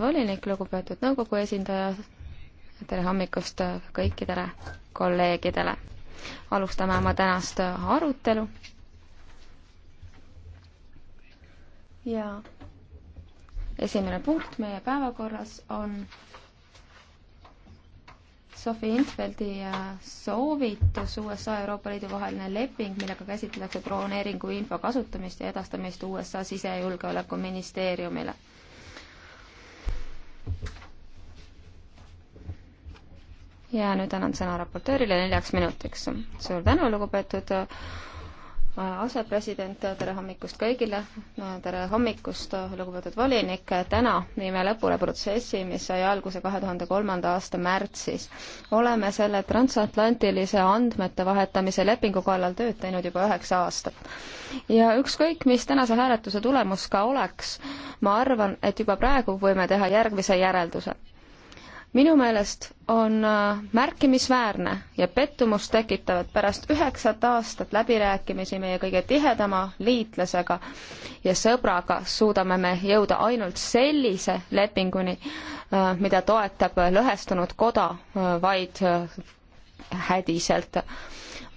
volinik, lugupeetud nõukogu esindaja, tere hommikust kõikidele kolleegidele. alustame oma tänast arutelu. ja esimene punkt meie päevakorras on Sophie Intveldi soovitus USA ja Euroopa Liidu vaheline leping, millega käsitletakse broneeringu info kasutamist ja edastamist USA sisejulgeolekuministeeriumile ja nüüd annan sõna raportöörile neljaks minutiks. suur tänu, lugupeetud asepresident, tere hommikust kõigile, tere hommikust, lugupeetud volinik, täna viime lõpule protsessi, mis sai alguse kahe tuhande kolmanda aasta märtsis. oleme selle transatlantilise andmete vahetamise lepingu kallal tööd teinud juba üheksa aastat. ja ükskõik, mis tänase hääletuse tulemus ka oleks, ma arvan, et juba praegu võime teha järgmise järelduse minu meelest on äh, märkimisväärne ja pettumust tekitav, et pärast üheksat aastat läbirääkimisi meie kõige tihedama liitlasega ja sõbraga suudame me jõuda ainult sellise lepinguni, äh, mida toetab lõhestunud koda äh, vaid hädiselt.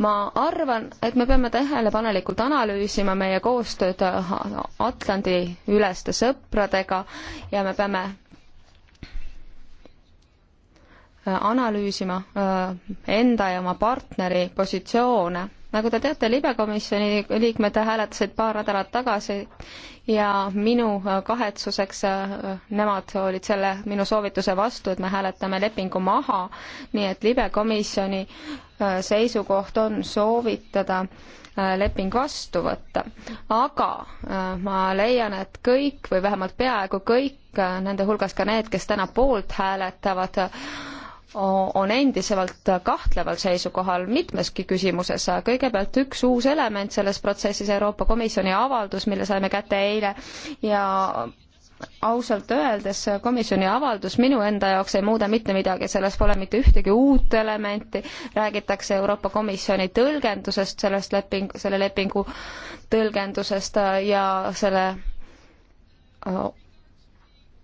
ma arvan, et me peame tähelepanelikult analüüsima meie koostööd Atlandi üleste sõpradega ja me peame Äh, analüüsima äh, enda ja oma partneri positsioone. nagu te teate, libekomisjoni liikmed hääletasid paar nädalat tagasi ja minu äh, kahetsuseks nemad olid selle minu soovituse vastu, et me hääletame lepingu maha, nii et libekomisjoni seisukoht on soovitada leping vastu võtta. aga ma leian, et kõik või vähemalt peaaegu kõik, nende hulgas ka need, kes täna poolt hääletavad, on endiselt kahtleval seisukohal mitmeski küsimuses. kõigepealt üks uus element selles protsessis, Euroopa Komisjoni avaldus, mille saime kätte eile ja ausalt öeldes komisjoni avaldus minu enda jaoks ei muuda mitte midagi, selles pole mitte ühtegi uut elementi, räägitakse Euroopa Komisjoni tõlgendusest, sellest leping, selle lepingu tõlgendusest ja selle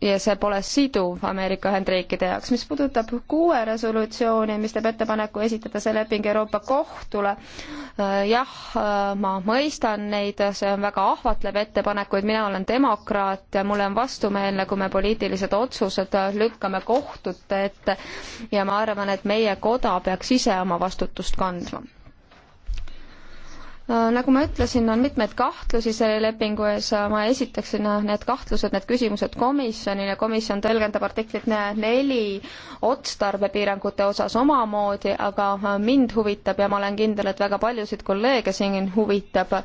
ja see pole siduv Ameerika Ühendriikide jaoks. mis puudutab kuue resolutsiooni, mis teeb ettepaneku esitada see leping Euroopa Kohtule, äh, jah, äh, ma mõistan neid, see on väga ahvatlev ettepanek, kuid mina olen demokraat ja mulle on vastumeelne, kui me poliitilised otsused äh, lükkame kohtute ette ja ma arvan, et meie koda peaks ise oma vastutust kandma Äh, nagu ma ütlesin, on mitmeid kahtlusi selle lepingu ees, ma esitaksin äh, need kahtlused, need küsimused komisjonile, komisjon tõlgendab artiklit neli otstarbepiirangute osas omamoodi, aga äh, mind huvitab ja ma olen kindel, et väga paljusid kolleege siin huvitab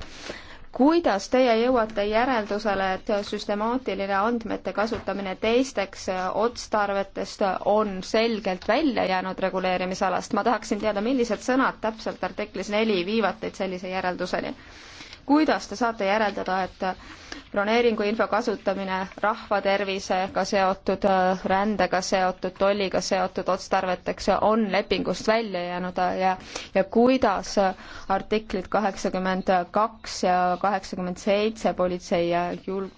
kuidas teie jõuate järeldusele, et süstemaatiline andmete kasutamine teisteks äh, otstarvetest on selgelt välja jäänud reguleerimisalast? ma tahaksin teada, millised sõnad täpselt artiklis neli viivad teid sellise järelduseni kuidas te saate järeldada, et broneeringuinfo kasutamine rahvatervisega seotud, rändega seotud, tolliga seotud otstarveteks on lepingust välja jäänud ja, ja kuidas artiklid kaheksakümmend kaks ja kaheksakümmend seitse politsei ja jul-,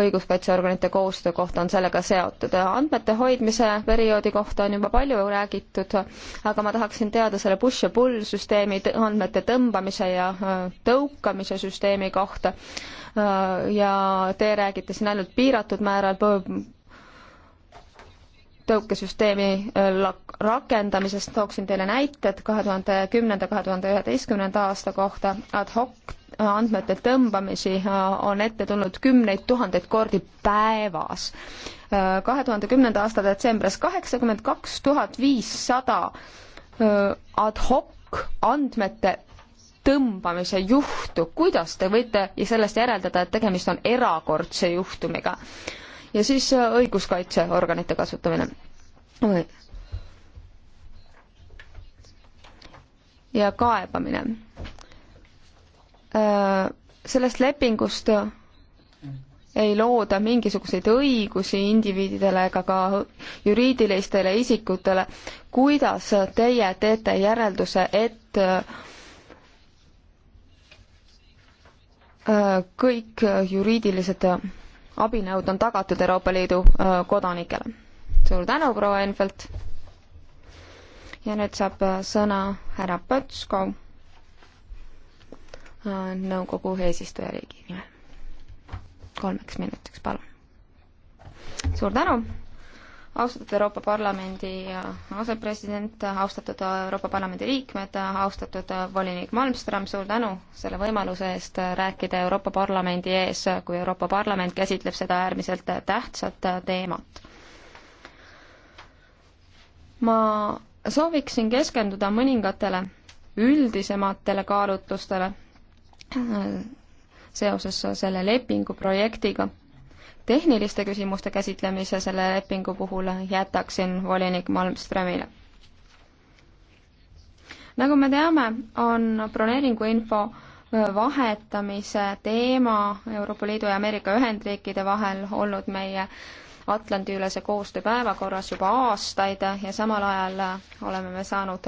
õiguskaitseorganite koostöö kohta on sellega seotud. andmete hoidmise perioodi kohta on juba palju räägitud, aga ma tahaksin teada selle push ja pull süsteemi, andmete tõmbamise ja äh, tõukamise süsteemi kohta. Äh, ja te räägite siin ainult piiratud määral tõukesüsteemi äh, rakendamisest tooksin teile näited kahe tuhande kümnenda, kahe tuhande üheteistkümnenda aasta kohta ad hoc andmete tõmbamisi äh, on ette tulnud kümneid tuhandeid kordi päevas. Äh, kahe tuhande kümnenda aasta detsembris kaheksakümmend kaks tuhat viissada äh, ad hoc andmete tõmbamise juhtu, kuidas te võite sellest järeldada, et tegemist on erakordse juhtumiga? ja siis õiguskaitseorganite kasutamine. ja kaebamine Äh, sellest lepingust ei looda mingisuguseid õigusi indiviididele ega ka juriidilistele isikutele. kuidas teie teete järelduse, et äh, kõik juriidilised abinõud on tagatud Euroopa Liidu äh, kodanikele? suur tänu, proua Enfeld! ja nüüd saab sõna härra Põtskov nõukogu eesistujariigi nimel. kolmeks minutiks, palun. suur tänu, austatud Euroopa Parlamendi asepresident, austatud Euroopa Parlamendi liikmed, austatud volinik Malmström, suur tänu selle võimaluse eest rääkida Euroopa Parlamendi ees, kui Euroopa Parlament käsitleb seda äärmiselt tähtsat teemat. ma sooviksin keskenduda mõningatele üldisematele kaalutlustele seoses selle lepingu projektiga. tehniliste küsimuste käsitlemise selle lepingu puhul jätaksin volinik Malmströmile. nagu me teame, on broneeringuinfo vahetamise teema Euroopa Liidu ja Ameerika Ühendriikide vahel olnud meie Atlandi-ülese koostöö päevakorras juba aastaid ja samal ajal oleme me saanud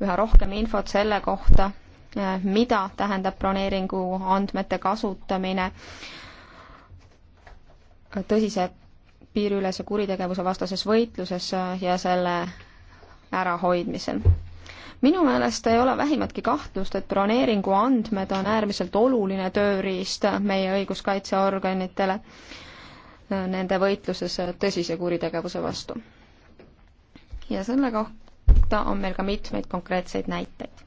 üha rohkem infot selle kohta, Eh, mida tähendab broneeringu andmete kasutamine tõsise piiriülese kuritegevuse vastases võitluses eh, ja selle ärahoidmisel. minu meelest ei ole vähimatki kahtlust, et broneeringu andmed on äärmiselt oluline tööriist meie õiguskaitseorganitele eh, nende võitluses tõsise kuritegevuse vastu. ja selle kohta on meil ka mitmeid konkreetseid näiteid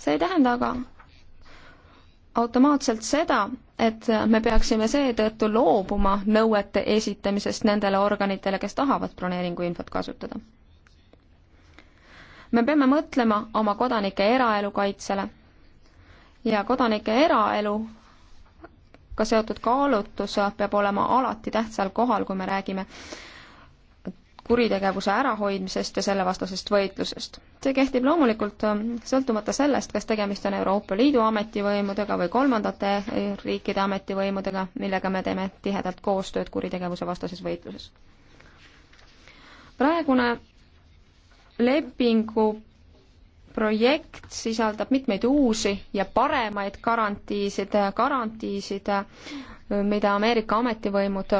see ei tähenda aga automaatselt seda, et me peaksime seetõttu loobuma nõuete esitamisest nendele organitele, kes tahavad broneeringuinfot kasutada. me peame mõtlema oma kodanike eraelu kaitsele ja kodanike eraelu ka seotud kaalutlus peab olema alati tähtsal kohal, kui me räägime äh, kuritegevuse ärahoidmisest ja sellevastasest võitlusest. see kehtib loomulikult ähm, sõltumata sellest, kas tegemist on Euroopa Liidu ametivõimudega või kolmandate äh, riikide ametivõimudega, millega me teeme tihedalt koostööd kuritegevuse vastases võitluses. praegune lepingu projekt sisaldab mitmeid uusi ja paremaid garantiisid, garantiisid, mida Ameerika ametivõimud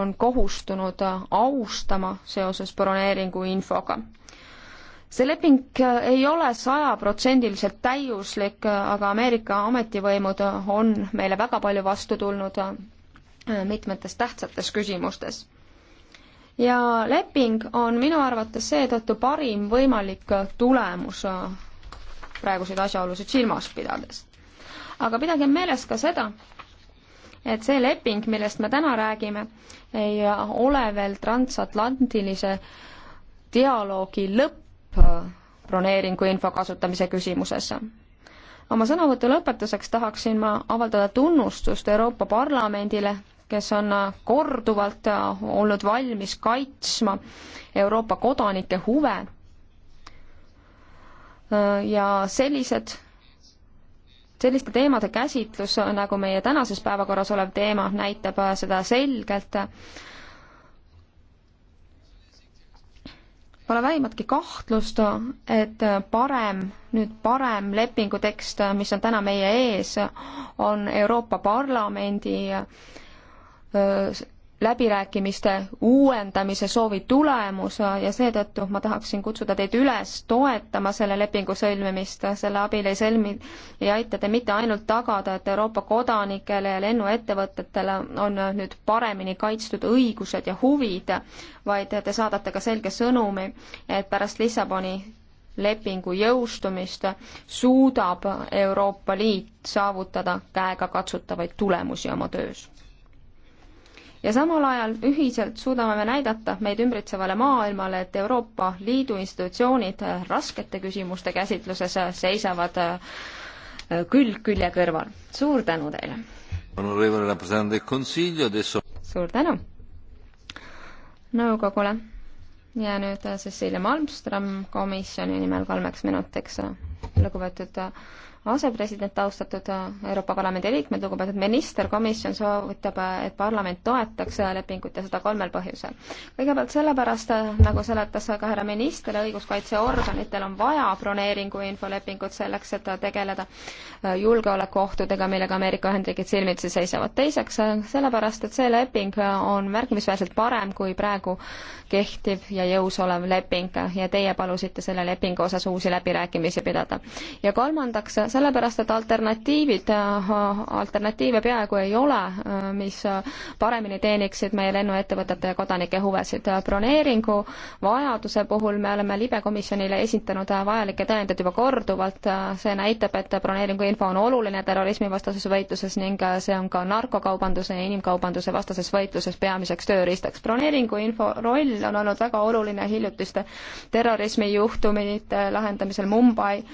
on kohustunud austama seoses broneeringu infoga. see leping ei ole sajaprotsendiliselt täiuslik, aga Ameerika ametivõimud on meile väga palju vastu tulnud mitmetes tähtsates küsimustes ja leping on minu arvates seetõttu parim võimalik tulemus äh, praeguseid asjaolusid silmas pidades. aga pidagem meeles ka seda, et see leping, millest me täna räägime, ei ole veel transatlantilise dialoogi lõpp äh, broneeringu info kasutamise küsimuses. oma sõnavõtu lõpetuseks tahaksin ma avaldada tunnustust Euroopa Parlamendile kes on korduvalt olnud valmis kaitsma Euroopa kodanike huve. ja sellised, selliste teemade käsitlus, nagu meie tänases päevakorras olev teema, näitab seda selgelt. Pole vähimatki kahtlust, et parem, nüüd parem lepingutekst, mis on täna meie ees, on Euroopa Parlamendi äh, läbirääkimiste uuendamise soovi tulemus ja seetõttu ma tahaksin kutsuda teid üles toetama selle lepingu sõlmimist. selle abil ei sõlmi, ei aita te mitte ainult tagada, et Euroopa kodanikele ja lennuettevõtetele on nüüd paremini kaitstud õigused ja huvid, vaid te saadate ka selge sõnumi, et pärast Lissaboni lepingu jõustumist suudab Euroopa Liit saavutada käegakatsutavaid tulemusi oma töös ja samal ajal ühiselt suudame me näidata meid ümbritsevale maailmale, et Euroopa Liidu institutsioonid raskete küsimuste käsitluses seisavad äh, külg külje kõrval. suur tänu teile! suur tänu nõukogule ja nüüd äh, Cecilia Malmström komisjoni nimel kolmeks minutiks, lugupeetud äh, asepresident, austatud äh, Euroopa Parlamendi liikmed, lugupeetud minister, komisjon soovitab, äh, et parlament toetaks äh, lepingut ja seda kolmel põhjusel. kõigepealt sellepärast, nagu seletas ka härra minister, õiguskaitseorganitel on vaja broneeringuinfolepingut selleks, et tegeleda julgeolekuohtudega, millega Ameerika Ühendriigid silmitsi seisavad. teiseks, sellepärast, et see leping on märkimisväärselt parem kui praegu kehtiv ja jõus olev leping ja teie palusite selle lepingu osas uusi läbirääkimisi pidada. ja kolmandaks, sellepärast, et alternatiivid, alternatiive peaaegu ei ole, mis paremini teeniksid meie lennuettevõtete ja kodanike huvesid. broneeringu vajaduse puhul me oleme libekomisjonile esitanud vajalikke tõendeid juba korduvalt, see näitab, et broneeringu info on oluline terrorismivastases võitluses ning see on ka narkokaubanduse ja inimkaubanduse vastases võitluses peamiseks tööriistaks. broneeringu info roll on olnud väga oluline hiljutiste terrorismijuhtumite lahendamisel Mumbai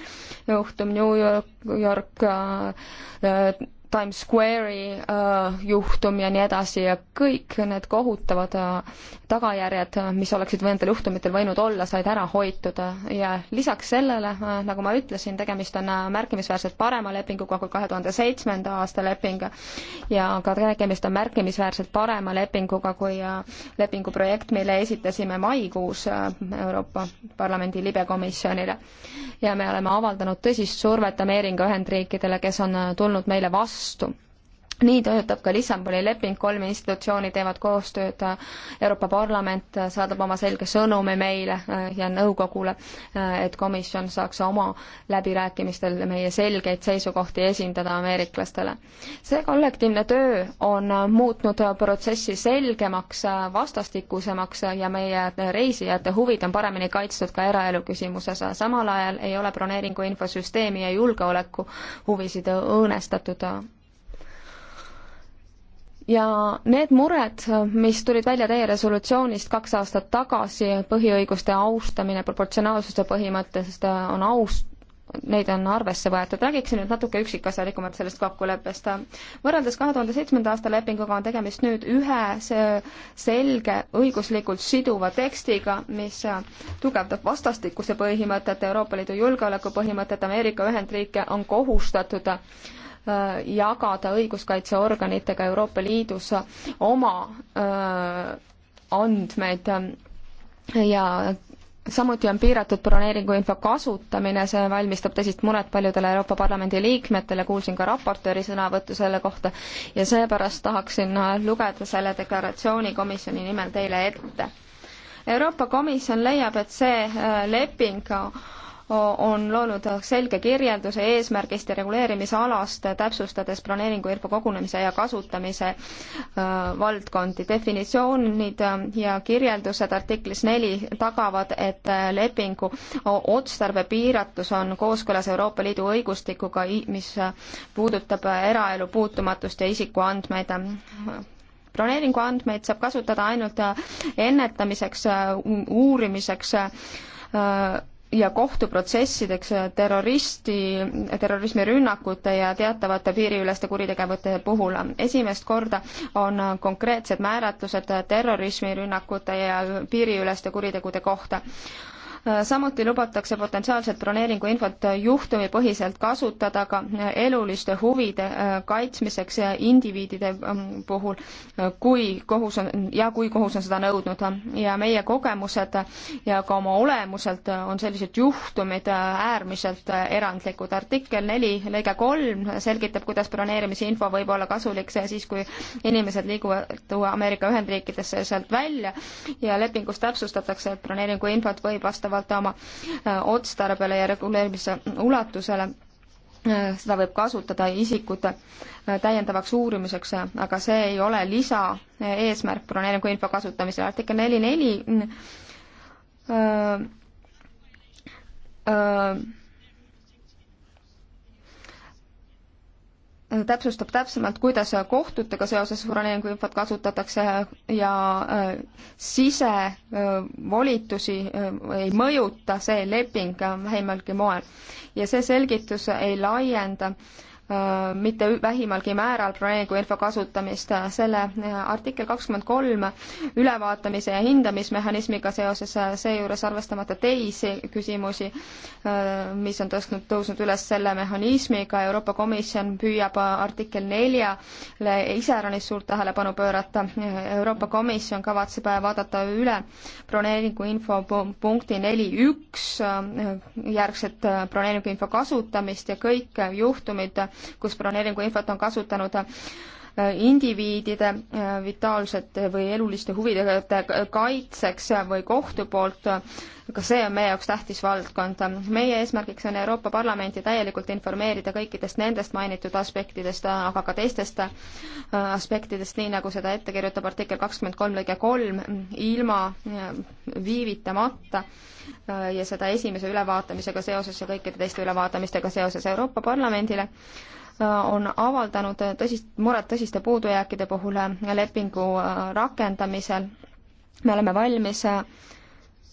juhtum, New York New York äh, Times Square'i äh, juhtum ja nii edasi ja kõik need kohutavad äh, tagajärjed, mis oleksid nendel juhtumitel võinud olla, said ära hoitud ja lisaks sellele, äh, nagu ma ütlesin, tegemist on märkimisväärselt parema lepinguga kui kahe tuhande seitsmenda aasta leping ja ka tegemist on märkimisväärselt parema lepinguga kui lepinguprojekt, mille esitasime maikuus Euroopa Parlamendi libekomisjonile. ja me oleme avaldanud tõsist survet Ameerika Ühendriikidele, kes on tulnud meile vastu vastu nii töötab ka Lissaboni leping, kolm institutsiooni teevad koostööd, Euroopa Parlament saadab oma selge sõnumi meile äh, ja nõukogule, äh, et komisjon saaks oma läbirääkimistel meie selgeid seisukohti esindada ameeriklastele. see kollektiivne töö on muutnud protsessi selgemaks, vastastikusemaks ja meie reisijate huvid on paremini kaitstud ka eraelu küsimuses. samal ajal ei ole broneeringu infosüsteemi ja julgeoleku huvisid õõnestatud ja need mured, mis tulid välja teie resolutsioonist kaks aastat tagasi, põhiõiguste austamine, proportsionaalsuse põhimõttest äh, on aus, neid on arvesse võetud. räägiksin nüüd natuke üksikasjalikumalt sellest kokkuleppest. võrreldes kahe tuhande seitsmenda aasta lepinguga on tegemist nüüd ühe selge õiguslikult siduva tekstiga, mis tugevdab vastastikuse põhimõtet, Euroopa Liidu julgeolekupõhimõtet, Ameerika Ühendriike on kohustatud äh, Äh, jagada õiguskaitseorganitega Euroopa Liidus oma äh, andmeid ja samuti on piiratud broneeringuinfo kasutamine, see valmistab tõsist muret paljudele Euroopa Parlamendi liikmetele, kuulsin ka raportööri sõnavõttu selle kohta ja seepärast tahaksin lugeda selle deklaratsiooni komisjoni nimel teile ette. Euroopa Komisjon leiab, et see äh, leping on loonud selge kirjelduse eesmärgist ja reguleerimisalast, täpsustades broneeringuinfo kogunemise ja kasutamise valdkondi. definitsioonid ja kirjeldused artiklis neli tagavad, et lepingu otstarbe piiratus on kooskõlas Euroopa Liidu õigustikuga, mis puudutab eraelu puutumatust ja isikuandmeid broneeringu andmeid saab kasutada ainult ennetamiseks, uurimiseks ja kohtuprotsessideks terroristi, terrorismirünnakute ja teatavate piiriüleste kuritegevuse puhul. esimest korda on konkreetsed määratlused terrorismirünnakute ja piiriüleste kuritegude kohta. Äh, samuti lubatakse potentsiaalset broneeringuinfot juhtumipõhiselt kasutada ka äh, eluliste huvide äh, kaitsmiseks indiviidide ähm, puhul, kui kohus on ja kui kohus on seda nõudnud ja meie kogemused ja ka oma olemuselt on sellised juhtumid äärmiselt erandlikud. artikkel neli lõige kolm selgitab, kuidas broneerimise info võib olla kasulik siis, kui inimesed liiguvad Ameerika Ühendriikidesse ja sealt välja ja lepingus täpsustatakse, et broneeringuinfot võib vastavalt vastavalt oma äh, otstarbele ja reguleerimise ulatusele äh, seda võib kasutada isikute äh, täiendavaks uurimiseks, aga see ei ole lisaeesmärk broneeringuinfo kasutamisel. artikkel neli neli täpsustab täpsemalt, kuidas kohtutega seoses broneeringuinfot kasutatakse ja äh, sisevolitusi äh, äh, ei mõjuta see leping vähimalgi moel. ja see selgitus ei laienda äh, Äh, mitte vähimalgi määral broneeringuinfo kasutamist. Äh, selle äh, artikkel kakskümmend kolm ülevaatamise ja hindamismehhanismiga seoses seejuures arvestamata teisi küsimusi, mis on tõstnud, tõusnud üles selle mehhanismiga, Euroopa Komisjon püüab artikkel neljale iseäranis suurt tähelepanu pöörata. Euroopa Komisjon kavatseb vaadata üle broneeringuinfo punkti neli üks järgset broneeringuinfo kasutamist ja kõik juhtumid, kus broneeringuinfot on kasutanud indiviidide äh, vitaalsete või eluliste huvide kaitseks või kohtu poolt, ka see on meie jaoks tähtis valdkond. meie eesmärgiks on Euroopa Parlamenti täielikult informeerida kõikidest nendest mainitud aspektidest, aga ka teistest äh, aspektidest, nii nagu seda ette kirjutab artikkel kakskümmend kolm lõige kolm, ilma äh, viivitamata ja seda esimese ülevaatamisega seoses ja kõikide teiste ülevaatamistega seoses Euroopa Parlamendile on avaldanud tõsist, muret tõsiste puudujääkide puhul lepingu äh, rakendamisel. me oleme valmis äh,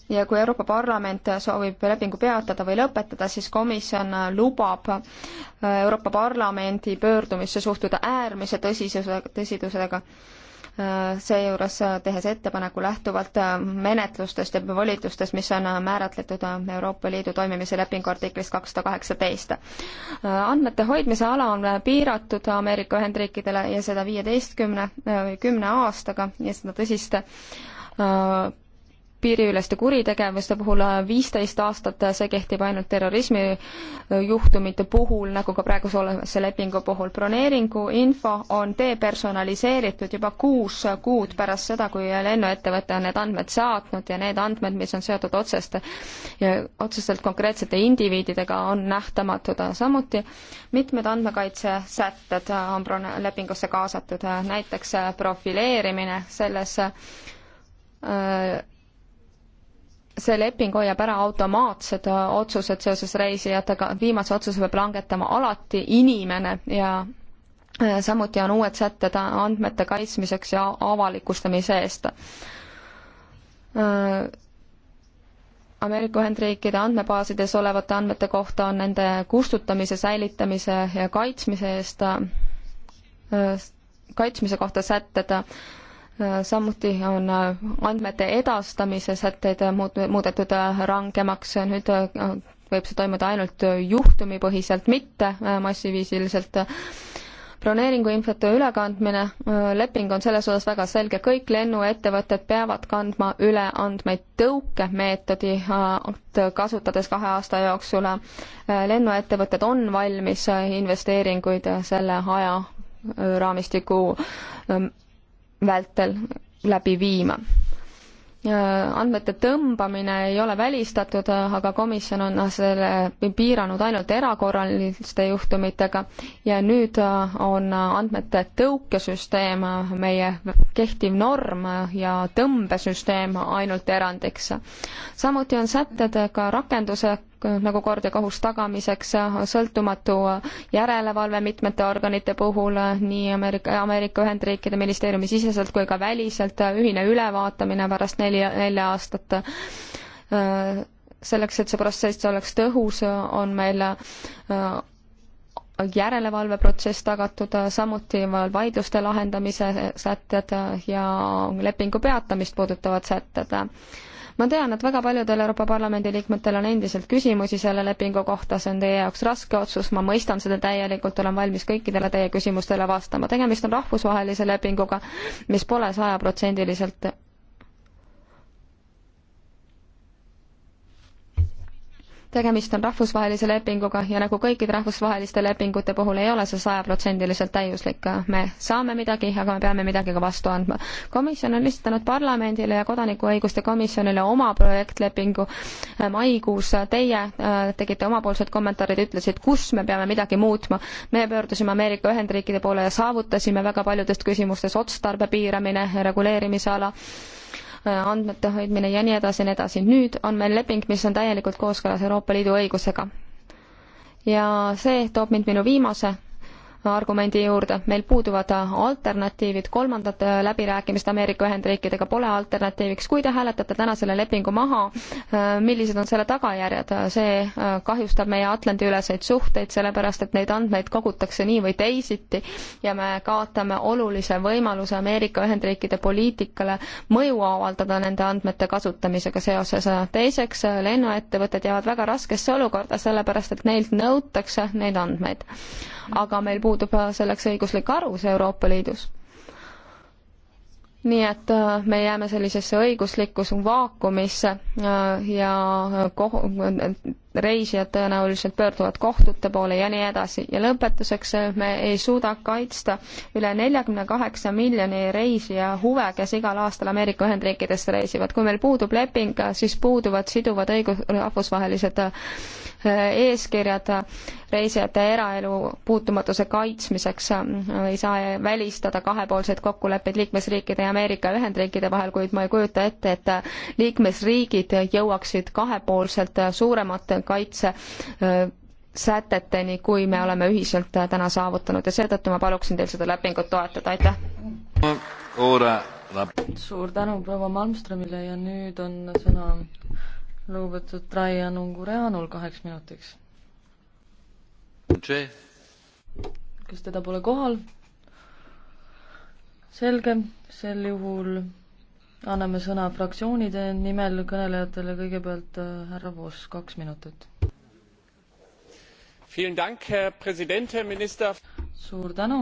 ja kui Euroopa Parlament soovib lepingu peatada või lõpetada, siis komisjon lubab äh, Euroopa Parlamendi pöördumisse suhtuda äärmise tõsisuse, tõsidusega seejuures tehes ettepaneku lähtuvalt menetlustest ja volitustest, mis on määratletud Euroopa Liidu toimimise lepingu artiklis kakssada kaheksateist. andmete hoidmise ala on piiratud Ameerika Ühendriikidele ja seda viieteistkümne, kümne aastaga ja seda tõsiste piiriüleste kuritegevuste puhul viisteist aastat, see kehtib ainult terrorismijuhtumite äh, puhul, nagu ka praeguse olevase lepingu puhul. broneeringu info on depersonaliseeritud juba kuus kuud pärast seda, kui lennuettevõte on need andmed saatnud ja need andmed, mis on seotud otseste, otseselt konkreetsete indiviididega, on nähtamatud. samuti mitmed andmekaitsesätted on lepingusse kaasatud, näiteks profileerimine selles äh, see leping hoiab ära automaatsed äh, otsused seoses reisijatega, viimase otsuse peab langetama alati inimene ja äh, samuti on uued sätted andmete kaitsmiseks ja avalikustamise eest. Äh, Ameerika Ühendriikide andmebaasides olevate andmete kohta on nende kustutamise, säilitamise ja kaitsmise eest, kaitsmise kohta sätted samuti on äh, andmete edastamise sätteid äh, muudetud äh, rangemaks, nüüd võib see toimuda ainult juhtumipõhiselt, mitte massiviisiliselt. broneeringuinfot ülekandmine, leping on selles osas väga selge, kõik lennuettevõtted peavad kandma üle andmeid tõukemeetodi kasutades kahe aasta jooksul. lennuettevõtted on valmis investeeringuid selle aja raamistiku ähm, vältel läbi viima. andmete tõmbamine ei ole välistatud, aga komisjon on selle piiranud ainult erakorraliste juhtumitega ja nüüd on andmete tõukesüsteem meie kehtiv norm ja tõmbesüsteem ainult erandiks. samuti on sätted ka rakenduse nagu kord ja kohus tagamiseks, sõltumatu järelevalve mitmete organite puhul nii Ameerika, Ameerika Ühendriikide ministeeriumi siseselt kui ka väliselt, ühine ülevaatamine pärast neli, nelja aastat. selleks, et see protsess oleks tõhus, on meil järelevalveprotsess tagatud, samuti vaidluste lahendamise sätted ja lepingu peatamist puudutavad sätted ma tean, et väga paljudel Euroopa Parlamendi liikmetel on endiselt küsimusi selle lepingu kohta, see on teie jaoks raske otsus, ma mõistan seda täielikult, olen valmis kõikidele teie küsimustele vastama. tegemist on rahvusvahelise lepinguga, mis pole sajaprotsendiliselt tegemist on rahvusvahelise lepinguga ja nagu kõikide rahvusvaheliste lepingute puhul ei ole see sajaprotsendiliselt täiuslik. me saame midagi, aga me peame midagi ka vastu andma. komisjon on esitanud parlamendile ja kodanikuõiguste komisjonile oma projektlepingu maikuus. Teie äh, tegite omapoolsed kommentaarid, ütlesite, kus me peame midagi muutma. me pöördusime Ameerika Ühendriikide poole ja saavutasime väga paljudes küsimustes otstarbe piiramine, reguleerimise ala Äh, andmete hoidmine ja nii edasi ja nii edasi. nüüd on meil leping, mis on täielikult kooskõlas Euroopa Liidu õigusega. ja see toob mind minu viimase argumendi juurde, meil puuduvad alternatiivid, kolmandat äh, läbirääkimist Ameerika Ühendriikidega pole alternatiiviks, kui te hääletate täna selle lepingu maha, äh, millised on selle tagajärjed, see äh, kahjustab meie Atlandi-üleseid suhteid, sellepärast et neid andmeid kogutakse nii või teisiti ja me kaotame olulise võimaluse Ameerika Ühendriikide poliitikale mõju avaldada nende andmete kasutamisega seoses. teiseks, lennuettevõtted jäävad väga raskesse olukorda, sellepärast et neilt nõutakse neid andmeid. aga meil puudub puudub selleks õiguslik alus Euroopa Liidus. nii et äh, me jääme sellisesse õiguslikku vaakumisse äh, ja äh, koh-, reisijad tõenäoliselt pöörduvad kohtute poole ja nii edasi. ja lõpetuseks me ei suuda kaitsta üle neljakümne kaheksa miljoni reisija huve, kes igal aastal Ameerika Ühendriikidesse reisivad. kui meil puudub leping, siis puuduvad siduvad õigus, rahvusvahelised eeskirjad reisijate eraelu puutumatuse kaitsmiseks ei saa välistada kahepoolseid kokkuleppeid liikmesriikide ja Ameerika Ühendriikide vahel, kuid ma ei kujuta ette, et liikmesriigid jõuaksid kahepoolselt suuremate kaitse säteteni, kui me oleme ühiselt täna saavutanud ja seetõttu ma paluksin teil seda lepingut toetada, aitäh! suur tänu proua Malmströmile ja nüüd on sõna lugupeetud Traian Ungureanul kaheks minutiks. kas teda pole kohal? selge, sel juhul anname sõna fraktsioonide nimel kõnelejatele, kõigepealt äh, härra Voss, kaks minutit. suur tänu,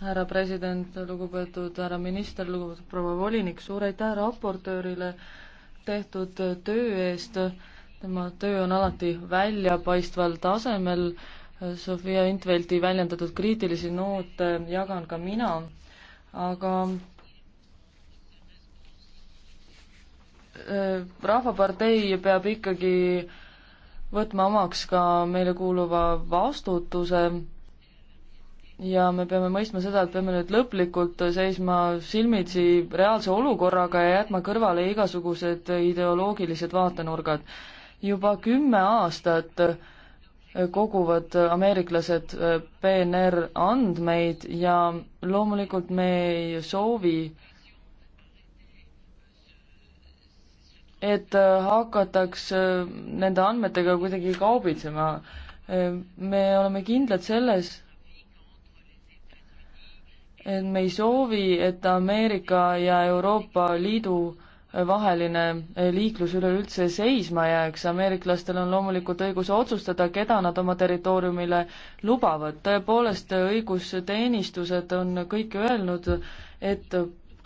härra president, lugupeetud härra minister, lugupeetud proua volinik, suur aitäh raportöörile äh, tehtud töö eest. tema töö on alati väljapaistval tasemel. Sofia Intveldi väljendatud kriitilisi noote jagan ka mina, aga äh, Rahvapartei peab ikkagi võtma omaks ka meile kuuluva vastutuse ja me peame mõistma seda, et peame nüüd lõplikult seisma silmitsi reaalse olukorraga ja jätma kõrvale igasugused ideoloogilised vaatenurgad. juba kümme aastat koguvad ameeriklased PNR andmeid ja loomulikult me ei soovi, et hakataks nende andmetega kuidagi kaubitsema. me oleme kindlad selles, et me ei soovi, et Ameerika ja Euroopa Liidu vaheline liiklus üleüldse seisma jääks, ameeriklastel on loomulikult õigus otsustada, keda nad oma territooriumile lubavad. tõepoolest, õigusteenistused on kõik öelnud, et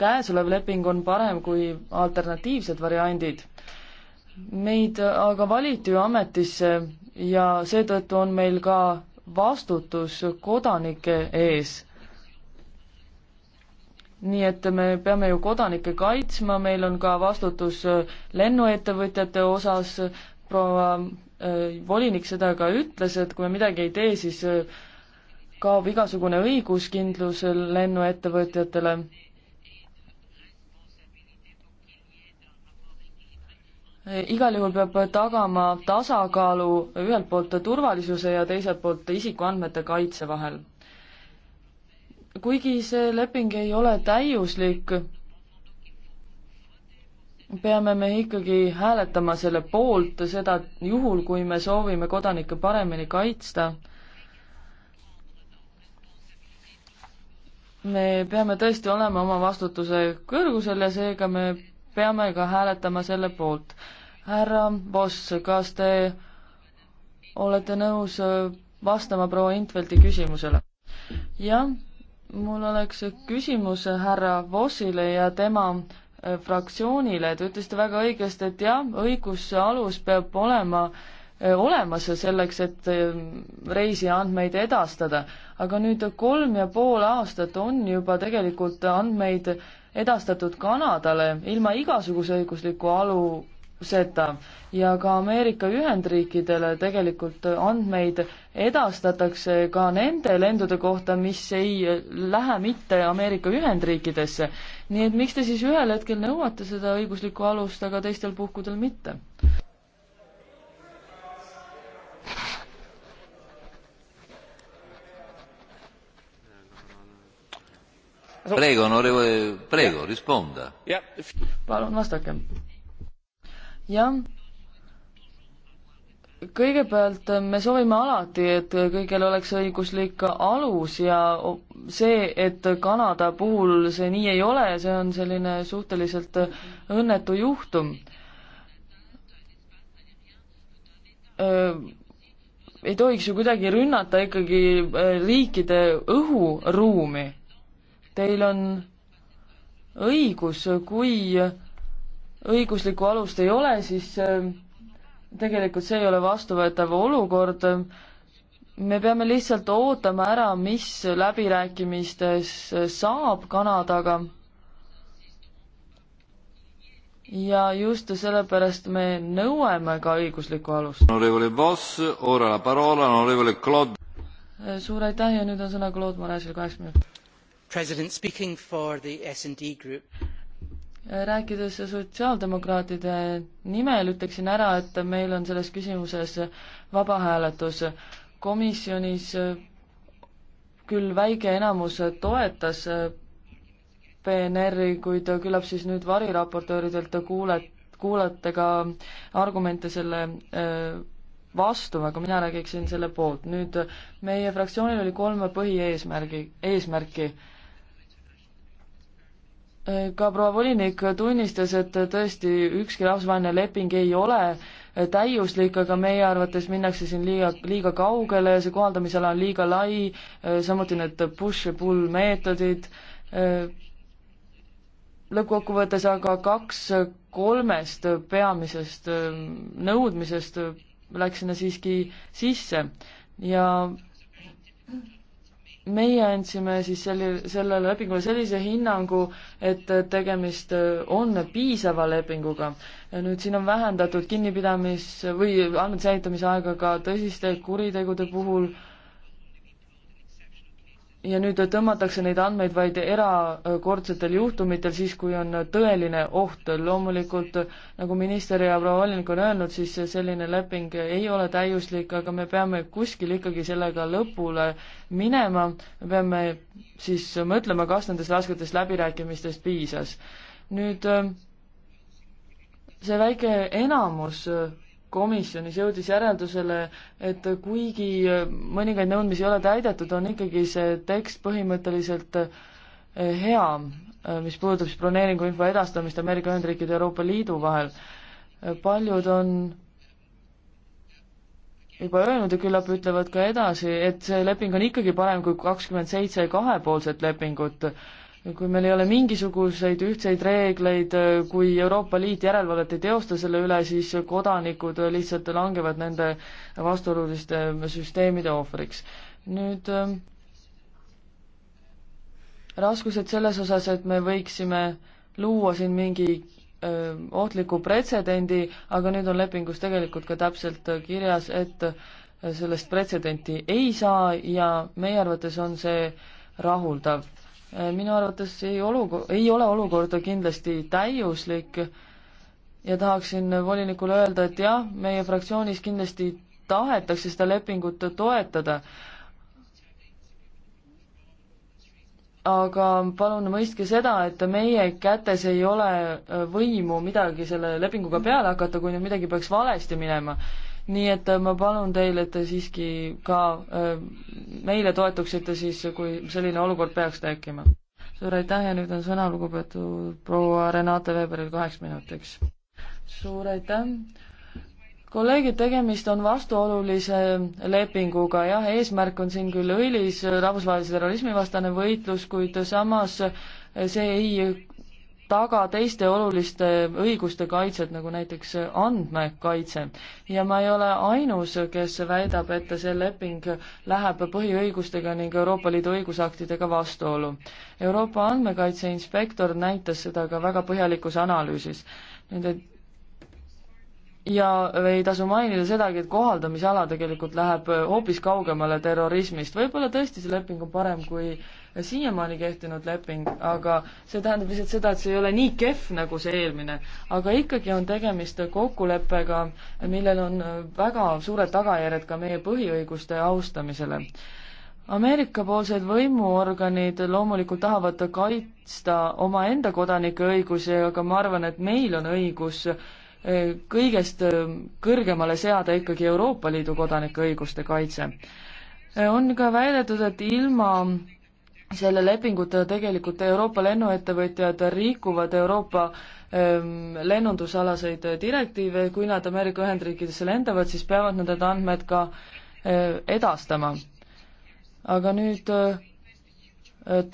käesolev leping on parem kui alternatiivsed variandid. meid aga valiti ju ametisse ja seetõttu on meil ka vastutus kodanike ees nii et me peame ju kodanikke kaitsma, meil on ka vastutus äh, lennuettevõtjate osas, proua äh, volinik seda ka ütles, et kui me midagi ei tee, siis äh, kaob igasugune õiguskindlus lennuettevõtjatele. igal juhul peab tagama tasakaalu ühelt poolt turvalisuse ja teiselt poolt isikuandmete kaitse vahel kuigi see leping ei ole täiuslik, peame me ikkagi hääletama selle poolt, seda juhul, kui me soovime kodanikke paremini kaitsta. me peame tõesti olema oma vastutuse kõrgusel ja seega me peame ka hääletama selle poolt. härra Boss, kas te olete nõus vastama proua Intveldi küsimusele? jah mul oleks küsimus härra Vossile ja tema äh, fraktsioonile, te ütlesite väga õigesti, et jah, õigusalus peab olema äh, olemas selleks, et äh, reisiandmeid edastada, aga nüüd kolm ja pool aastat on juba tegelikult andmeid edastatud Kanadale ilma igasuguse õigusliku alu seda ja ka Ameerika Ühendriikidele tegelikult andmeid edastatakse ka nende lendude kohta, mis ei lähe mitte Ameerika Ühendriikidesse. nii et miks te siis ühel hetkel nõuate seda õiguslikku alust, aga teistel puhkudel mitte? Prego, onorevole, prego, risponda. palun vastake jah, kõigepealt äh, me soovime alati, et kõigil oleks õiguslik alus ja see, et Kanada puhul see nii ei ole, see on selline suhteliselt äh, õnnetu juhtum äh, ei tohiks ju kuidagi rünnata ikkagi riikide õhuruumi. Teil on õigus, kui õiguslikku alust ei ole, siis äh, tegelikult see ei ole vastuvõetav olukord. me peame lihtsalt ootama ära, mis läbirääkimistes saab Kanadaga. ja just sellepärast me nõuame ka õiguslikku alust. Äh, suur aitäh ja nüüd on sõna Claude Moresil kaheksa minutit. President speaking for the S and D group rääkides sotsiaaldemokraatide nimel, ütleksin ära, et meil on selles küsimuses vaba hääletus. komisjonis küll väike enamus toetas PNR-i, kuid küllap siis nüüd variraportööridelt kuule, kuulete ka argumente selle äh, vastu, aga mina räägiksin selle poolt. nüüd meie fraktsioonil oli kolme põhieesmärgi, eesmärki ka proua volinik tunnistas, et tõesti ükski rahvusvaheline leping ei ole täiuslik, aga meie arvates minnakse siin liiga, liiga kaugele, see kohaldamisala on liiga lai, samuti need push ja pull meetodid. lõppkokkuvõttes aga kaks kolmest peamisest nõudmisest läks sinna siiski sisse ja meie andsime siis selli-, sellele lepingule sellise hinnangu, et tegemist on piisava lepinguga. nüüd siin on vähendatud kinnipidamis- või andmete säilitamise aega ka tõsiste kuritegude puhul äh,, ja nüüd tõmmatakse neid andmeid vaid erakordsetel juhtumitel, siis kui on tõeline oht. loomulikult, nagu minister ja proua Olling on öelnud, siis selline leping ei ole täiuslik, aga me peame kuskil ikkagi sellega lõpule minema, me peame siis mõtlema, kas nendest rasketest läbirääkimistest piisas. nüüd see väike enamus komisjonis jõudis järeldusele, et kuigi mõningaid nõudmisi ei ole täidetud, on ikkagi see tekst põhimõtteliselt eh, hea, eh, mis puudutab siis broneeringuinfo edastamist Ameerika Ühendriikide ja Euroopa Liidu vahel. Eh, paljud on juba öelnud ja küllap ütlevad ka edasi, et see leping on ikkagi parem kui kakskümmend seitse kahepoolset lepingut kui meil ei ole mingisuguseid ühtseid reegleid, kui Euroopa Liit järelevalvet ei teosta selle üle, siis kodanikud lihtsalt langevad nende vastuoluliste süsteemide ohvriks. nüüd ähm, raskused selles osas, et me võiksime luua siin mingi ähm, ohtliku pretsedendi, aga nüüd on lepingus tegelikult ka täpselt kirjas, et sellest pretsedenti ei saa ja meie arvates on see rahuldav Äh, minu arvates ei olugu-, ei ole olukorda kindlasti täiuslik ja tahaksin volinikule öelda, et jah, meie fraktsioonis kindlasti tahetakse seda lepingut toetada, aga palun mõistke seda, et meie kätes ei ole võimu midagi selle lepinguga peale hakata, kui nüüd midagi peaks valesti minema nii et äh, ma palun teil, et te siiski ka äh, meile toetuksite siis, kui selline olukord peaks tekkima. suur aitäh ja nüüd on sõna lugupeetud proua Renate Veberil kaheks minutiks. suur aitäh kolleegid, tegemist on vastuolulise lepinguga, jah, eesmärk on siin küll õilis, rahvusvahelise terrorismivastane võitlus, kuid samas see ei taga teiste oluliste õiguste kaitset, nagu näiteks andmekaitse. ja ma ei ole ainus, kes väidab, et see leping läheb põhiõigustega ning Euroopa Liidu õigusaktidega vastuollu. Euroopa andmekaitse inspektor näitas seda ka väga põhjalikus analüüsis. Nende ja ei tasu mainida sedagi, et kohaldamisala tegelikult läheb hoopis kaugemale terrorismist. võib-olla tõesti see leping on parem kui äh, siiamaani kehtinud leping, aga see tähendab lihtsalt seda, et see ei ole nii kehv nagu see eelmine. aga ikkagi on tegemist kokkuleppega, millel on väga suured tagajärjed ka meie põhiõiguste austamisele. Ameerika-poolsed võimuorganid loomulikult tahavad kaitsta omaenda kodanike õigusi, aga ma arvan, et meil on õigus eh, kõigest eh, kõrgemale seada ikkagi Euroopa Liidu kodanike õiguste kaitse. Eh, on ka väidetud, et ilma selle lepinguta tegelikult Euroopa lennuettevõtjad rikuvad Euroopa ähm, lennundusalaseid direktiive, kui nad Ameerika Ühendriikidesse lendavad, siis peavad nad need andmed ka äh, edastama. aga nüüd äh,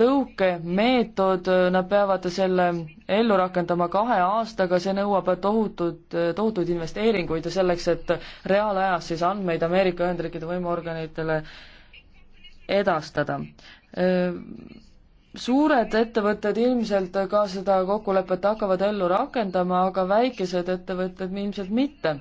tõukemeetod, äh, nad peavad selle ellu rakendama kahe aastaga, see nõuab tohutud, äh, tohutuid investeeringuid ja selleks, et reaalajas siis andmeid Ameerika Ühendriikide võimuorganitele edastada. Äh, suured ettevõtted ilmselt ka seda kokkulepet hakkavad ellu rakendama, aga väikesed ettevõtted ilmselt mitte.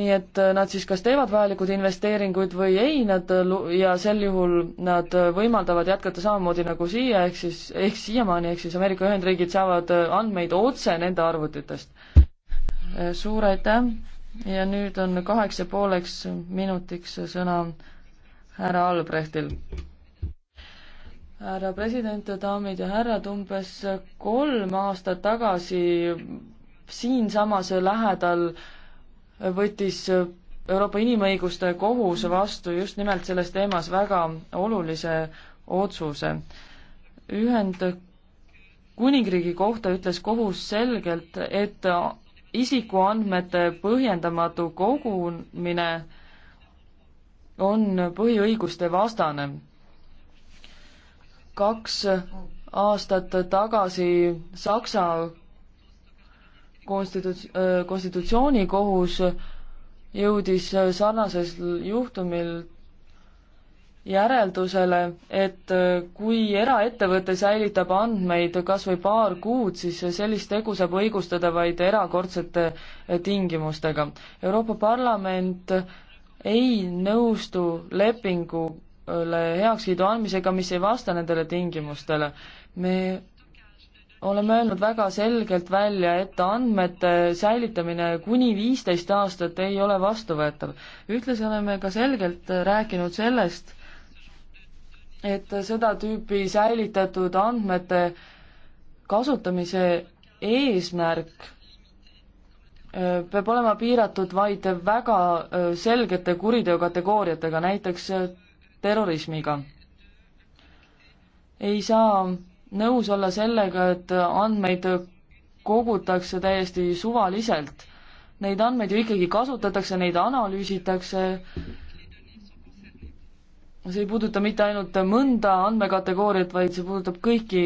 nii et äh, nad siis kas teevad vajalikud investeeringuid või ei, nad ja sel juhul nad äh, võimaldavad jätkata samamoodi nagu siia, ehk siis, ehk siiamaani, ehk siis Ameerika Ühendriigid saavad andmeid otse nende arvutitest. suur aitäh ja nüüd on kaheks ja pooleks minutiks sõna härra Albrechtil. härra president, daamid ja härrad, umbes kolm aastat tagasi siinsamas lähedal võttis Euroopa Inimõiguste Kohus vastu just nimelt selles teemas väga olulise otsuse. Ühendkuningriigi kohta ütles kohus selgelt, et isikuandmete põhjendamatu kogumine on põhiõiguste vastane. kaks aastat tagasi Saksa konstituts-, äh, konstitutsioonikohus jõudis sarnases juhtumil järeldusele, et kui eraettevõte säilitab andmeid kas või paar kuud, siis sellist tegu saab õigustada vaid erakordsete tingimustega. Euroopa Parlament ei nõustu lepingule heakskiidu andmisega, mis ei vasta nendele tingimustele. me oleme öelnud väga selgelt välja, et andmete säilitamine kuni viisteist aastat ei ole vastuvõetav. ühtlasi oleme ka selgelt rääkinud sellest, et seda tüüpi säilitatud andmete kasutamise eesmärk peab olema piiratud vaid väga selgete kuriteokategooriatega, näiteks terrorismiga. ei saa nõus olla sellega, et andmeid kogutakse täiesti suvaliselt. Neid andmeid ju ikkagi kasutatakse, neid analüüsitakse, see ei puuduta mitte ainult mõnda andmekategooriat, vaid see puudutab kõiki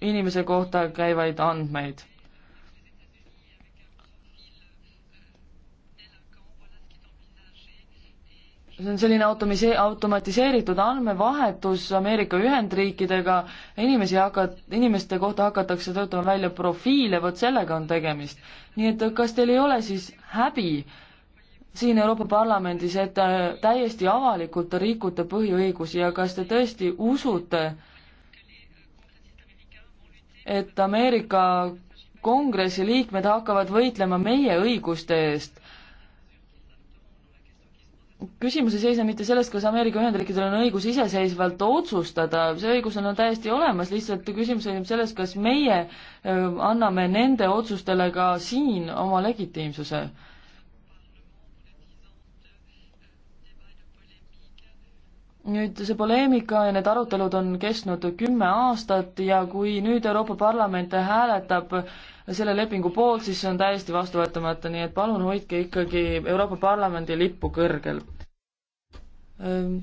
inimese kohta käivaid andmeid see on selline automise-, automatiseeritud andmevahetus Ameerika Ühendriikidega, inimesi hakat-, inimeste kohta hakatakse töötama välja profiile, vot sellega on tegemist. nii et kas teil ei ole siis häbi siin Euroopa Parlamendis, et täiesti avalikult rikute põhiõigusi ja kas te tõesti usute, et Ameerika kongressi liikmed hakkavad võitlema meie õiguste eest? küsimus ei seisne mitte selles, kas Ameerika Ühendriikidel on õigus iseseisvalt otsustada, see õigus on täiesti olemas, lihtsalt küsimus on selles, kas meie anname nende otsustele ka siin oma legitiimsuse. nüüd see poleemika ja need arutelud on kestnud kümme aastat ja kui nüüd Euroopa Parlament hääletab selle lepingu poolt, siis see on täiesti vastuvõetamata, nii et palun hoidke ikkagi Euroopa Parlamendi lippu kõrgel.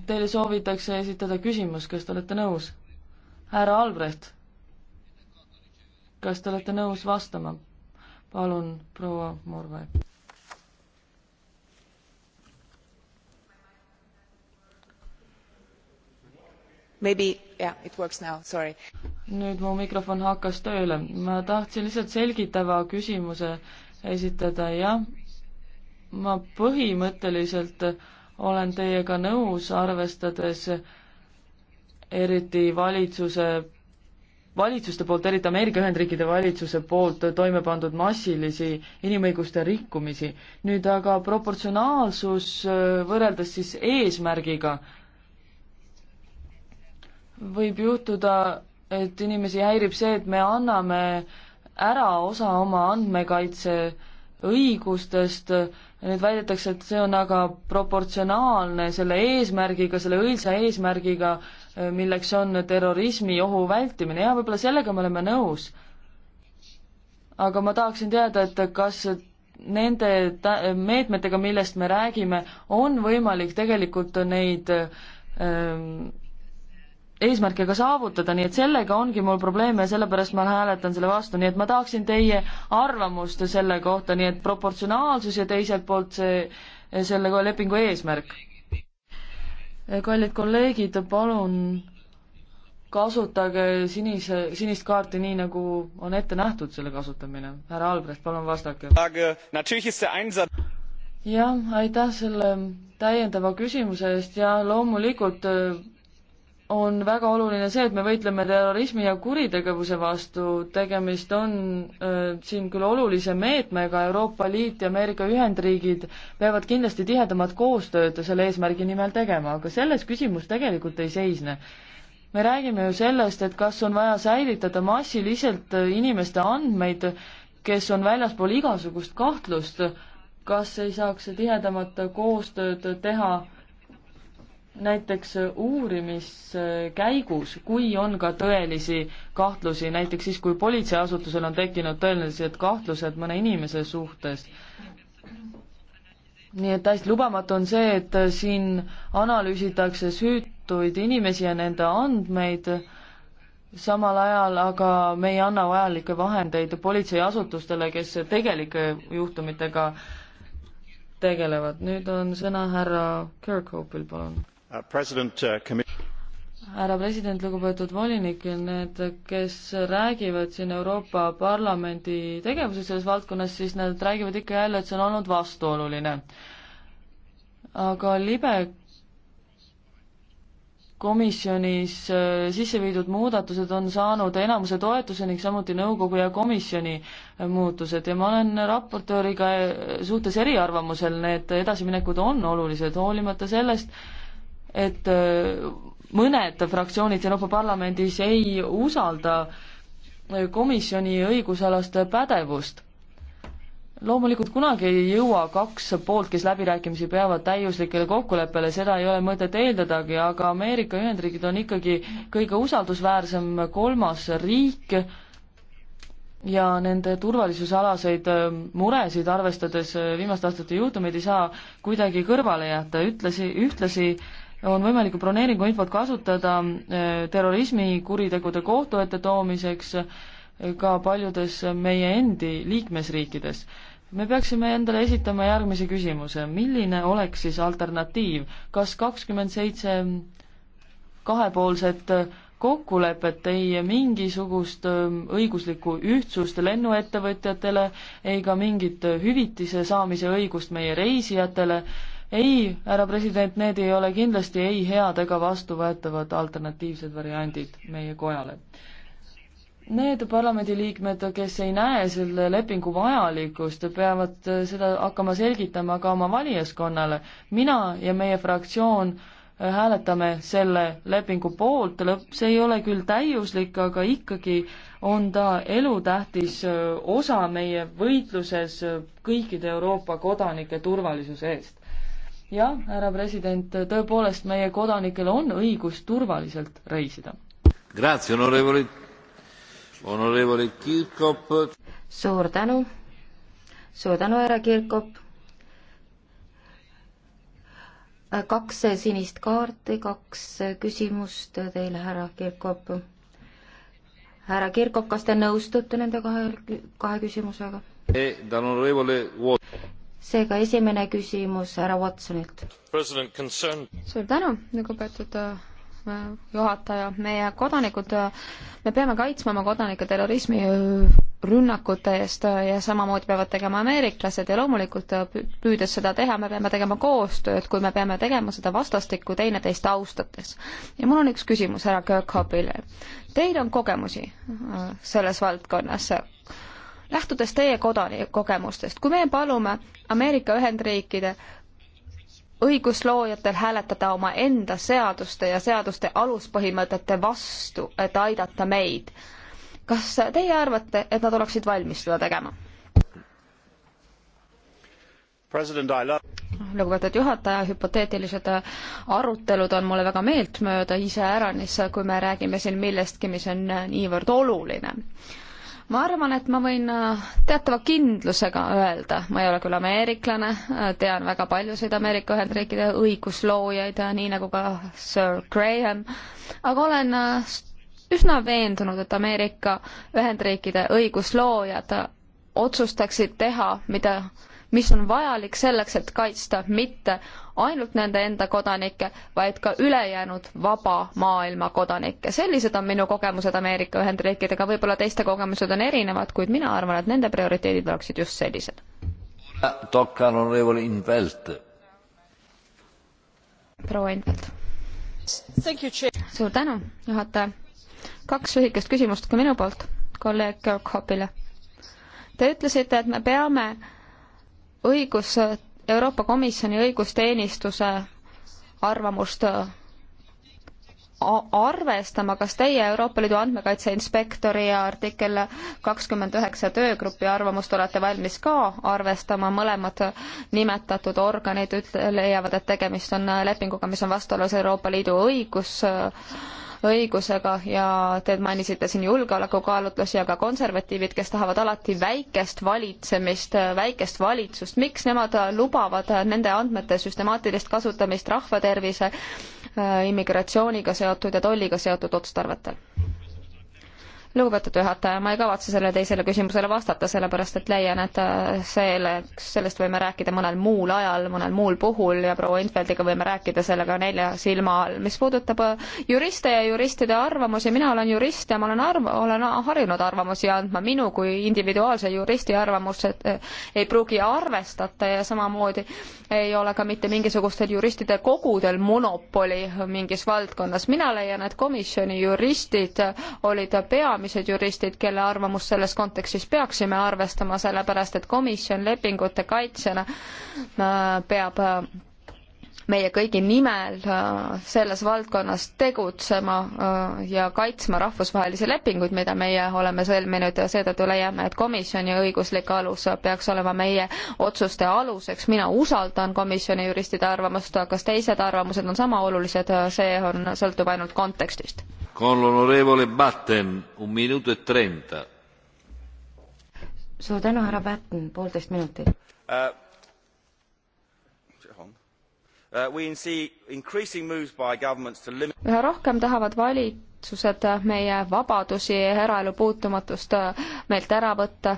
Teile soovitakse esitada küsimus, kas te olete nõus? härra Albrecht, kas te olete nõus vastama? palun, proua Murve. Maybe yeah, it works now, sorry. nüüd mu mikrofon hakkas tööle, ma tahtsin lihtsalt selgitava küsimuse esitada, jah. ma põhimõtteliselt olen teiega nõus, arvestades eriti valitsuse, valitsuste poolt, eriti Ameerika Ühendriikide valitsuse poolt toime pandud massilisi inimõiguste rikkumisi. nüüd aga proportsionaalsus võrreldes siis eesmärgiga võib juhtuda, et inimesi häirib see, et me anname ära osa oma andmekaitse õigustest, nüüd väidetakse, et see on aga proportsionaalne selle eesmärgiga, selle õilsa eesmärgiga, milleks on terrorismiohu vältimine ja võib-olla sellega me oleme nõus. aga ma tahaksin teada, et kas nende meetmetega, millest me räägime, on võimalik tegelikult neid ähm, eesmärke ka saavutada, nii et sellega ongi mul probleeme ja sellepärast ma hääletan selle vastu, nii et ma tahaksin teie arvamust selle kohta, nii et proportsionaalsus ja teiselt poolt see, selle lepingu eesmärk. kallid kolleegid, palun kasutage sinise, sinist kaarti nii, nagu on ette nähtud selle kasutamine. härra Albrecht, palun vastake. jah, aitäh selle täiendava küsimuse eest ja loomulikult on väga oluline see, et me võitleme terrorismi ja kuritegevuse vastu, tegemist on äh, siin küll olulise meetmega, Euroopa Liit ja Ameerika Ühendriigid peavad kindlasti tihedamat koostööd selle eesmärgi nimel tegema, aga selles küsimus tegelikult ei seisne. me räägime ju sellest, et kas on vaja säilitada massiliselt inimeste andmeid, kes on väljaspool igasugust kahtlust, kas ei saaks tihedamat koostööd teha äh, näiteks uurimiskäigus, kui on ka tõelisi kahtlusi, näiteks siis, kui politseiasutusel on tekkinud tõelised kahtlused mõne inimese suhtes, nii et täiesti lubamatu on see, et siin analüüsitakse süütuid inimesi ja nende andmeid, samal ajal aga me ei anna vajalikke vahendeid politseiasutustele, kes tegelike juhtumitega tegelevad. nüüd on sõna härra Kirkhopil, palun. Uh, uh, härra president, lugupeetud volinik, need, kes räägivad siin Euroopa Parlamendi tegevusest selles valdkonnas, siis nad räägivad ikka jälle, et see on olnud vastuoluline. aga libe komisjonis äh, sisse viidud muudatused on saanud enamuse toetuse ning samuti nõukogu ja komisjoni äh, muutused ja ma olen raportööriga äh, suhtes eriarvamusel, need edasiminekud on olulised, hoolimata sellest, et äh, mõned fraktsioonid Euroopa Parlamendis ei usalda äh, komisjoni õigusalast pädevust. loomulikult kunagi ei jõua kaks poolt, kes läbirääkimisi peavad, täiuslikele kokkuleppele, seda ei ole mõtet eeldadagi, aga Ameerika Ühendriigid on ikkagi kõige usaldusväärsem kolmas riik ja nende turvalisusalaseid äh, muresid arvestades viimaste aastate juhtumeid ei saa kuidagi kõrvale jätta, ütlesi, ühtlasi, ühtlasi on võimalik broneeringuinfot kasutada äh, terrorismikuritegude kohtu ette toomiseks äh, ka paljudes meie endi liikmesriikides. me peaksime endale esitama järgmise küsimuse, milline oleks siis alternatiiv, kas kakskümmend seitse kahepoolset äh, kokkulepet, ei mingisugust ähm, õiguslikku ühtsust lennuettevõtjatele, ei ka mingit hüvitise saamise õigust meie reisijatele, ei, härra president, need ei ole kindlasti ei head ega vastuvõetavad alternatiivsed variandid meie kojale. Need parlamendiliikmed, kes ei näe selle lepingu vajalikkust, peavad seda hakkama selgitama ka oma valijaskonnale. mina ja meie fraktsioon äh, hääletame selle lepingu poolt, lõpp, see ei ole küll täiuslik, aga ikkagi on ta elutähtis äh, osa meie võitluses äh, kõikide Euroopa kodanike turvalisuse eest jah, härra president, tõepoolest, meie kodanikel on õigus turvaliselt reisida. suur tänu, suur tänu, härra Kirkop. kaks sinist kaarti, kaks küsimust teile, härra Kirkop. härra Kirkop, kas te nõustute nende kahe, kahe küsimusega? Eh, seega esimene küsimus härra Watsonilt. suur tänu, lugupeetud äh, juhataja, meie kodanikud, äh, me peame kaitsma oma kodanikke terrorismi äh, rünnakute eest ja samamoodi peavad tegema ameeriklased ja loomulikult püüdes seda teha, me peame tegema koostööd, kui me peame tegema seda vastastikku teineteist austates. ja mul on üks küsimus härra Kirkhopile. Teil on kogemusi selles valdkonnas lähtudes teie kodani-, kogemustest, kui me palume Ameerika Ühendriikide õigusloojatel hääletada omaenda seaduste ja seaduste aluspõhimõtete vastu, et aidata meid, kas teie arvate, et nad oleksid valmis seda tegema? lugupeetud juhataja, hüpoteetilised arutelud on mulle väga meeltmööda, iseäranis, kui me räägime siin millestki, mis on niivõrd oluline ma arvan, et ma võin äh, teatava kindlusega öelda, ma ei ole küll ameeriklane, äh, tean väga paljusid Ameerika Ühendriikide õigusloojaid, äh, nii nagu ka Sir Graham, aga olen üsna veendunud, et Ameerika Ühendriikide õigusloojad otsustaksid teha, mida mis on vajalik selleks, et kaitsta mitte ainult nende enda kodanikke, vaid ka ülejäänud vaba maailma kodanikke. sellised on minu kogemused Ameerika Ühendriikidega, võib-olla teiste kogemused on erinevad, kuid mina arvan, et nende prioriteedid oleksid just sellised. proua Invelt. suur tänu, juhataja. kaks lühikest küsimust ka minu poolt kolleeg Kirkhopile. Te ütlesite, et me peame õigus, Euroopa Komisjoni õigusteenistuse arvamust arvestama, kas teie Euroopa Liidu andmekaitse inspektori ja artikkel kakskümmend üheksa töögrupi arvamust olete valmis ka arvestama, mõlemad nimetatud organid üt-, leiavad, et tegemist on lepinguga, mis on vastuolus Euroopa Liidu õigus äh, õigusega ja te mainisite siin julgeolekukaalutlusi, aga konservatiivid, kes tahavad alati väikest valitsemist, väikest valitsust, miks nemad lubavad nende andmete süstemaatilist kasutamist rahvatervise, äh, immigratsiooniga seotud ja tolliga seotud otstarvetel? lugupeetud juhataja, ma ei kavatse sellele teisele küsimusele vastata, sellepärast et leian, et äh, selleks, sellest võime rääkida mõnel muul ajal, mõnel muul puhul ja proua Infeldiga võime rääkida sellega nelja silma all. mis puudutab äh, juriste ja juristide arvamusi, mina olen jurist ja ma olen arv-, olen harjunud arvamusi andma, minu kui individuaalse juristi arvamused äh, ei pruugi arvestata ja samamoodi ei ole ka mitte mingisugustel juristide kogudel monopoli mingis valdkonnas. mina leian, et komisjoni juristid olid pea peamised juristid, kelle arvamust selles kontekstis peaksime arvestama, sellepärast et komisjon lepingute kaitsjana äh, peab äh, meie kõigi nimel äh, selles valdkonnas tegutsema ja kaitsma rahvusvahelisi lepinguid, mida meie oleme sõlminud ja seetõttu leiame, et komisjoni õiguslik alus peaks olema meie otsuste aluseks. mina usaldan komisjoni juristide arvamust, kas teised arvamused on sama olulised, see on, sõltub ainult kontekstist con l'onorevole Batten, un minuto e trenta. suur tänu, härra Batten, poolteist minutit uh,. Uh, üha rohkem tahavad valitsused uh, meie vabadusi ja eraelu puutumatust uh, meilt ära võtta,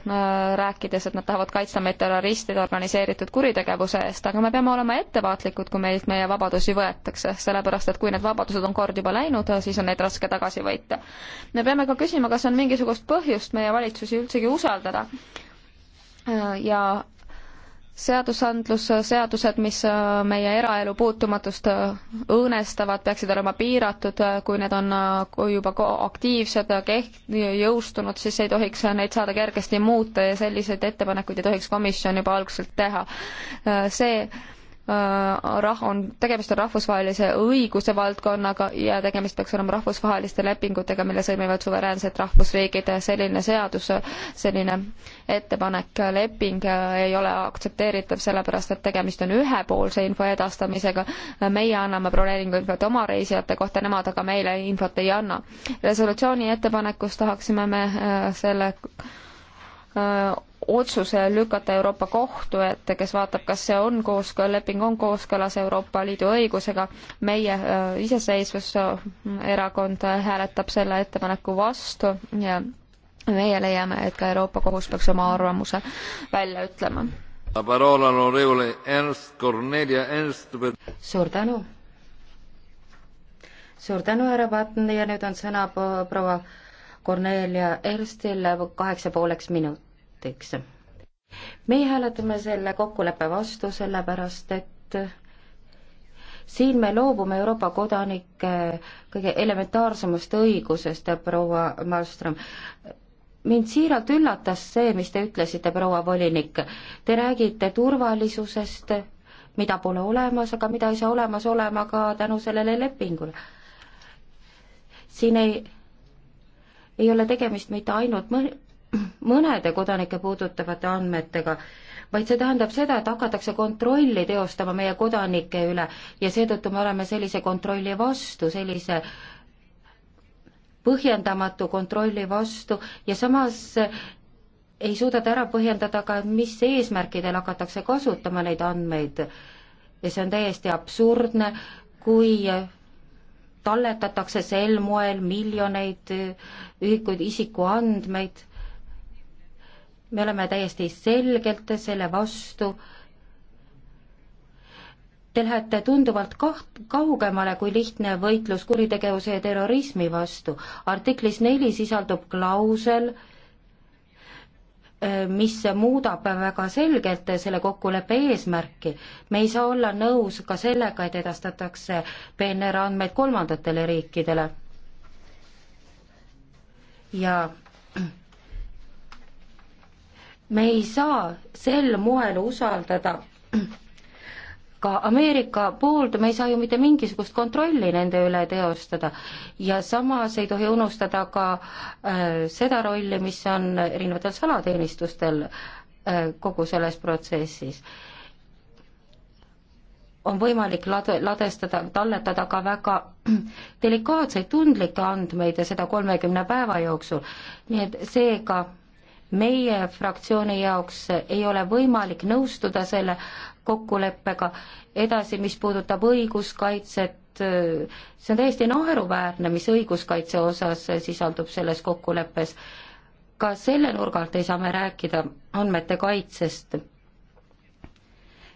rääkides, et nad tahavad kaitsta meid terroristide organiseeritud kuritegevuse eest, aga me peame olema ettevaatlikud, kui meilt meie vabadusi võetakse, sellepärast et kui need vabadused on kord juba läinud, siis on neid raske tagasi võita. me peame ka küsima, kas on mingisugust põhjust meie valitsusi üldsegi usaldada ja seadusandlus, seadused, mis äh, meie eraelu puutumatust äh, õõnestavad, peaksid olema piiratud, äh, kui need on kui juba aktiivsed, keht-, jõustunud, siis ei tohiks neid saada kergesti muuta ja selliseid ettepanekuid ei tohiks komisjon juba algselt teha. see Äh, rah-, on, tegemist on rahvusvahelise õiguse valdkonnaga ja tegemist peaks olema rahvusvaheliste lepingutega, mille sõlmivad suveräänsed rahvusriigid. selline seadus, selline ettepanek, leping ei ole aktsepteeritav, sellepärast et tegemist on ühepoolse info edastamisega. meie anname broneeringuinfot oma reisijate kohta, nemad aga meile infot ei anna. resolutsiooni ettepanekus tahaksime me äh, selle Äh, otsuse lükata Euroopa Kohtu ette, kes vaatab, kas see on kooskõla, leping on kooskõlas Euroopa Liidu õigusega. meie äh, iseseisvuserakond äh, hääletab selle ettepaneku vastu ja meie leiame, et ka Euroopa Kohus peaks oma arvamuse välja ütlema. suur tänu. suur tänu, härra Patten ja nüüd on sõna proua Cornelia Erstile kaheksa pooleks minutiks. meie hääletame selle kokkuleppe vastu, sellepärast et siin me loobume Euroopa kodanike kõige elementaarsemast õigusest, proua Malmström. mind siiralt üllatas see, mis te ütlesite, proua volinik. Te räägite turvalisusest, mida pole olemas, aga mida ei saa olemas olema ka tänu sellele lepingule. siin ei ei ole tegemist mitte ainult mõnede kodanikke puudutavate andmetega, vaid see tähendab seda, et hakatakse kontrolli teostama meie kodanike üle ja seetõttu me oleme sellise kontrolli vastu, sellise põhjendamatu kontrolli vastu ja samas ei suudeta ära põhjendada ka, mis eesmärkidel hakatakse kasutama neid andmeid. ja see on täiesti absurdne, kui talletatakse sel moel miljoneid eh, ühikuid isikuandmeid. me oleme täiesti selgelt selle vastu. Te lähete tunduvalt kaht-, kaugemale kui lihtne võitlus kuritegevuse ja terrorismi vastu. artiklis neli sisaldub klausel, mis muudab väga selgelt selle kokkuleppe eesmärki. me ei saa olla nõus ka sellega, et edastatakse PNR andmeid kolmandatele riikidele. ja me ei saa sel moel usaldada ka Ameerika poolt me ei saa ju mitte mingisugust kontrolli nende üle teostada ja samas ei tohi unustada ka äh, seda rolli, mis on erinevatel salateenistustel äh, kogu selles protsessis on võimalik lad-, ladestada, talletada ka väga delikaatseid tundlikke andmeid ja seda kolmekümne päeva jooksul. nii et seega meie fraktsiooni jaoks ei ole võimalik nõustuda selle kokkuleppega. edasi, mis puudutab õiguskaitset, see on täiesti naeruväärne, mis õiguskaitse osas sisaldub selles kokkuleppes. ka selle nurga alt ei saa me rääkida andmete kaitsest.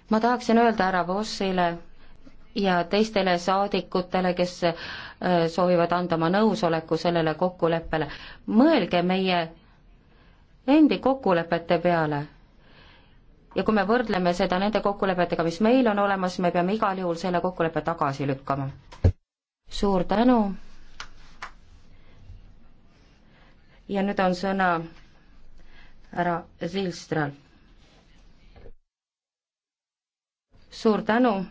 ma tahaksin öelda härra Vossile ja teistele saadikutele, kes äh, soovivad anda oma nõusoleku sellele kokkuleppele, mõelge meie endi kokkulepete peale ja kui me võrdleme seda nende kokkulepetega, mis meil on olemas, me peame igal juhul selle kokkuleppe tagasi lükkama. suur tänu. ja nüüd on sõna härra Zilstral. suur tänu.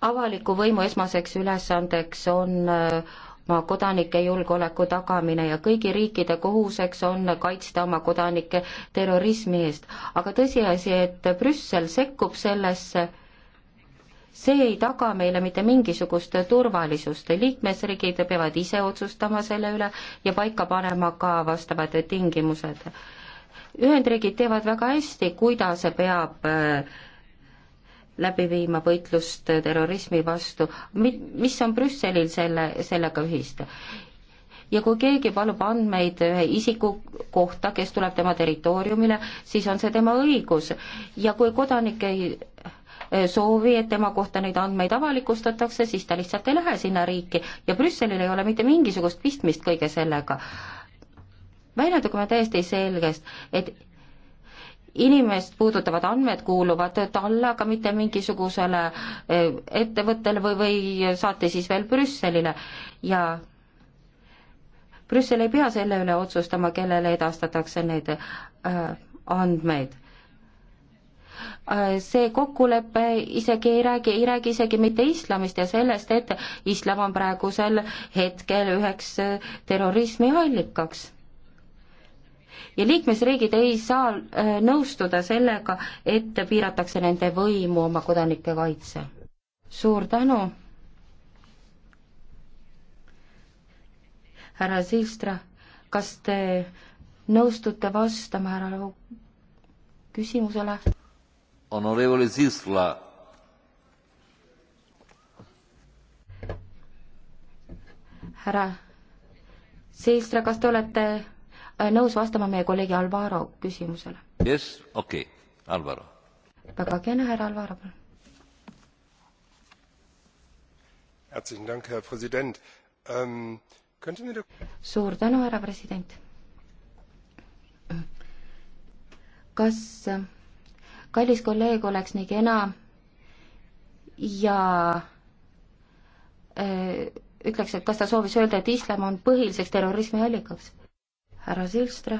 avaliku võimu esmaseks ülesandeks on äh, oma kodanike julgeoleku tagamine ja kõigi riikide kohuseks on kaitsta oma kodanikke terrorismi eest. aga tõsiasi, et Brüssel sekkub sellesse, see ei taga meile mitte mingisugust turvalisust, liikmesriigid peavad ise otsustama selle üle ja paika panema ka vastavad tingimused. Ühendriigid teevad väga hästi, kuidas peab äh, läbi viima võitlust terrorismi vastu, mis on Brüsselil selle, sellega ühist? ja kui keegi palub andmeid ühe isiku kohta, kes tuleb tema territooriumile, siis on see tema õigus ja kui kodanik ei eh, soovi, et tema kohta neid andmeid avalikustatakse, siis ta lihtsalt ei lähe sinna riiki ja Brüsselil ei ole mitte mingisugust pistmist kõige sellega. väljendage me täiesti selgest, et inimest puudutavad andmed kuuluvad talle, aga mitte mingisugusele eh, ettevõttele või, või saate siis veel Brüsselile ja Brüssel ei pea selle üle otsustama, kellele edastatakse need eh, andmeid eh, see kokkulepe isegi ei räägi, ei räägi isegi mitte islamist ja sellest, et islam on praegusel hetkel üheks terrorismi allikaks ja liikmesriigid ei saa äh, nõustuda sellega, et piiratakse nende võimu oma kodanike kaitse. suur tänu. härra Silstra, kas te nõustute vastama härra Lau küsimusele? Honorevole Silstra. härra Silstra, kas te olete Äh, nõus vastama meie kolleegi Alvaro küsimusele. Yes, okei okay., Alvaro. väga kena, härra Alvaro, palun. Ähm, suur tänu, härra president. kas äh, kallis kolleeg oleks nii kena ja öö, äh, ütleks, et kas ta soovis öelda, et islam on põhiliseks terrorismi allikaks? härra Silstra.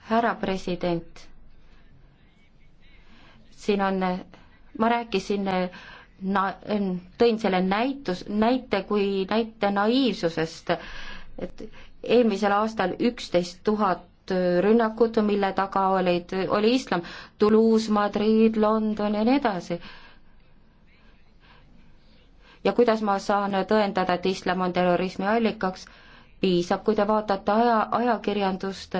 härra president, siin on, ma rääkisin na-, tõin selle näitus, näite kui näite naiivsusest, et eelmisel aastal üksteist tuhat rünnakut, mille taga olid, oli islam, Toulouse, Madrid, London ja nii edasi ja kuidas ma saan tõendada, et islam on terrorismi allikaks, piisab, kui te vaatate aja, ajakirjandust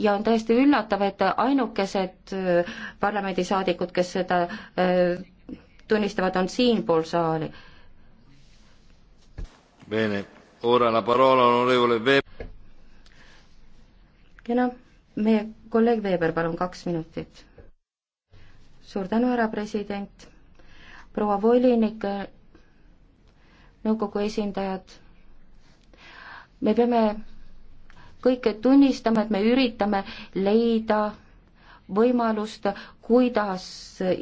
ja on täiesti üllatav, et ainukesed äh, parlamendisaadikud, kes seda äh, tunnistavad, on siinpool saali. kena, noh, meie kolleeg Veeber, palun kaks minutit. suur tänu, härra president proua volinik, nõukogu esindajad, me peame kõik tunnistama, et me üritame leida võimalust, kuidas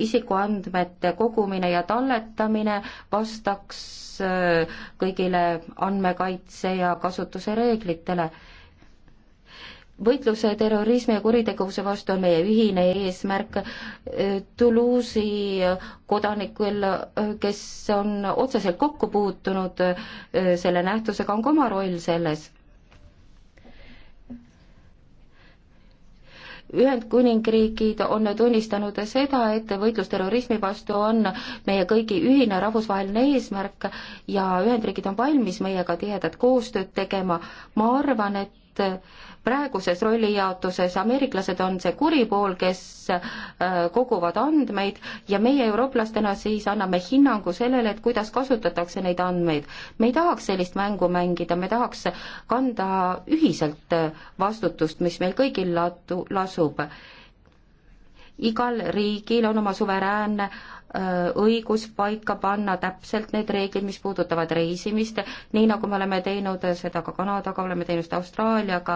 isikuandmete kogumine ja talletamine vastaks kõigile andmekaitse ja kasutuse reeglitele võitlus terrorismi ja kuritegevuse vastu on meie ühine eesmärk. Toulouse'i kodanikel, kes on otseselt kokku puutunud selle nähtusega, on ka oma roll selles. Ühendkuningriigid on tunnistanud seda, et võitlus terrorismi vastu on meie kõigi ühine rahvusvaheline eesmärk ja Ühendriigid on valmis meiega tihedat koostööd tegema. ma arvan, et praeguses rollijaotuses ameeriklased on see kuri pool, kes äh, koguvad andmeid ja meie eurooplastena siis anname hinnangu sellele, et kuidas kasutatakse neid andmeid. me ei tahaks sellist mängu mängida, me tahaks kanda ühiselt äh, vastutust, mis meil kõigil latu-, lasub. igal riigil on oma suveräänne Äh, õigus paika panna täpselt need reeglid, mis puudutavad reisimist, nii nagu me oleme teinud seda ka Kanadaga, oleme teinud seda Austraaliaga,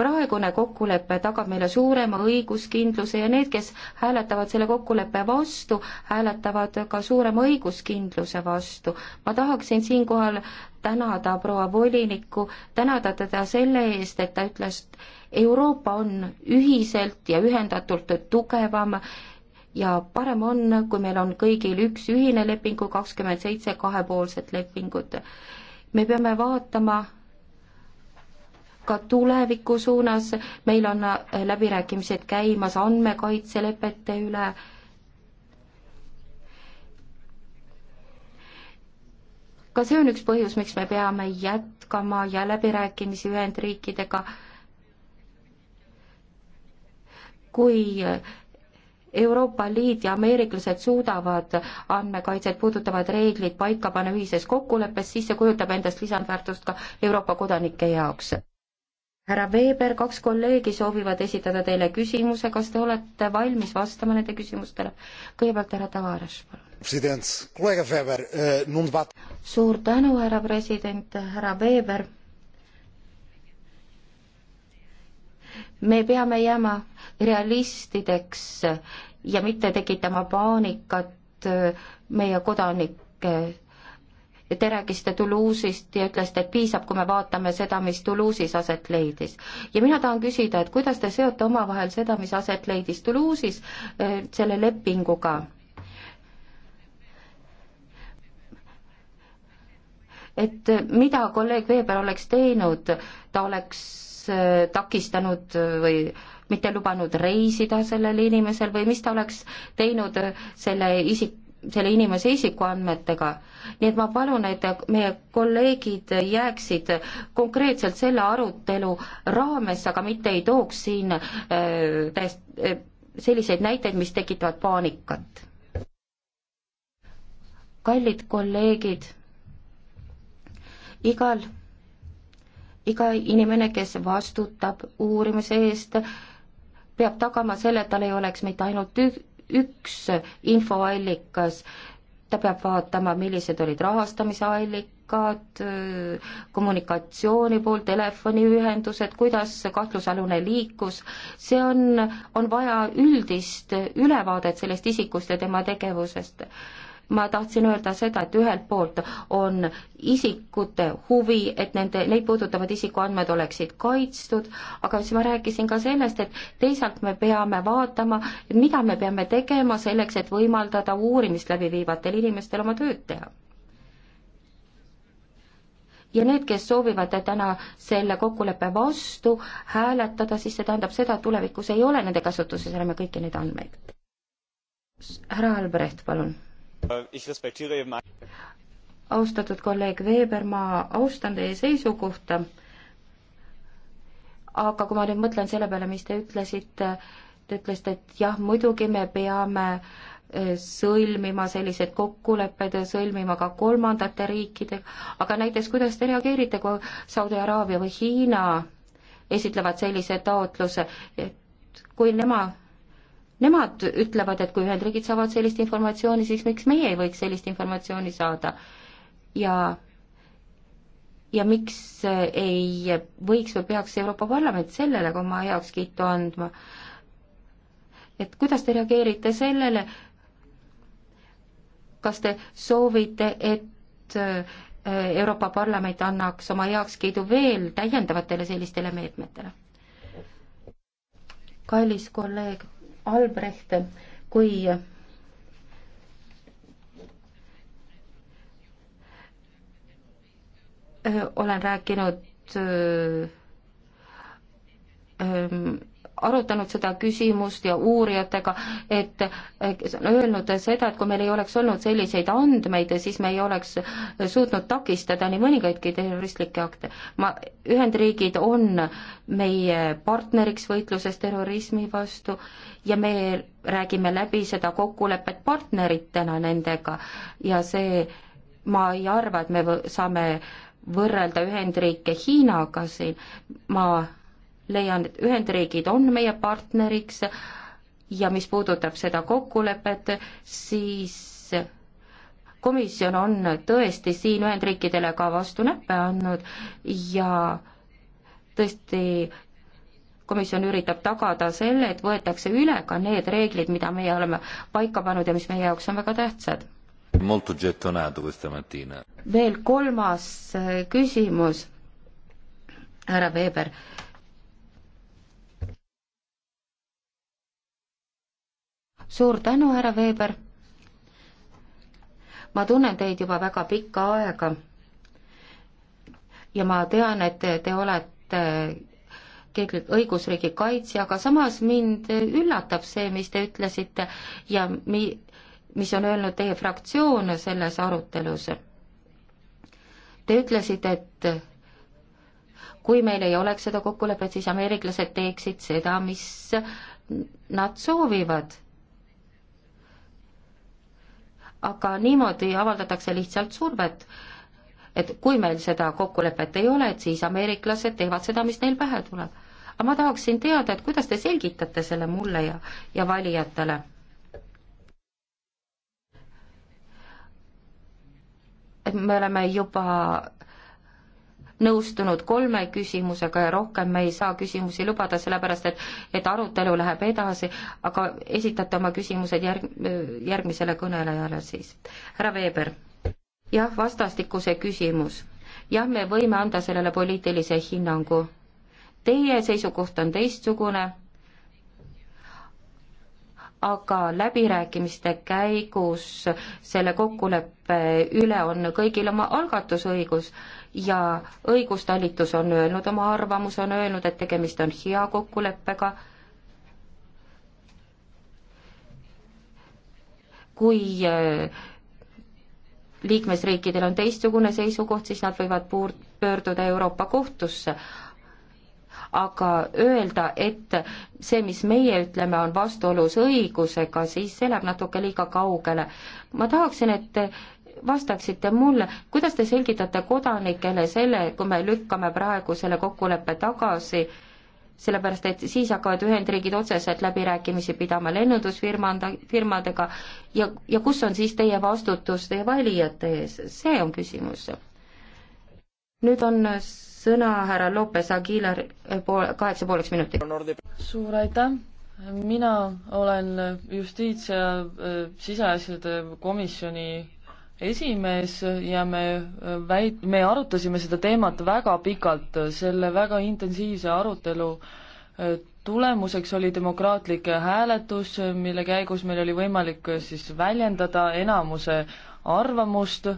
praegune kokkulepe tagab meile suurema õiguskindluse ja need, kes hääletavad selle kokkuleppe vastu, hääletavad ka suurema õiguskindluse vastu. ma tahaksin siinkohal tänada proua volinikku, tänada teda selle eest, et ta ütles, Euroopa on ühiselt ja ühendatult tugevam ja parem on, kui meil on kõigil üks ühine leping kui kakskümmend seitse kahepoolset lepingut. me peame vaatama ka tuleviku suunas, meil on äh, läbirääkimised käimas andmekaitselepete üle, ka see on üks põhjus, miks me peame jätkama ja läbirääkimisi Ühendriikidega, kui äh, Euroopa Liit ja ameeriklased suudavad andmekaitset puudutavad reeglid paika panna ühises kokkuleppes, siis see kujutab endast lisandväärtust ka Euroopa kodanike jaoks. härra Weber, kaks kolleegi soovivad esitada teile küsimuse, kas te olete valmis vastama nende küsimustele? kõigepealt härra Tavares, palun. Eh, suur tänu, härra president, härra Weber me peame jääma realistideks ja mitte tekitama paanikat äh, meie kodanike te rääkisite Toulouse'ist ja ütlesite, et piisab, kui me vaatame seda, mis Toulouse'is aset leidis. ja mina tahan küsida, et kuidas te seote omavahel seda, mis aset leidis Toulouse'is äh, selle lepinguga? et äh, mida kolleeg Veeber oleks teinud, ta oleks Äh, takistanud äh, või mitte lubanud reisida sellel inimesel või mis ta oleks teinud äh, selle isik, selle inimese isikuandmetega. nii et ma palun, et meie kolleegid jääksid konkreetselt selle arutelu raames, aga mitte ei tooks siin äh, täiesti äh, selliseid näiteid, mis tekitavad paanikat. kallid kolleegid, igal iga inimene, kes vastutab uurimise eest, peab tagama selle, et tal ei oleks mitte ainult üks infoallikas, ta peab vaatama, millised olid rahastamise allikad, kommunikatsiooni pool, telefoniühendused, kuidas kahtlusalune liikus, see on, on vaja üldist ülevaadet sellest isikust ja tema tegevusest ma tahtsin öelda seda, et ühelt poolt on isikute huvi, et nende, neid puudutavad isikuandmed oleksid kaitstud, aga siis ma rääkisin ka sellest, et teisalt me peame vaatama, mida me peame tegema selleks, et võimaldada uurimist läbi viivatel inimestel oma tööd teha ja need, kes soovivad täna selle kokkuleppe vastu hääletada, siis see tähendab seda, et tulevikus ei ole nende kasutuses enam kõiki neid andmeid. härra Albrecht, palun austatud kolleeg Weber, ma austan teie seisukohta, aga kui ma nüüd mõtlen selle peale, mis te ütlesite, te ütlesite, et jah, muidugi me peame eh, sõlmima sellised kokkulepped ja sõlmima ka kolmandate riikidega, aga näiteks kuidas te reageerite, kui Saudi Araabia või Hiina esitlevad sellise taotluse, et kui nemad Nemad ütlevad, et kui Ühendriigid saavad sellist informatsiooni, siis miks meie ei võiks sellist informatsiooni saada ja ja miks ei võiks või peaks Euroopa Parlament sellele ka oma heakskiitu andma? et kuidas te reageerite sellele, kas te soovite, et äh, Euroopa Parlament annaks oma heakskiidu veel täiendavatele sellistele meetmetele? kallis kolleeg Albrecht, kui olen rääkinud öö, öö, arutanud seda küsimust ja uurijatega, et kes on öelnud seda, et kui meil ei oleks olnud selliseid andmeid, siis me ei oleks suutnud takistada nii mõningaidki terroristlikke akte. ma, Ühendriigid on meie partneriks võitluses terrorismi vastu ja me räägime läbi seda kokkulepet partneritena nendega ja see, ma ei arva, et me saame võrrelda Ühendriike Hiinaga siin, ma leian, et Ühendriigid on meie partneriks ja mis puudutab seda kokkulepet, siis komisjon on tõesti siin Ühendriikidele ka vastu näppe andnud ja tõesti komisjon üritab tagada selle, et võetakse üle ka need reeglid, mida meie oleme paika pannud ja mis meie jaoks on väga tähtsad. veel kolmas eh, küsimus, härra Veber suur tänu, härra Veeber. ma tunnen teid juba väga pikka aega. ja ma tean, et te olete keegi õigusriigi kaitsja, aga samas mind üllatab see, mis te ütlesite ja mi-, mis on öelnud teie fraktsioon selles arutelus. Te ütlesite, et kui meil ei oleks seda kokkulepet, siis ameeriklased teeksid seda, mis nad soovivad aga niimoodi avaldatakse lihtsalt survet, et kui meil seda kokkulepet ei ole, et siis ameeriklased teevad seda, mis neil pähe tuleb. aga ma tahaksin teada, et kuidas te selgitate selle mulle ja, ja valijatele et me oleme juba nõustunud kolme küsimusega ja rohkem me ei saa küsimusi lubada, sellepärast et, et arutelu läheb edasi, aga esitate oma küsimused järg, järgmisele kõnelejale siis. härra Veeber. jah, vastastikuse küsimus. jah, me võime anda sellele poliitilise hinnangu. Teie seisukoht on teistsugune aga läbirääkimiste käigus selle kokkuleppe üle on kõigil oma algatusõigus ja õigustalitus on öelnud oma arvamuse, on öelnud, et tegemist on hea kokkuleppega, kui äh, liikmesriikidel on teistsugune seisukoht, siis nad võivad puur-, pöörduda Euroopa Kohtusse. aga öelda, et see, mis meie ütleme, on vastuolus õigusega, siis see läheb natuke liiga kaugele. ma tahaksin, et vastaksite mulle, kuidas te selgitate kodanikele selle, kui me lükkame praegu selle kokkuleppe tagasi, sellepärast et siis hakkavad Ühendriigid otseselt läbirääkimisi pidama lennundusfirmanda, firmadega ja, ja kus on siis teie vastutus teie valijate ees, see on küsimus. nüüd on sõna härra Lopez Aguilar pool, kaheksa pooleks minutiks. suur aitäh, mina olen justiits- ja äh, siseasjade komisjoni esimees ja me äh, väit-, me arutasime seda teemat väga pikalt, selle väga intensiivse arutelu äh, tulemuseks oli demokraatlik hääletus, mille käigus meil oli võimalik äh, siis väljendada enamuse arvamust,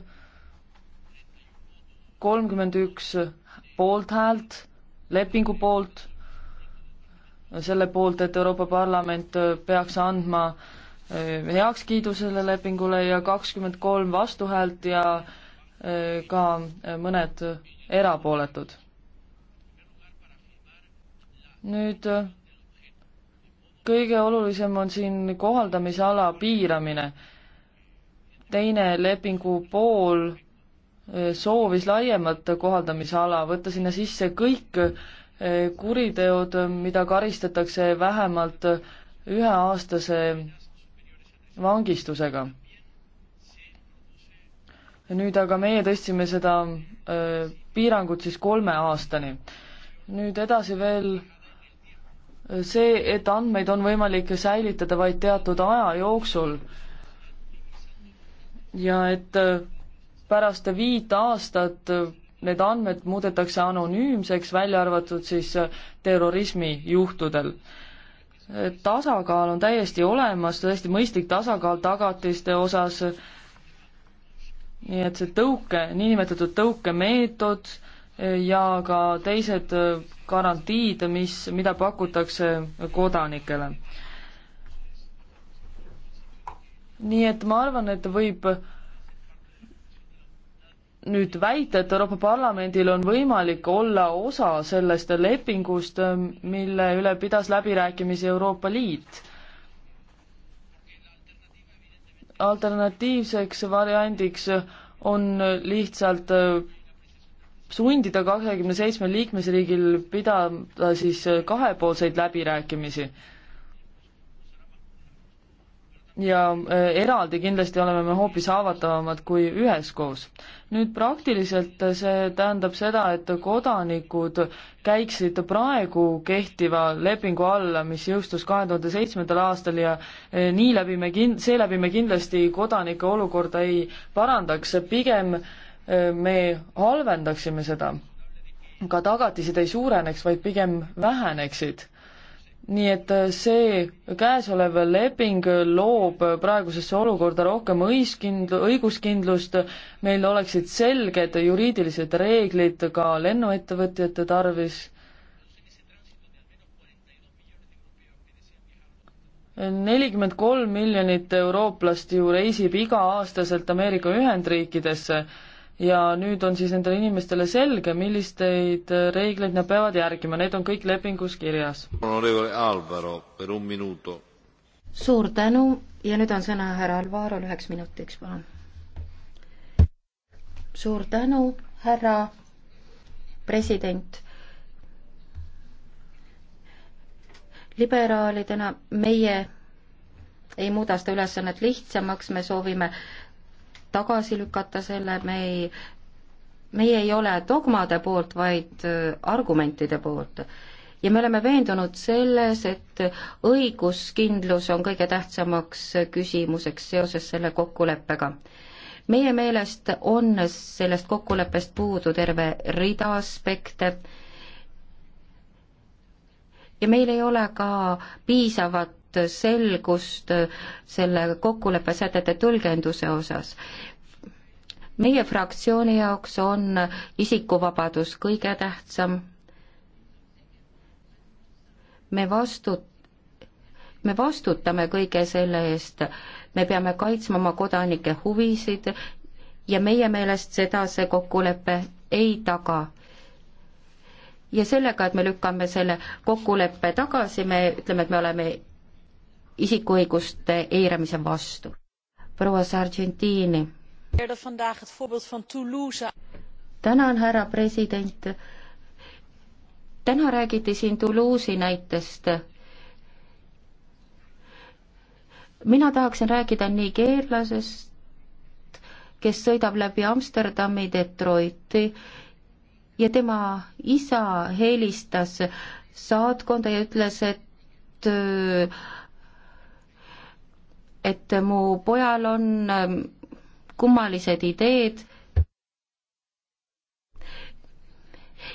kolmkümmend üks poolthäält, lepingu poolt, selle poolt, et Euroopa Parlament peaks andma äh, Äh, heakskiidu sellele lepingule ja kakskümmend kolm vastuhäält ja äh, ka äh, mõned erapooletud. nüüd kõige olulisem on siin kohaldamisala piiramine. teine lepingu pool soovis laiemat kohaldamisala, võtta sinna sisse kõik kuriteod, mida karistatakse vähemalt üheaastase vangistusega. nüüd aga meie tõstsime seda öö, piirangut siis kolme aastani. nüüd edasi veel see, et andmeid on võimalik säilitada vaid teatud aja jooksul ja et pärast viit aastat need andmed muudetakse anonüümseks, välja arvatud siis terrorismijuhtudel tasakaal on täiesti olemas, täiesti mõistlik tasakaal tagatiste osas, nii et see tõuke, niinimetatud tõukemeetod ja ka teised garantiid, mis, mida pakutakse kodanikele. nii et ma arvan, et võib äh, nüüd väita, et Euroopa Parlamendil on võimalik olla osa sellest lepingust, mille üle pidas läbirääkimisi Euroopa Liit. alternatiivseks variandiks on lihtsalt äh, sundida kahekümne seitsmel liikmesriigil pidada siis kahepoolseid läbirääkimisi ja äh, eraldi kindlasti oleme me hoopis haavatavamad kui üheskoos. nüüd praktiliselt äh, see tähendab seda, et kodanikud käiksid praegu kehtiva lepingu alla, mis jõustus kahe tuhande seitsmendal aastal ja äh, nii läbi me kin-, seeläbi me kindlasti kodanike olukorda ei parandaks, pigem me halvendaksime seda. ka tagatised ei suureneks, vaid pigem väheneksid nii et äh, see käesolev leping loob praegusesse olukorda rohkem õiskind-, õiguskindlust, meil oleksid selged juriidilised reeglid ka lennuettevõtjate tarvis. nelikümmend kolm miljonit eurooplast ju reisib iga-aastaselt Ameerika Ühendriikidesse ja nüüd on siis nendele inimestele selge, millisteid reegleid nad peavad järgima, need on kõik lepingus kirjas. suur tänu ja nüüd on sõna härra Alvarol üheks minutiks, palun. suur tänu, härra president. liberaalidena meie ei muuda seda ülesannet lihtsamaks, me soovime äh, tagasi lükata selle, me ei, meie ei ole dogmade poolt, vaid äh, argumentide poolt. ja me oleme veendunud selles, et õiguskindlus on kõige tähtsamaks küsimuseks seoses selle kokkuleppega meie meelest on sellest kokkuleppest puudu terve rida aspekte ja meil ei ole ka piisavat piisavat selgust äh, selle kokkuleppe sätete tõlgenduse osas. meie fraktsiooni jaoks on isikuvabadus kõige tähtsam. me vastu-, me vastutame kõige selle eest, me peame kaitsma oma kodanike huvisid ja meie meelest seda see kokkulepe ei taga ja sellega, et me lükkame selle kokkuleppe tagasi, me ütleme, et me oleme isikuõiguste eiramise vastu. proua Sargentini. tänan, härra president. täna räägiti siin Toulouse'i näitest. mina tahaksin rääkida nigeerlasest, kes sõidab läbi Amsterdami Detroiti ja tema isa helistas saatkonda ja ütles, et öö, et mu pojal on ähm, kummalised ideed.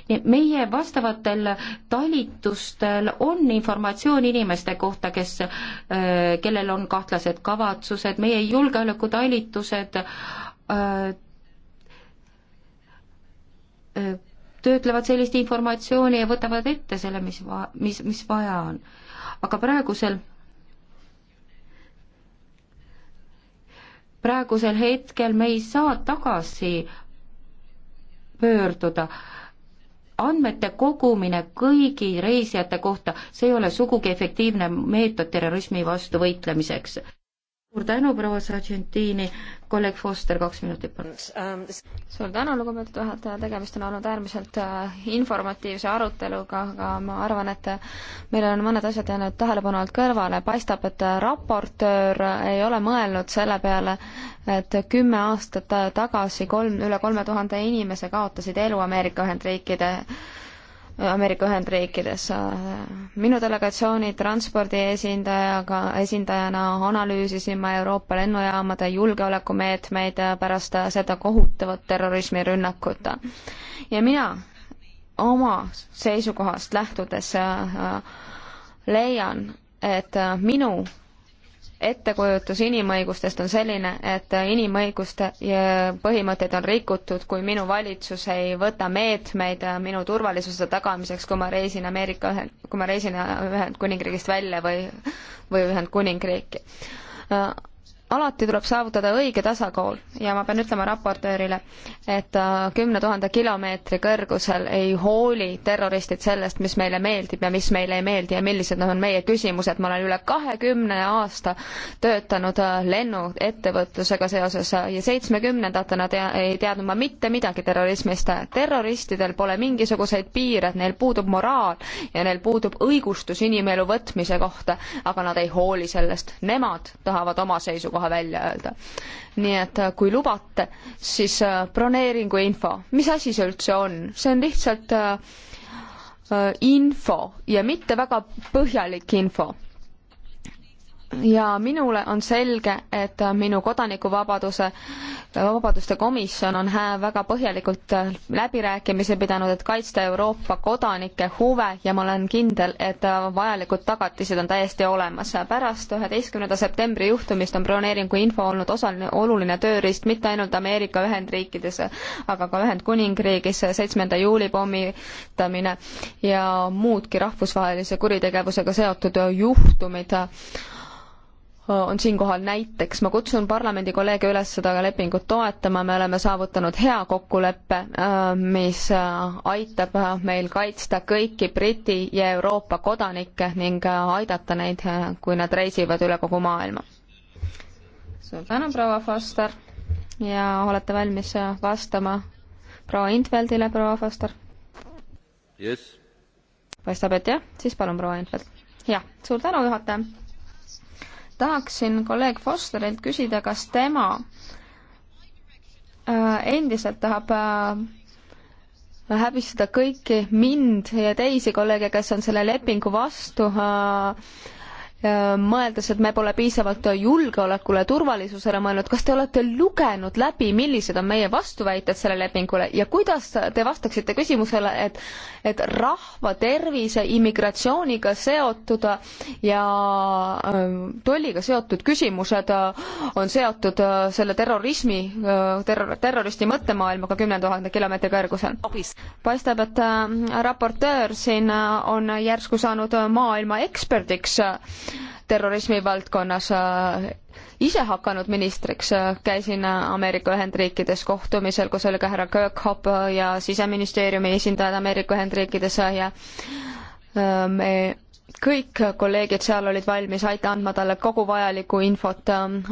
meie vastavatel talitustel on informatsioon inimeste kohta, kes, äh, kellel on kahtlased kavatsused, meie julgeolekutalitused äh, äh, töötlevad sellist informatsiooni ja võtavad ette selle, mis, mis, mis vaja on. aga praegusel praegusel hetkel me ei saa tagasi pöörduda. andmete kogumine kõigi reisijate kohta, see ei ole sugugi efektiivne meetod terrorismi vastu võitlemiseks suur tänu, proua Sargentini, kolleeg Foster, kaks minutit palun. Ähm, suur tänu, lugupeetud juhataja, tegemist on olnud äärmiselt äh, informatiivse aruteluga, aga ma arvan, et äh, meil on mõned asjad jäänud tähelepanu alt kõrvale, paistab, et äh, raportöör ei ole mõelnud selle peale, et kümme aastat tagasi kolm, üle kolme tuhande inimese kaotasid elu Ameerika Ühendriikide Ameerika Ühendriikides. minu delegatsiooni transpordi esindajaga, esindajana analüüsisin ma Euroopa lennujaamade julgeolekumeetmeid pärast seda kohutavat terrorismirünnakut. ja mina oma seisukohast lähtudes äh, äh, leian, et minu ettekujutus inimõigustest on selline, et inimõiguste põhimõtteid on rikutud, kui minu valitsus ei võta meetmeid äh, minu turvalisuse tagamiseks, kui ma reisin Ameerika ühe, kui ma reisin Ühendkuningriigist välja või, või Ühendkuningriiki äh, alati tuleb saavutada õige tasakaal ja ma pean ütlema raportöörile, et äh, kümne tuhande kilomeetri kõrgusel ei hooli terroristid sellest, mis meile meeldib ja mis meile ei meeldi ja millised on meie küsimused. ma olen üle kahekümne aasta töötanud äh, lennuettevõtlusega seoses ja seitsmekümnendatena tea-, ei teadnud ma mitte midagi terrorismist. terroristidel pole mingisuguseid piire, neil puudub moraal ja neil puudub õigustus inimelu võtmise kohta, aga nad ei hooli sellest. Nemad tahavad oma seisukohta kohe välja öelda. nii et äh, kui lubate, siis äh, broneeringu info, mis asi see üldse on, see on lihtsalt äh, info ja mitte väga põhjalik info ja minule on selge, et minu kodanikuvabaduse, vabaduste komisjon on väga põhjalikult läbirääkimisi pidanud, et kaitsta Euroopa kodanike huve ja ma olen kindel, et vajalikud tagatised on täiesti olemas. pärast üheteistkümnenda septembri juhtumist on broneeringu info olnud osaline, oluline tööriist mitte ainult Ameerika Ühendriikides, aga ka Ühendkuningriigis seitsmenda juuli pommitamine ja muudki rahvusvahelise kuritegevusega seotud juhtumid on siinkohal näiteks. ma kutsun parlamendi kolleege üles seda lepingut toetama, me oleme saavutanud hea kokkuleppe, äh, mis äh, aitab äh, meil kaitsta kõiki Briti ja Euroopa kodanikke ning aidata neid, kui nad reisivad üle kogu maailma. suur tänu, proua Foster ja olete valmis vastama proua Intveldile, proua Foster yes.? paistab, et jah, siis palun, proua Intveld. jah, suur tänu, juhataja tahaksin kolleeg Fosterilt küsida, kas tema äh, endiselt tahab äh, häbistada kõiki mind ja teisi kolleege, kes on selle lepingu vastu äh, Äh, mõeldes, et me pole piisavalt julgeolekule, turvalisusele mõelnud, kas te olete lugenud läbi, millised on meie vastuväited sellele lepingule ja kuidas te vastaksite küsimusele, et et rahva tervise, immigratsiooniga seotud ja ähm, tolliga seotud küsimused äh, on seotud äh, selle terrorismi, terror, terroristi mõttemaailmaga kümne tuhande kilomeetri kõrgusel. paistab, et raportöör siin on järsku saanud maailma eksperdiks terrorismi valdkonnas äh, ise hakanud ministriks, äh, käisin äh, Ameerika Ühendriikides kohtumisel, kus oli ka härra Kirkhope ja siseministeeriumi esindajad Ameerika Ühendriikides ja me kõik kolleegid seal olid valmis aita andma talle kogu vajalikku infot,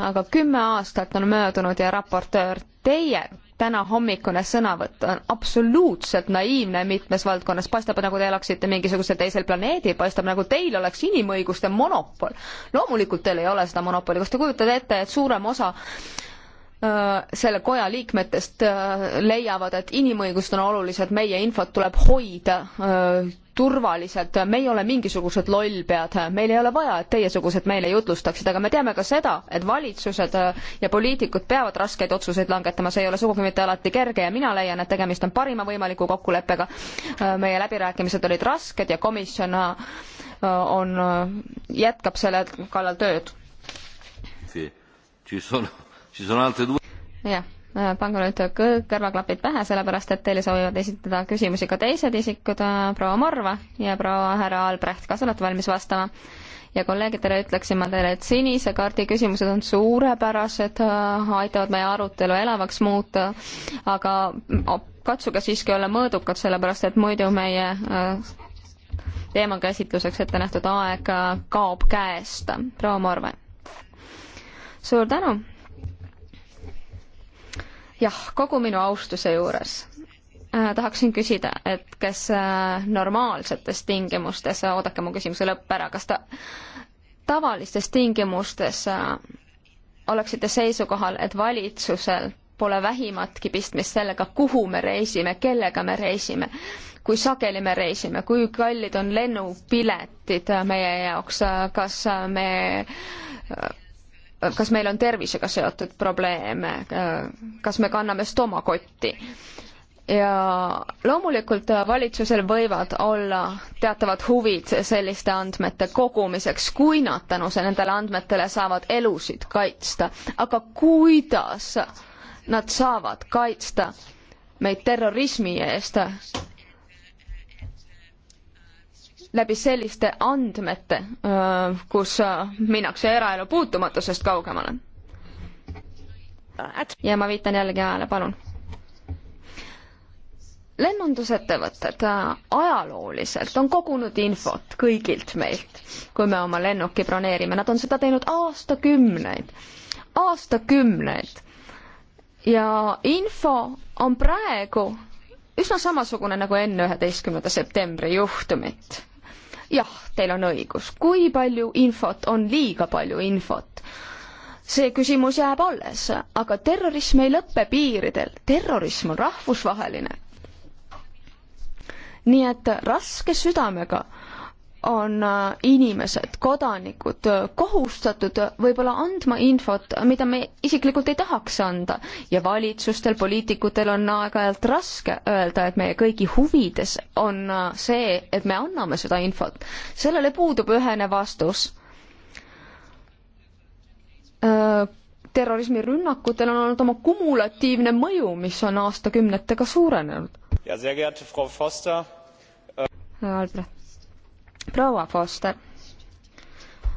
aga kümme aastat on möödunud ja raportöör, teie tänahommikune sõnavõtt on absoluutselt naiivne mitmes valdkonnas, paistab, nagu te elaksite mingisugusel teisel planeedil, paistab nagu teil oleks inimõiguste monopol. loomulikult teil ei ole seda monopoli, kas te kujutate ette, et suurem osa Äh, selle koja liikmetest äh, leiavad, et inimõigused on olulised, meie infot tuleb hoida äh, turvaliselt, me ei ole mingisugused lollpead, meil ei ole vaja, et teiesugused meile jutlustaksid, aga me teame ka seda, et valitsused ja poliitikud peavad raskeid otsuseid langetama, see ei ole sugugi mitte alati kerge ja mina leian, et tegemist on parima võimaliku kokkuleppega. meie läbirääkimised olid rasked ja komisjon on, jätkab selle kallal tööd. ci sono jah, äh, pange nüüd kõrvaklapid pähe, sellepärast et teile soovivad esitada küsimusi ka teised isikud, äh, proua Morva ja proua härra Albrecht, kas olete valmis vastama? ja kolleegidele ütleksin ma teile, et sinise kaardi küsimused on suurepärased, äh, aitavad meie arutelu elavaks muuta, aga mm, katsuge siiski olla mõõdukad, sellepärast et muidu meie teema käsitluseks ette nähtud aeg kaob käest. proua Morve. suur tänu jah, kogu minu austuse juures äh, tahaksin küsida, et kas äh, normaalsetes tingimustes, äh, oodake mu küsimuse lõpp ära, kas ta tavalistes tingimustes oleksite seisukohal, et valitsusel pole vähimatki pistmist sellega, kuhu me reisime, kellega me reisime, kui sageli me reisime, kui kallid on lennupiletid meie jaoks, kas me kas meil on tervisega seotud probleeme, kas me kanname stomakotti. ja loomulikult valitsusel võivad olla teatavad huvid selliste andmete kogumiseks, kui nad tänu nendele andmetele saavad elusid kaitsta. aga kuidas nad saavad kaitsta meid terrorismi eest, läbi selliste andmete, kus minnakse eraelu puutumatusest kaugemale. ja ma viitan jällegi ajale, palun. lennundusettevõtted ajalooliselt on kogunud infot kõigilt meilt, kui me oma lennuki broneerime, nad on seda teinud aastakümneid, aastakümneid. ja info on praegu üsna samasugune nagu enne üheteistkümnenda septembri juhtumit jah, teil on õigus, kui palju infot on liiga palju infot? see küsimus jääb alles, aga terrorism ei lõpe piiridel, terrorism on rahvusvaheline. nii et raske südamega on äh, inimesed, kodanikud äh, kohustatud võib-olla andma infot, mida me isiklikult ei tahaks anda ja valitsustel, poliitikutel on aeg-ajalt raske öelda, et meie kõigi huvides on äh, see, et me anname seda infot. sellele puudub ühene vastus. terrorismirünnakutel on olnud oma kumulatiivne mõju, mis on aastakümnetega suurenenud. ja, sehr geehrte Frau Foster äh.... Albrecht proua Foster,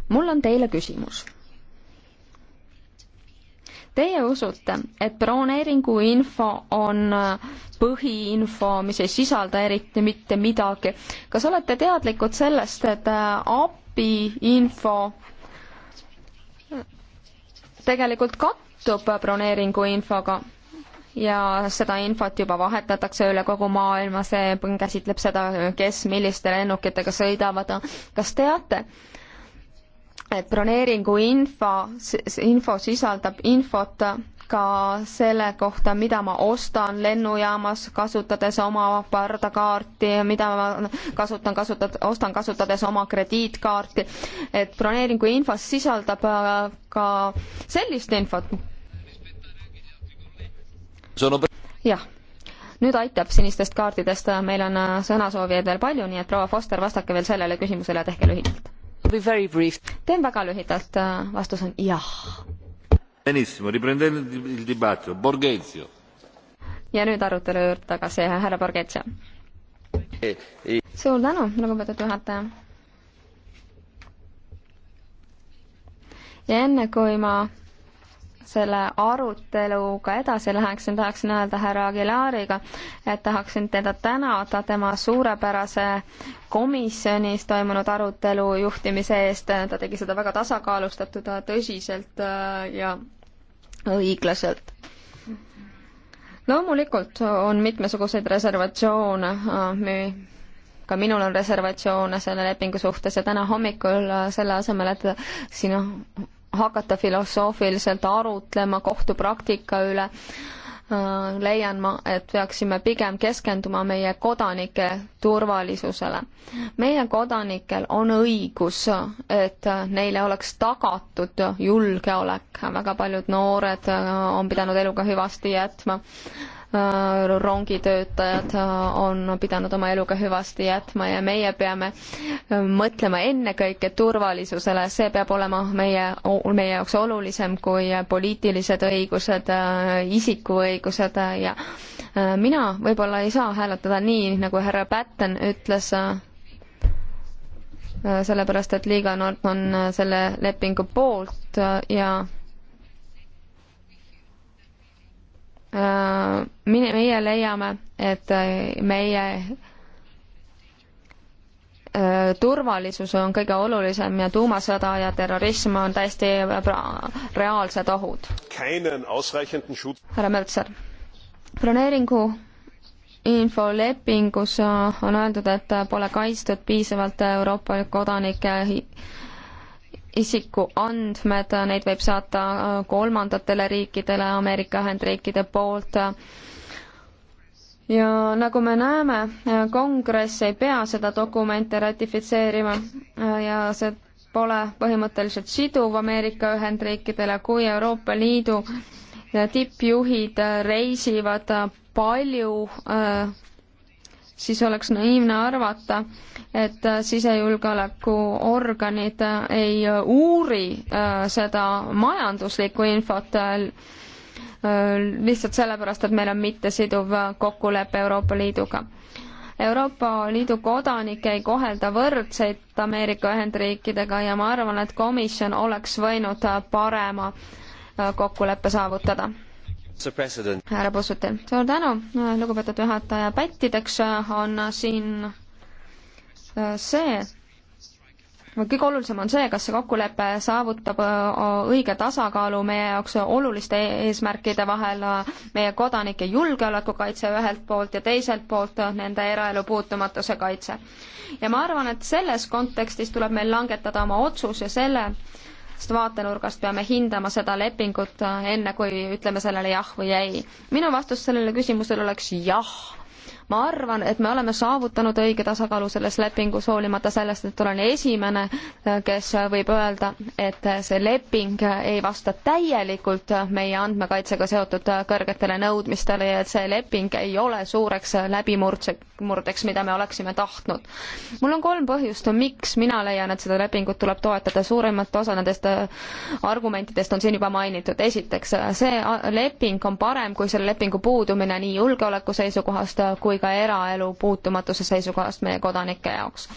mul on teile küsimus. Teie usute, et broneeringu info on äh, põhiinfo, mis ei sisalda eriti mitte midagi. kas olete teadlikud sellest, et äh, API info äh, tegelikult kattub broneeringu infoga? ja seda infot juba vahetatakse üle kogu maailma, see käsitleb seda, kes milliste lennukitega sõidavad. kas teate, et broneeringu info, info sisaldab infot ka selle kohta, mida ma ostan lennujaamas, kasutades oma pardakaarti ja mida ma kasutan, kasutad, ostan kasutades oma krediitkaarti. et broneeringu infos sisaldab äh, ka sellist infot jah, nüüd aitab sinistest kaardidest, meil on äh, sõnasoovijaid veel palju, nii et proua Foster, vastake veel sellele küsimusele, tehke lühidalt. teen väga lühidalt, äh, vastus on jah. ja nüüd arutelu juurde tagasi, härra Borghezio. E, e- suur tänu, lugupeetud juhataja. ja enne, kui ma selle aruteluga edasi läheksin, tahaksin öelda härra Aguilariga, et tahaksin teda tänada tema suurepärase komisjonis toimunud arutelu juhtimise eest, ta tegi seda väga tasakaalustatud, tõsiselt äh, ja õiglaselt loomulikult on mitmesuguseid reservatsioone, äh, ka minul on reservatsioone selle lepingu suhtes ja täna hommikul äh, selle asemel, et sinu hakata filosoofiliselt arutlema kohtupraktika üle, äh, leian ma, et peaksime pigem keskenduma meie kodanike turvalisusele. meie kodanikel on õigus, et neile oleks tagatud julgeolek, väga paljud noored äh, on pidanud eluga hüvasti jätma Äh, rongitöötajad äh, on pidanud oma eluga hüvasti jätma ja meie peame äh, mõtlema ennekõike turvalisusele, see peab olema meie, meie jaoks olulisem kui poliitilised õigused, isikuõigused ja mina võib-olla ei saa hääletada nii, nagu härra Patten ütles, sellepärast et Liiga Nord on selle lepingu poolt ja Äh, mine, meie leiame, et äh, meie äh, turvalisus on kõige olulisem ja tuumasõda ja terrorism on täiesti reaalsed ohud. härra Möltser, broneeringu infolepingus on öeldud, et pole kaitstud piisavalt Euroopa kodanike isikuandmed, neid võib saata äh, kolmandatele riikidele Ameerika Ühendriikide poolt. ja nagu me näeme, äh, kongress ei pea seda dokumenti ratifitseerima äh, ja see pole põhimõtteliselt siduv Ameerika Ühendriikidele, kui Euroopa Liidu tippjuhid reisivad palju siis oleks naiivne arvata, et äh, sisejulgeolekuorganid äh, ei äh, uuri seda majanduslikku infot lihtsalt sellepärast, et meil on mittesiduv kokkulepe Euroopa Liiduga Euroopa Liidu kodanikke ei kohelda võrdseid Ameerika Ühendriikidega ja ma arvan, et komisjon oleks võinud parema kokkuleppe saavutada härra Pussutil, suur tänu, lugupeetud juhataja, pättideks on siin äh, see, kõige olulisem on see, kas see kokkulepe saavutab äh, õige tasakaalu meie jaoks oluliste eesmärkide vahel, meie kodanike julgeolekukaitse ühelt poolt ja teiselt poolt nende eraelu puutumatuse kaitse. ja ma arvan, et selles kontekstis tuleb meil langetada oma otsus ja selle vaatenurgast peame hindama seda lepingut, äh, enne kui ütleme sellele jah või ei. minu vastus sellele küsimusele oleks jah ma arvan, et me oleme saavutanud õige tasakaalu selles lepingus, hoolimata sellest, et olen esimene, kes võib öelda, et see leping ei vasta täielikult meie andmekaitsega seotud kõrgetele nõudmistele ja et see leping ei ole suureks läbimurdeks, mida me oleksime tahtnud. mul on kolm põhjust, miks mina leian, et seda lepingut tuleb toetada, suuremat osa nendest äh, argumentidest on siin juba mainitud. esiteks, see äh, leping on parem kui selle lepingu puudumine nii julgeoleku seisukohast kui kui ka eraelu puutumatuse seisukohast meie kodanike jaoks.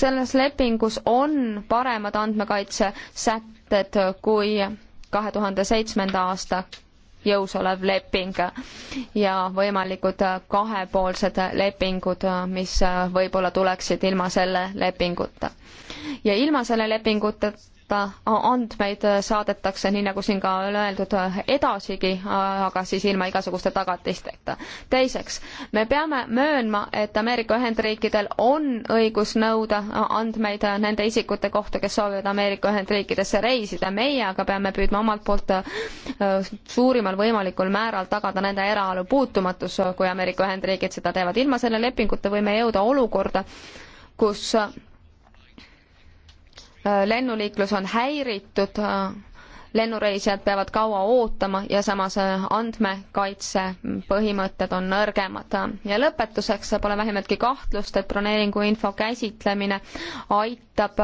selles lepingus on paremad andmekaitsesätted kui kahe tuhande seitsmenda aasta jõus olev leping ja võimalikud kahepoolsed lepingud, mis võib-olla tuleksid ilma selle lepinguta. ja ilma selle lepinguta andmeid saadetakse, nii nagu siin ka on öeldud, edasigi, aga siis ilma igasuguste tagatisteta. teiseks, me peame möönma, et Ameerika Ühendriikidel on õigus nõuda andmeid nende isikute kohta, kes soovivad Ameerika Ühendriikidesse reisida, meie aga peame püüdma omalt poolt äh, suurimal võimalikul määral tagada nende eraelu puutumatus, kui Ameerika Ühendriigid seda teevad. ilma selle lepinguta võime jõuda olukorda, kus Äh, lennuliiklus on häiritud, äh, lennureisijad peavad kaua ootama ja samas äh, andmekaitse põhimõtted on nõrgemad. ja lõpetuseks pole vähimatki kahtlust, et broneeringuinfo käsitlemine aitab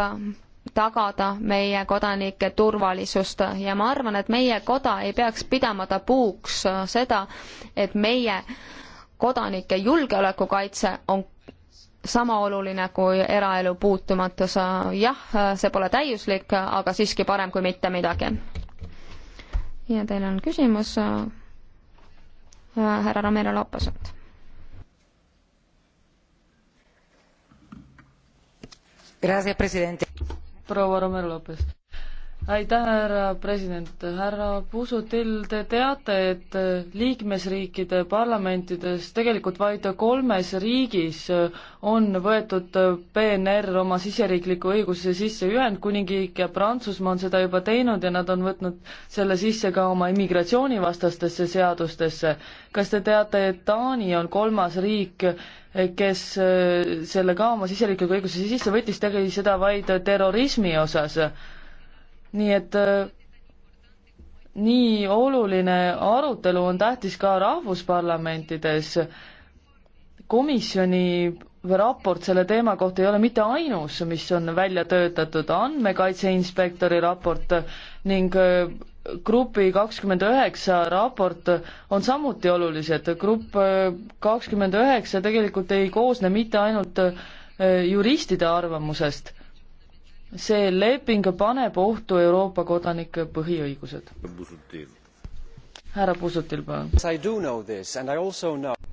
tagada meie kodanike turvalisust ja ma arvan, et meie koda ei peaks pidama tabuuks seda, et meie kodanike julgeolekukaitse on sama oluline kui eraelu puutumatus. jah, see pole täiuslik, aga siiski parem kui mitte midagi. ja teil on küsimus härra Ramiro Lopaselt. proua Romero Lopest aitäh, härra president, härra Pusutil, te teate, et liikmesriikide parlamentides, tegelikult vaid kolmes riigis on võetud PNR oma siseriikliku õiguse sisse, Ühendkuningriik ja Prantsusmaa on seda juba teinud ja nad on võtnud selle sisse ka oma immigratsioonivastastesse seadustesse. kas te teate, et Taani on kolmas riik, kes selle ka oma siseriikliku õiguse sisse võttis, tegi seda vaid terrorismi osas nii et äh, nii oluline arutelu on tähtis ka rahvusparlamentides. komisjoni raport selle teema kohta ei ole mitte ainus, mis on välja töötatud, andmekaitse inspektori raport ning äh, grupi kakskümmend üheksa raport on samuti olulised. grupp äh, kakskümmend üheksa tegelikult ei koosne mitte ainult juristide arvamusest see leping paneb ohtu Euroopa kodanike põhiõigused. härra Pusutil, palun.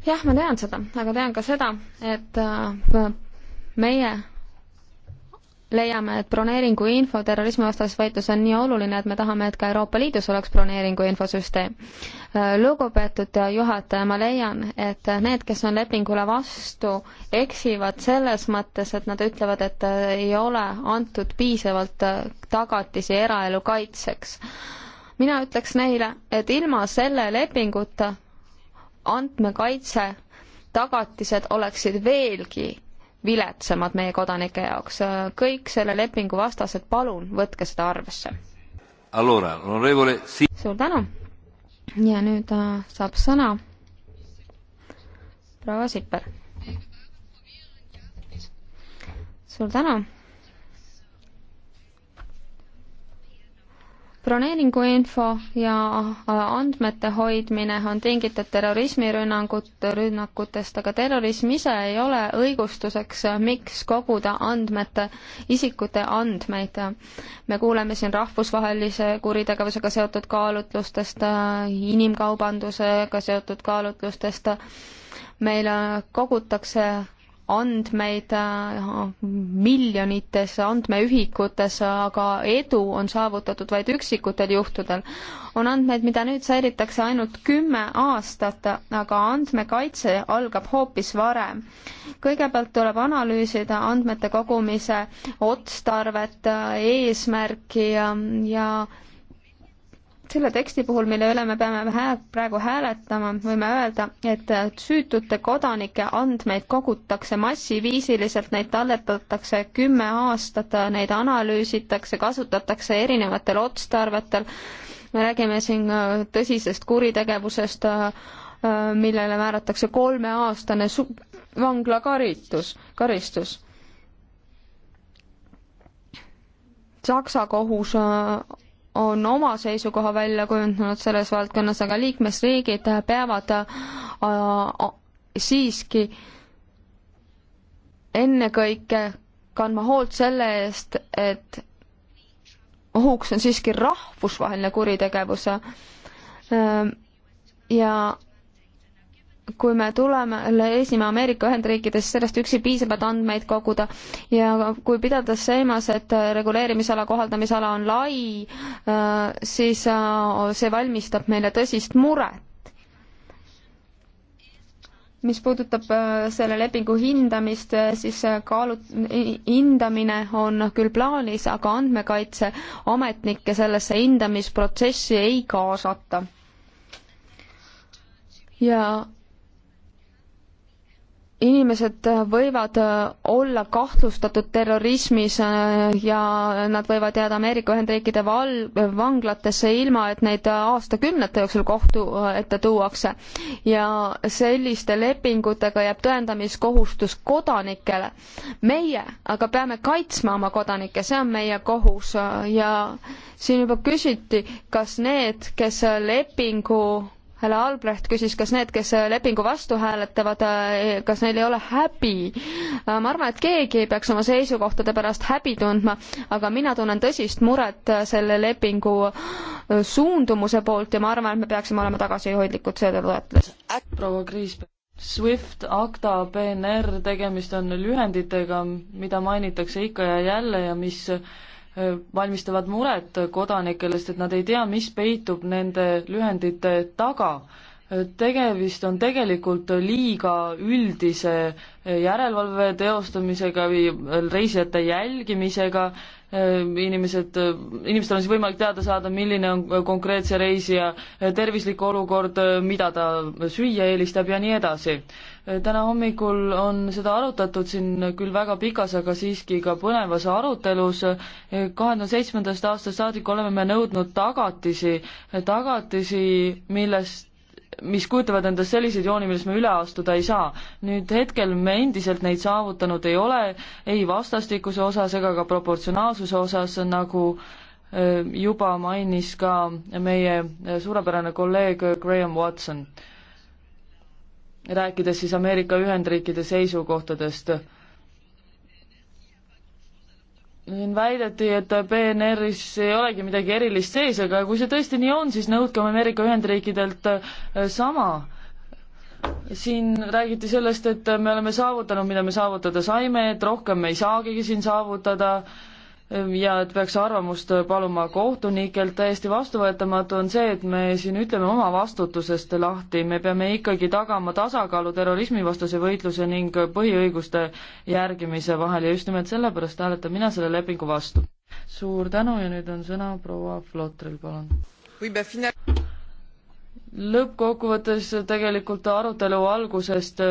jah, ma tean seda, aga tean ka seda, et äh, meie leiame, et broneeringu info terrorismivastases võitlus on nii oluline, et me tahame, et ka Euroopa Liidus oleks broneeringu infosüsteem. lugupeetud juhataja, ma leian, et need, kes on lepingule vastu, eksivad selles mõttes, et nad ütlevad, et ei ole antud piisavalt tagatisi eraelu kaitseks. mina ütleks neile, et ilma selle lepinguta andmekaitse tagatised oleksid veelgi viletsamad meie kodanike jaoks. kõik selle lepingu vastased, palun võtke seda arvesse. suur tänu. ja nüüd äh, saab sõna proua Sipper. suur tänu broneeringuinfo ja äh, andmete hoidmine on tingitud terrorismirünnangut, rünnakutest, aga terrorism ise ei ole õigustuseks, äh, miks koguda andmete, isikute andmeid. me kuuleme siin rahvusvahelise kuritegevusega seotud kaalutlustest, äh, inimkaubandusega seotud kaalutlustest, meil kogutakse andmeid miljonites andmeühikutes, aga edu on saavutatud vaid üksikutel juhtudel. on andmeid, mida nüüd säilitakse ainult kümme aastat, aga andmekaitse algab hoopis varem. kõigepealt tuleb analüüsida andmete kogumise otstarvet, eesmärki ja, ja selle teksti puhul, mille üle me peame hää-, praegu hääletama, võime öelda, et süütute kodanike andmeid kogutakse massiviisiliselt, neid talletatakse kümme aastat, neid analüüsitakse, kasutatakse erinevatel otstarvetel, me räägime siin äh, tõsisest kuritegevusest, äh, äh, millele määratakse kolmeaastane su-, vanglakaritus, karistus. Saksa kohus on oma seisukoha välja kujundanud selles valdkonnas, aga liikmesriigid peavad äh, siiski ennekõike kandma hoolt selle eest, et ohuks on siiski rahvusvaheline kuritegevus. Äh, ja kui me tuleme, lesime Ameerika Ühendriikidest, sellest üksi piisab, et andmeid koguda ja kui pidades silmas, et reguleerimisala, kohaldamisala on lai, äh, siis äh, see valmistab meile tõsist muret. mis puudutab äh, selle lepingu hindamist, siis kaalu-, hindamine on küll plaanis, aga andmekaitseametnikke sellesse hindamisprotsessi ei kaasata ja inimesed võivad äh, olla kahtlustatud terrorismis äh, ja nad võivad jääda Ameerika Ühendriikide val-, vanglatesse, ilma et neid äh, aastakümnete jooksul kohtu ette tuuakse. ja selliste lepingutega jääb tõendamiskohustus kodanikele. meie aga peame kaitsma oma kodanikke, see on meie kohus ja siin juba küsiti, kas need, kes lepingu härra Albrecht küsis, kas need, kes lepingu vastu hääletavad, eh, kas neil ei ole häbi. Äh, ma arvan, et keegi ei peaks oma seisukohtade pärast häbi tundma, aga mina tunnen tõsist muret äh, selle lepingu äh, suundumuse poolt ja ma arvan, et me peaksime olema tagasihoidlikud selle toetuses. proua Kriisberg. SWIFT, ACTA, PNR, tegemist on lühenditega, mida mainitakse ikka ja jälle ja mis valmistavad muret kodanikele, sest et nad ei tea, mis peitub nende lühendite taga. tegemist on tegelikult liiga üldise järelevalve teostamisega või reisijate jälgimisega Ehm, inimesed, ehm, inimestel on siis võimalik teada saada, milline on äh, konkreetse reisija äh, tervislik olukord, äh, mida ta süüa eelistab ja nii edasi. täna hommikul on seda arutatud siin küll väga pikas, aga siiski ka põnevas arutelus. kahe tuhande seitsmendast aastast saadik oleme me nõudnud tagatisi, tagatisi, millest mis kujutavad endast selliseid jooni, millest me üle astuda ei saa. nüüd hetkel me endiselt neid saavutanud ei ole, ei vastastikuse osas ega ka proportsionaalsuse osas, nagu juba mainis ka meie suurepärane kolleeg Graham Watson, rääkides siis Ameerika Ühendriikide seisukohtadest siin väideti, et PNR-is ei olegi midagi erilist sees, aga kui see tõesti nii on, siis nõudke Ameerika Ühendriikidelt äh, sama. siin räägiti sellest, et me oleme saavutanud, mida me saavutada saime, et rohkem me ei saagigi siin saavutada ja et peaks arvamust paluma kohtunikelt, täiesti vastuvõetamatu on see, et me siin ütleme oma vastutusest lahti, me peame ikkagi tagama tasakaalu terrorismivastase võitluse ning põhiõiguste järgimise vahel ja just nimelt sellepärast hääletan mina selle lepingu vastu. suur tänu ja nüüd on sõna proua Flotril, palun. lõppkokkuvõttes tegelikult arutelu algusest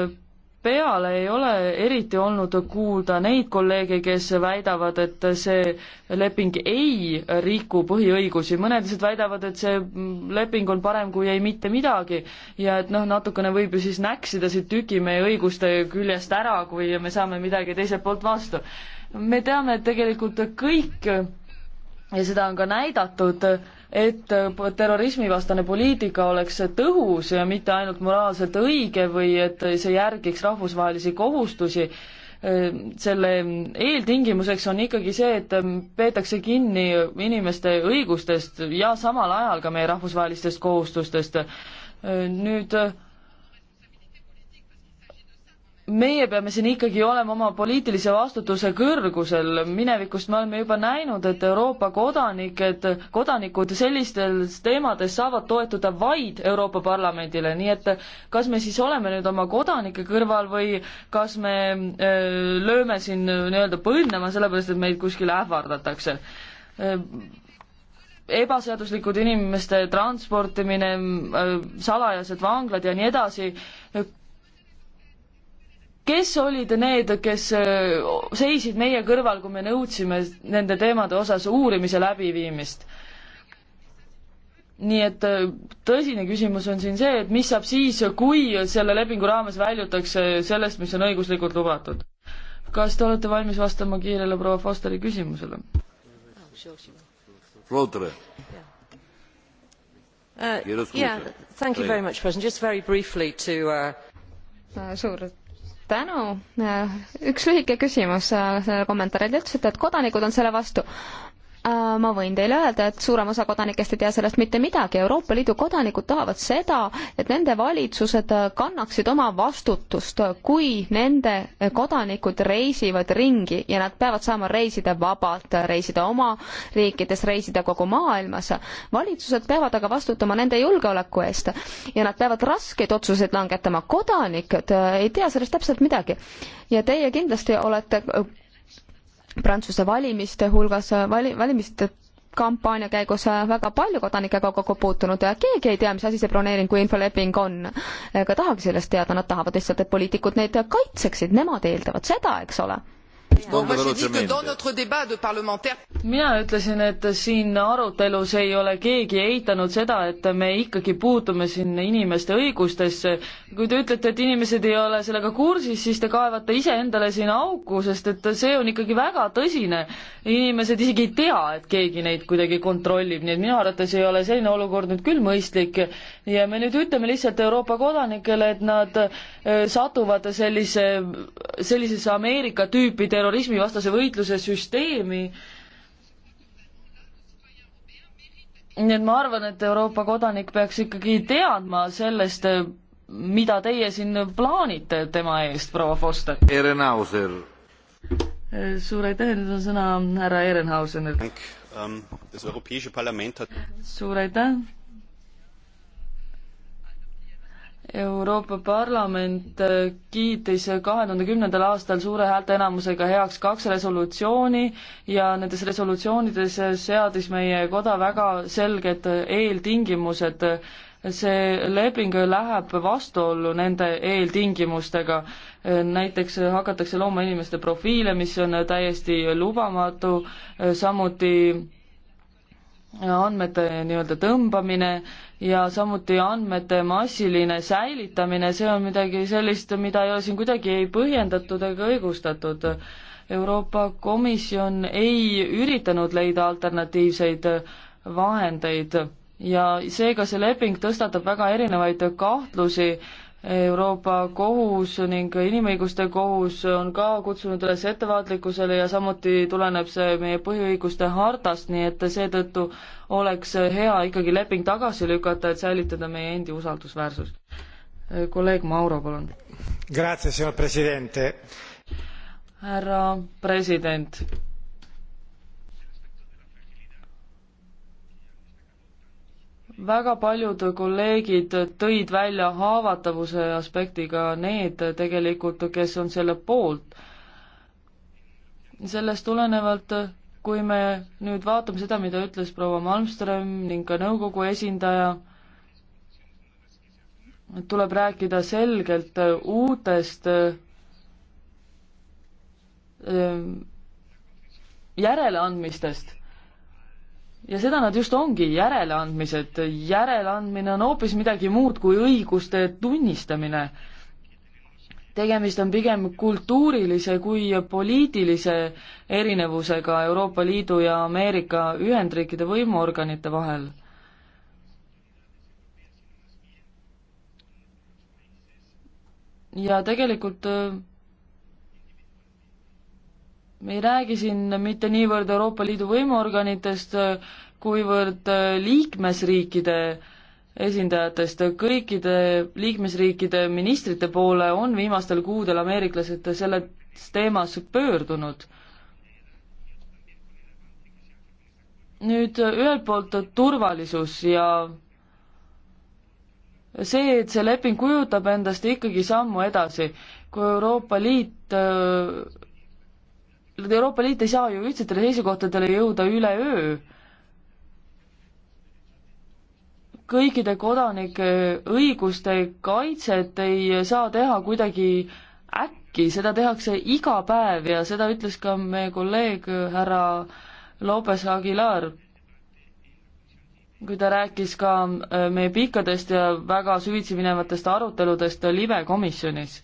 peale ei ole eriti olnud kuulda neid kolleege, kes väidavad, et see leping ei riku põhiõigusi, mõned lihtsalt väidavad, et see leping on parem kui ei mitte midagi ja et noh, natukene võib ju siis näksida siit tüki meie õiguste küljest ära, kui me saame midagi teiselt poolt vastu. me teame, et tegelikult kõik ja seda on ka näidatud, et äh, terrorismivastane poliitika oleks tõhus ja mitte ainult moraalselt õige või et see järgiks rahvusvahelisi kohustusi, äh, selle eeltingimuseks on ikkagi see, et äh, peetakse kinni inimeste õigustest ja samal ajal ka meie rahvusvahelistest kohustustest. nüüd meie peame siin ikkagi olema oma poliitilise vastutuse kõrgusel, minevikust me oleme juba näinud, et Euroopa kodanikud, kodanikud sellistes teemades saavad toetuda vaid Euroopa Parlamendile, nii et kas me siis oleme nüüd oma kodanike kõrval või kas me öö, lööme siin nii-öelda põlvnema, sellepärast et meid kuskile ähvardatakse? ebaseaduslikud inimeste transportimine, salajased vanglad ja nii edasi, kes olid need, kes äh, seisid meie kõrval, kui me nõudsime nende teemade osas uurimise läbiviimist? nii et äh, tõsine küsimus on siin see, et mis saab siis, kui selle lepingu raames väljutakse sellest, mis on õiguslikult lubatud. kas te olete valmis vastama kiirele proua Fosteri küsimusele? Flotre. Uh, yeah, thank you very much, President. Just very briefly to uh... suur tänu. Äh, üks lühike küsimus äh, selle kommentaari. Te ütlesite, et kodanikud on selle vastu. Äh, ma võin teile öelda, et suurem osa kodanikest ei tea sellest mitte midagi. Euroopa Liidu kodanikud tahavad seda, et nende valitsused kannaksid oma vastutust, kui nende kodanikud reisivad ringi ja nad peavad saama reisida vabalt, reisida oma riikides, reisida kogu maailmas. valitsused peavad aga vastutama nende julgeoleku eest ja nad peavad raskeid otsuseid langetama. kodanikud äh, ei tea sellest täpselt midagi. ja teie kindlasti olete Prantsuse valimiste hulgas, vali-, valimiste kampaania käigus väga palju kodanikega kokku puutunud ja keegi ei tea, mis asi see broneeringu infoleping on. ega tahagi sellest teada, nad tahavad lihtsalt, et poliitikud neid kaitseksid, nemad eeldavad seda, eks ole mina ütlesin, et siin arutelus ei ole keegi eitanud seda, et me ikkagi puutume siin inimeste õigustesse. kui te ütlete, et inimesed ei ole sellega kursis, siis te kaevate iseendale siin auku, sest et see on ikkagi väga tõsine. inimesed isegi ei tea, et keegi neid kuidagi kontrollib, nii et minu arvates ei ole selline olukord nüüd küll mõistlik. ja me nüüd ütleme lihtsalt Euroopa kodanikele, et nad äh, satuvad sellise, sellisesse Ameerika tüüpi terrorismi terrorismivastase võitluse süsteemi. nii et ma arvan, et Euroopa kodanik peaks ikkagi teadma sellest, mida teie siin plaanite tema eest, proua Foster? Ehrenhauser. suur aitäh, nüüd on sõna härra Ehrenhausenilt. Ähm, suur aitäh Euroopa Parlament äh, kiitis kahe tuhande kümnendal aastal suure häälteenamusega heaks kaks resolutsiooni ja nendes resolutsioonides seadis meie koda väga selged eeltingimused. see leping läheb vastuollu nende eeltingimustega. Äh, näiteks hakatakse looma inimeste profiile, mis on täiesti lubamatu, äh, samuti andmete nii-öelda tõmbamine ja samuti andmete massiline säilitamine, see on midagi sellist, mida ei ole siin kuidagi ei põhjendatud ega õigustatud. Euroopa Komisjon ei üritanud leida alternatiivseid vahendeid ja seega see leping tõstatab väga erinevaid kahtlusi Euroopa Kohus ning Inimõiguste Kohus on ka kutsunud üles ettevaatlikkusele ja samuti tuleneb see meie põhiõiguste hartast, nii et seetõttu oleks hea ikkagi leping tagasi lükata, et säilitada meie endi usaldusväärsus. kolleeg Mauro, palun. härra president väga paljud kolleegid tõid välja haavatavuse aspektiga need tegelikult, kes on selle poolt. sellest tulenevalt, kui me nüüd vaatame seda, mida ütles proua Malmström ning ka nõukogu esindaja, tuleb rääkida selgelt uutest ähm, järeleandmistest ja seda nad just ongi, järeleandmised. järeleandmine on hoopis midagi muud kui õiguste tunnistamine. tegemist on pigem kultuurilise kui poliitilise erinevusega Euroopa Liidu ja Ameerika Ühendriikide võimuorganite vahel. ja tegelikult äh, me ei räägi siin mitte niivõrd Euroopa Liidu võimuorganitest, kuivõrd äh, liikmesriikide esindajatest, kõikide liikmesriikide ministrite poole on viimastel kuudel ameeriklased selles teemas pöördunud. nüüd ühelt poolt turvalisus ja see, et see leping kujutab endast ikkagi sammu edasi, kui Euroopa Liit äh, Euroopa Liit ei saa ju ühtsetele seisukohtadele jõuda üleöö. kõikide kodanike õiguste kaitset ei saa teha kuidagi äkki, seda tehakse iga päev ja seda ütles ka meie kolleeg härra Lopez Aguilar, kui ta rääkis ka äh, meie pikkadest ja väga süvitsi minevatest aruteludest live komisjonis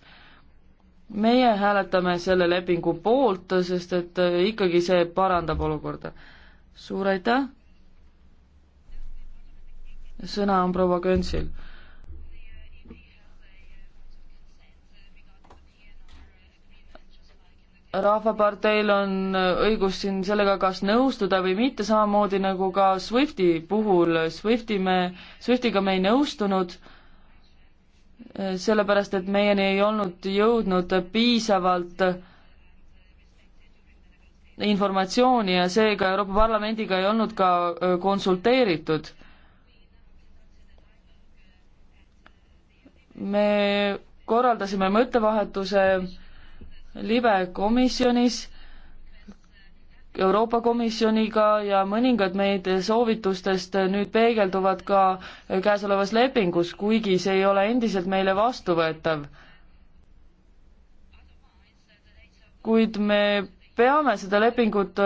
meie hääletame selle lepingu poolt, sest et äh, ikkagi see parandab olukorda. suur aitäh! sõna on proua Könsil. rahvaparteil on äh, õigus siin sellega kas nõustuda või mitte, samamoodi nagu ka Swifti puhul. Swifti me, Swiftiga me ei nõustunud sellepärast et meieni ei olnud jõudnud piisavalt informatsiooni ja seega Euroopa Parlamendiga ei olnud ka konsulteeritud. me korraldasime mõttevahetuse libe komisjonis Euroopa Komisjoniga ja mõningad meid soovitustest nüüd peegelduvad ka käesolevas lepingus, kuigi see ei ole endiselt meile vastuvõetav. kuid me peame seda lepingut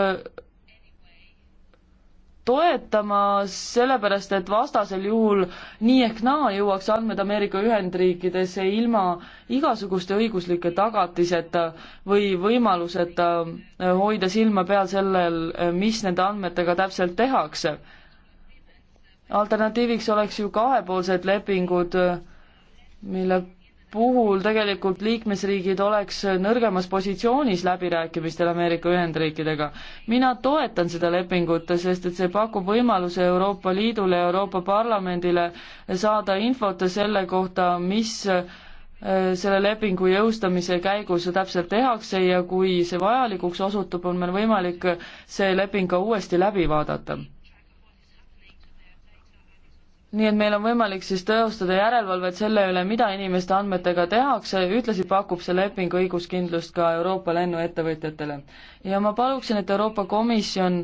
toetama, sellepärast et vastasel juhul nii ehk naa jõuaks andmed Ameerika Ühendriikidesse ilma igasuguste õiguslike tagatiseta või võimaluseta äh, hoida silma peal sellel, äh, mis nende andmetega täpselt tehakse. alternatiiviks oleks ju kahepoolsed lepingud, äh, mille puhul tegelikult liikmesriigid oleks nõrgemas positsioonis läbirääkimistel Ameerika Ühendriikidega. mina toetan seda lepingut, sest et see pakub võimaluse Euroopa Liidule, Euroopa Parlamendile saada infot selle kohta, mis äh, selle lepingu jõustamise käigus täpselt tehakse ja kui see vajalikuks osutub, on meil võimalik see leping ka uuesti läbi vaadata nii et meil on võimalik siis teostada järelevalvet selle üle, mida inimeste andmetega tehakse, ühtlasi pakub see leping õiguskindlust ka Euroopa lennuettevõtjatele. ja ma paluksin, et Euroopa Komisjon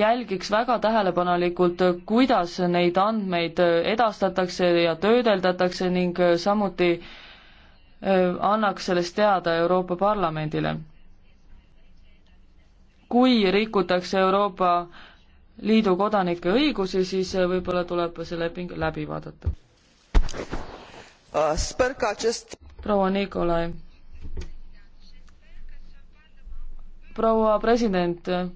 jälgiks väga tähelepanelikult, kuidas neid andmeid edastatakse ja töödeldatakse ning samuti äh, annaks sellest teada Euroopa Parlamendile. kui rikutakse Euroopa Liidu kodanike õigusi, siis äh, võib-olla tuleb see leping läbi vaadata. Äh, proua Nikolai. proua president, äh,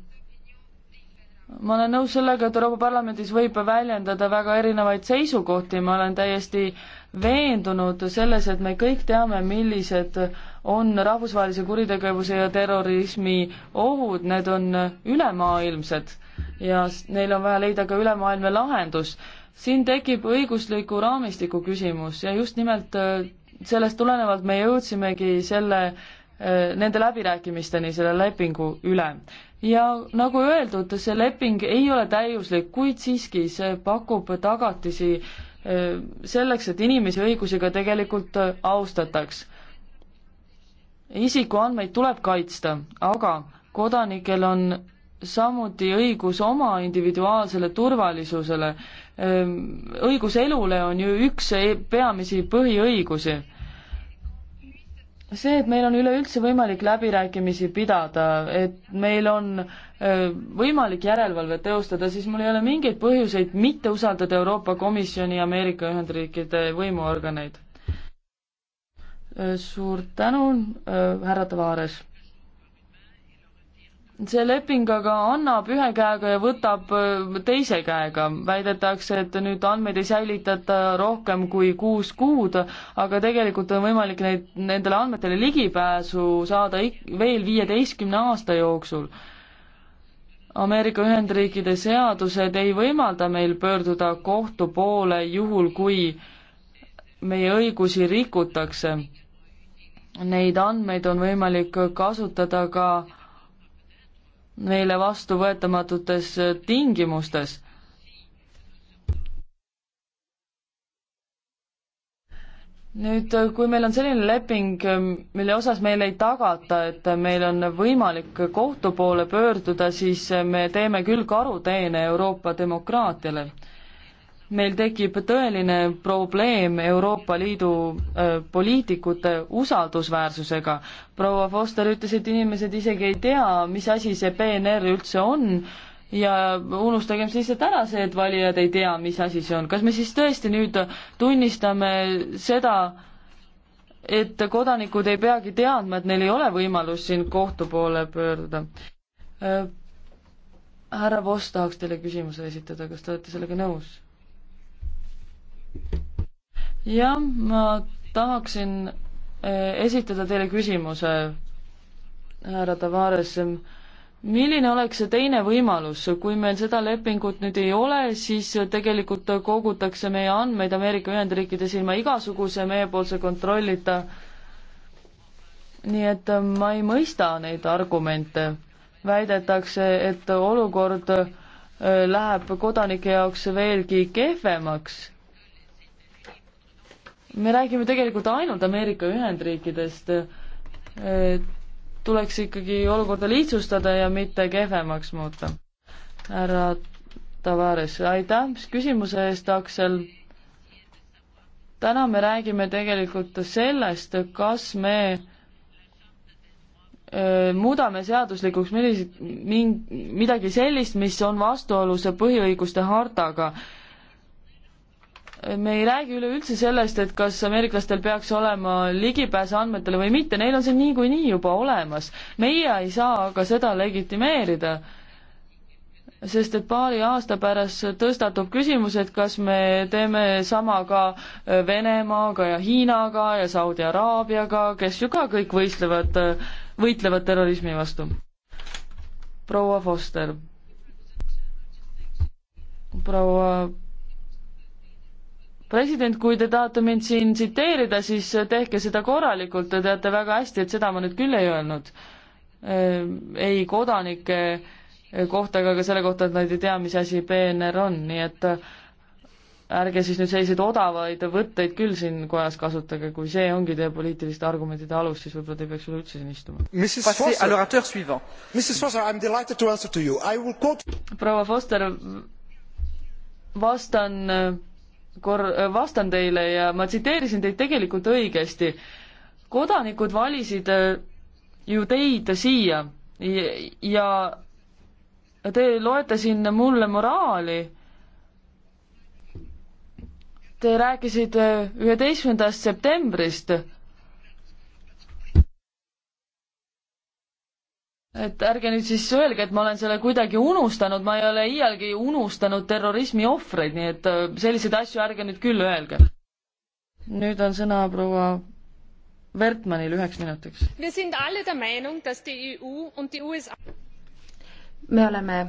ma olen nõus sellega, et Euroopa Parlamendis võib väljendada väga erinevaid seisukohti, ma olen täiesti veendunud selles, et me kõik teame, millised on rahvusvahelise kuritegevuse ja terrorismi ohud, need on ülemaailmsed ja neil on vaja leida ka ülemaailmne lahendus. siin tekib õigusliku raamistiku küsimus ja just nimelt äh, sellest tulenevalt me jõudsimegi selle, äh, nende läbirääkimisteni selle lepingu üle. ja nagu öeldud, see leping ei ole täiuslik, kuid siiski see pakub tagatisi äh, selleks, et inimese õigusi ka tegelikult austataks. isikuandmeid tuleb kaitsta, aga kodanikel on samuti õigus oma individuaalsele turvalisusele. Ehm, õigus elule on ju üks e-, peamisi põhiõigusi. see, et meil on üleüldse võimalik läbirääkimisi pidada, et meil on ehm, võimalik järelevalvet teostada, siis mul ei ole mingeid põhjuseid mitte usaldada Euroopa Komisjoni ja Ameerika Ühendriikide võimuorganeid. Ehm, suur tänu, härra Tavares see leping aga annab ühe käega ja võtab äh, teise käega. väidetakse, et nüüd andmeid ei säilitata rohkem kui kuus kuud, aga tegelikult on võimalik neid, nendele andmetele ligipääsu saada ik-, veel viieteistkümne aasta jooksul. Ameerika Ühendriikide seadused ei võimalda meil pöörduda kohtu poole juhul, kui meie õigusi rikutakse. Neid andmeid on võimalik kasutada ka äh, neile vastuvõetamatutes tingimustes. nüüd, kui meil on selline leping, mille osas meile ei tagata, et meil on võimalik kohtu poole pöörduda, siis me teeme küll karuteene Euroopa demokraatiale meil tekib tõeline probleem Euroopa Liidu äh, poliitikute usaldusväärsusega. proua Foster ütles, et inimesed isegi ei tea, mis asi see PNR üldse on ja unustagem siis lihtsalt ära see, et valijad ei tea, mis asi see on. kas me siis tõesti nüüd tunnistame seda, et kodanikud ei peagi teadma, et neil ei ole võimalus siin kohtu poole pöörduda äh,? härra Voss tahaks teile küsimuse esitada, kas te olete sellega nõus? jah, ma tahaksin eh, esitada teile küsimuse, härra Tavares. milline oleks see teine võimalus, kui meil seda lepingut nüüd ei ole, siis tegelikult kogutakse meie andmeid Ameerika Ühendriikides ilma igasuguse meiepoolse kontrollita. nii et ma ei mõista neid argumente. väidetakse, et olukord eh, läheb kodanike jaoks veelgi kehvemaks me räägime tegelikult ainult Ameerika Ühendriikidest, tuleks ikkagi olukorda lihtsustada ja mitte kehvemaks muuta. härra Tavares, aitäh küsimuse eest, Aksel. täna me räägime tegelikult sellest, kas me muudame seaduslikuks millise, ming-, midagi sellist, mis on vastuolus põhiõiguste hartaga me ei räägi üleüldse sellest, et kas ameeriklastel peaks olema ligipääs andmetele või mitte, neil on see niikuinii nii juba olemas. meie ei saa aga seda legitimeerida, sest et paari aasta pärast tõstatub küsimus, et kas me teeme sama ka Venemaaga ja Hiinaga ja Saudi Araabiaga, kes ju ka kõik võistlevad, võitlevad terrorismi vastu. proua Foster. proua president, kui te tahate mind siin tsiteerida, siis tehke seda korralikult, te teate väga hästi, et seda ma nüüd küll ei öelnud. Äh, ei kodanike kohta ega ka selle kohta, et nad ei tea, mis asi PNR on, nii et äh, ärge siis nüüd selliseid odavaid võtteid küll siin kojas kasutage, kui see ongi teie poliitiliste argumentide alus, siis võib-olla te ei peaks üleüldse siin istuma. proua Foster, vastan äh, kor-, vastan teile ja ma tsiteerisin teid tegelikult õigesti. kodanikud valisid äh, ju teid siia ja te loete siin mulle moraali. Te rääkisite äh, üheteistkümnendast septembrist et ärge nüüd siis öelge, et ma olen selle kuidagi unustanud, ma ei ole iialgi unustanud terrorismi ohvreid, nii et äh, selliseid asju ärge nüüd küll öelge. nüüd on sõna proua Wertmannil üheks minutiks. E me oleme äh,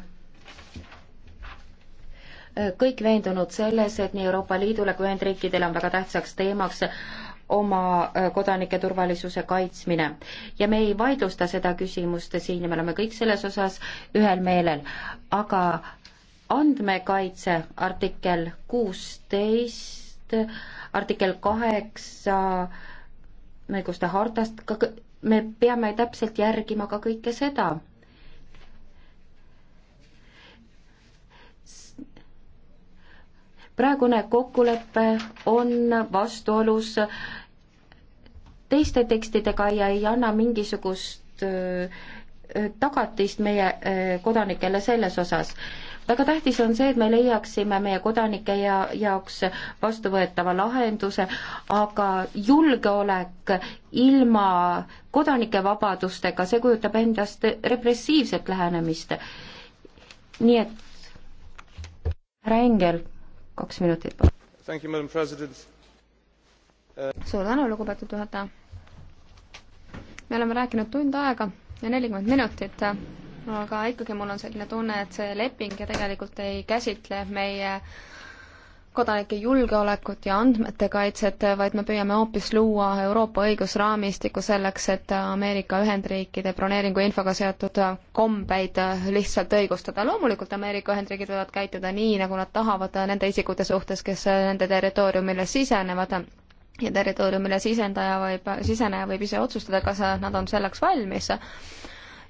kõik veendunud selles, et nii Euroopa Liidule kui Ühendriikidele on väga tähtsaks teemaks äh, oma äh, kodanike turvalisuse kaitsmine. ja me ei vaidlusta seda küsimust siin ja me oleme kõik selles osas ühel meelel, aga andmekaitse artikkel kuusteist, artikkel kaheksa õiguste hartast, ka me peame täpselt järgima ka kõike seda. praegune kokkulepe on vastuolus äh, teiste tekstidega ja ei anna mingisugust tagatist meie kodanikele selles osas. väga tähtis on see, et me leiaksime meie kodanike ja, jaoks vastuvõetava lahenduse, aga julgeolek ilma kodanike vabadustega, see kujutab endast repressiivset lähenemist. nii et härra Engel, kaks minutit palun. suur tänu, lugupeetud juhataja me oleme rääkinud tund aega ja nelikümmend minutit, aga ikkagi mul on selline tunne, et see leping ja tegelikult ei käsitle meie kodanike julgeolekut ja andmete kaitset, vaid me püüame hoopis luua Euroopa õigusraamistiku selleks, et Ameerika Ühendriikide broneeringuinfoga seotud kombeid lihtsalt õigustada. loomulikult Ameerika Ühendriigid võivad käituda nii, nagu nad tahavad nende isikute suhtes, kes nende territooriumile sisenevad ja territooriumile sisendaja võib, siseneja võib ise otsustada, kas nad on selleks valmis.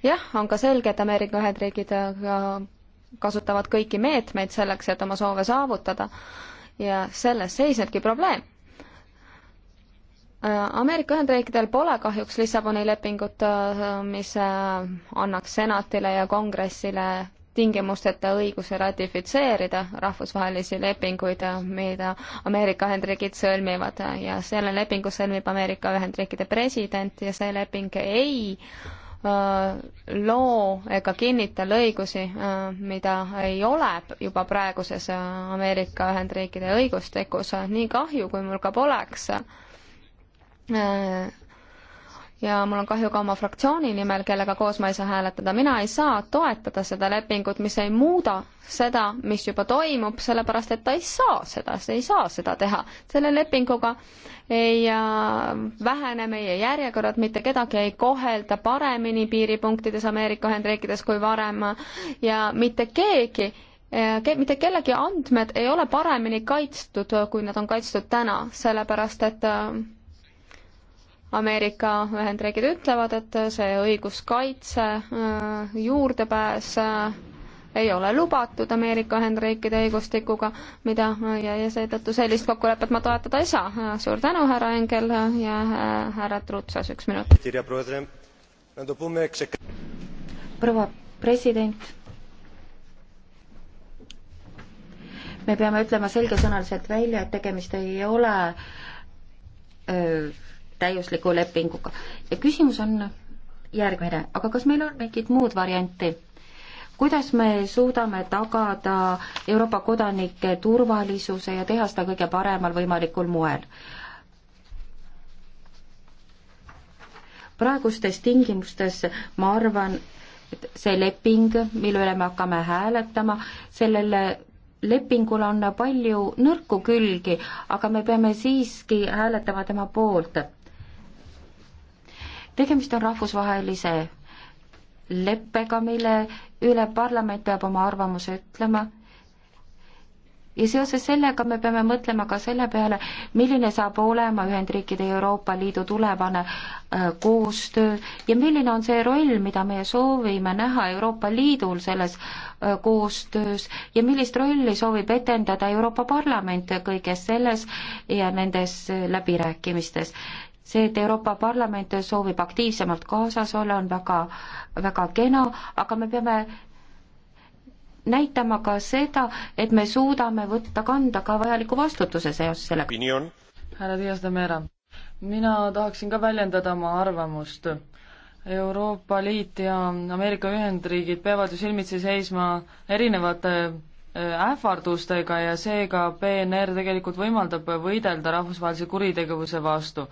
jah, on ka selge, et Ameerika Ühendriigid äh, kasutavad kõiki meetmeid selleks, et oma soove saavutada ja selles seisnebki probleem. Äh, Ameerika Ühendriikidel pole kahjuks Lissaboni lepingut, äh, mis annaks senatile ja kongressile tingimusteta õiguse ratifitseerida rahvusvahelisi lepinguid, mida Ameerika Ühendriigid sõlmivad ja selle lepingu sõlmib Ameerika Ühendriikide president ja see leping ei äh, loo ega kinnita lõigusi, äh, mida ei ole juba praeguses äh, Ameerika Ühendriikide õigustikus, nii kahju, kui mul ka poleks ja mul on kahju ka oma fraktsiooni nimel, kellega koos ma ei saa hääletada, mina ei saa toetada seda lepingut, mis ei muuda seda, mis juba toimub, sellepärast et ta ei saa seda, see ei saa seda teha. selle lepinguga ei äh, vähene meie järjekorrad, mitte kedagi ei kohelda paremini piiripunktides Ameerika Ühendriikides kui varem ja mitte keegi äh, Ke, mitte kellegi andmed ei ole paremini kaitstud, kui nad on kaitstud täna, sellepärast et äh, Ameerika Ühendriigid ütlevad, et see õiguskaitse, äh, juurdepääs äh, ei ole lubatud Ameerika Ühendriikide õigustikuga, mida äh, ja, ja seetõttu sellist kokkulepet ma toetada ei saa. suur tänu, härra Engel ja härra Trutsas, üks minut. proua president. me peame ütlema selgesõnaliselt välja, et tegemist ei ole öö, täiusliku lepinguga. ja küsimus on järgmine, aga kas meil on mingeid muud varianti? kuidas me suudame tagada Euroopa kodanike turvalisuse ja teha seda kõige paremal võimalikul moel? praegustes tingimustes ma arvan, et see leping, mille üle me hakkame hääletama, sellele lepingul on palju nõrku külgi, aga me peame siiski hääletama tema poolt tegemist on rahvusvahelise leppega, mille üle parlament peab oma arvamuse ütlema ja seoses sellega me peame mõtlema ka selle peale, milline saab olema Ühendriikide ja Euroopa Liidu tulevane äh, koostöö ja milline on see roll, mida me soovime näha Euroopa Liidul selles äh, koostöös ja millist rolli soovib etendada Euroopa Parlament kõiges selles ja nendes äh, läbirääkimistes see, et Euroopa Parlament soovib aktiivsemalt kaasas olla, on väga, väga kena, aga me peame näitama ka seda, et me suudame võtta kanda ka vajaliku vastutuse seoses sellega. härra Dias de Mera, mina tahaksin ka väljendada oma arvamust. Euroopa Liit ja Ameerika Ühendriigid peavad ju silmitsi seisma erinevate äh, ähvardustega ja seega PNR tegelikult võimaldab võidelda rahvusvahelise kuritegevuse vastu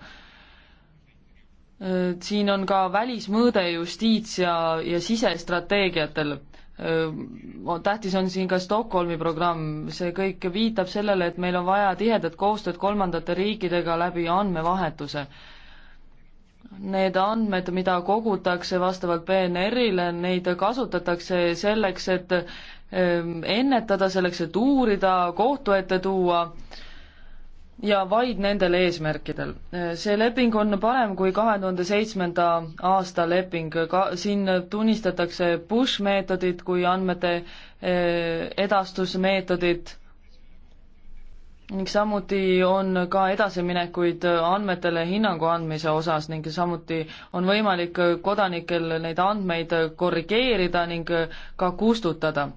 siin on ka välismõõde justiits- ja, ja sisestrateegiatel. Tähtis on siin ka Stockholmi programm, see kõik viitab sellele, et meil on vaja tihedat koostööd kolmandate riikidega läbi andmevahetuse. Need andmed, mida kogutakse vastavalt PNR-ile, neid kasutatakse selleks, et ennetada, selleks, et uurida, kohtu ette tuua äh, ja vaid nendel eesmärkidel. see leping on parem kui kahe tuhande seitsmenda aasta leping, ka siin tunnistatakse push meetodit kui andmete eh, edastusmeetodit ning samuti on ka edasiminekuid andmetele hinnangu andmise osas ning samuti on võimalik kodanikel neid andmeid korrigeerida ning ka kustutada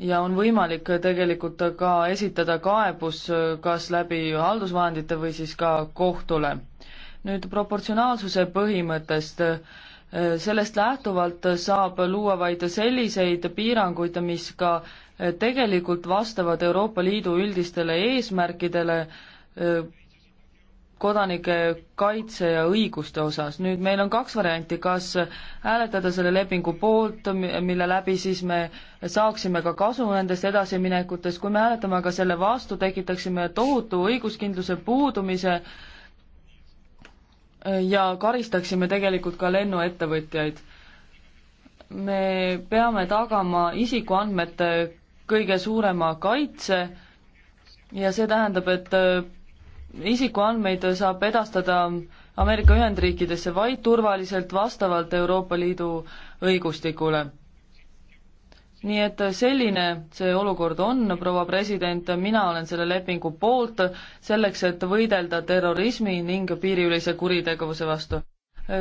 ja on võimalik tegelikult ka esitada kaebus kas läbi haldusvahendite või siis ka kohtule. nüüd proportsionaalsuse põhimõttest, sellest lähtuvalt saab luua vaid selliseid piiranguid, mis ka tegelikult vastavad Euroopa Liidu üldistele eesmärkidele, kodanike kaitse ja õiguste osas. nüüd meil on kaks varianti, kas hääletada selle lepingu poolt, mille läbi siis me saaksime ka kasu nendest edasiminekutest, kui me hääletame aga selle vastu, tekitaksime tohutu õiguskindluse puudumise ja karistaksime tegelikult ka lennuettevõtjaid. me peame tagama isikuandmete kõige suurema kaitse ja see tähendab, et isikuandmeid saab edastada Ameerika Ühendriikidesse vaid turvaliselt vastavalt Euroopa Liidu õigustikule. nii et selline see olukord on, proua president, mina olen selle lepingu poolt, selleks et võidelda terrorismi ning piiriülise kuritegevuse vastu.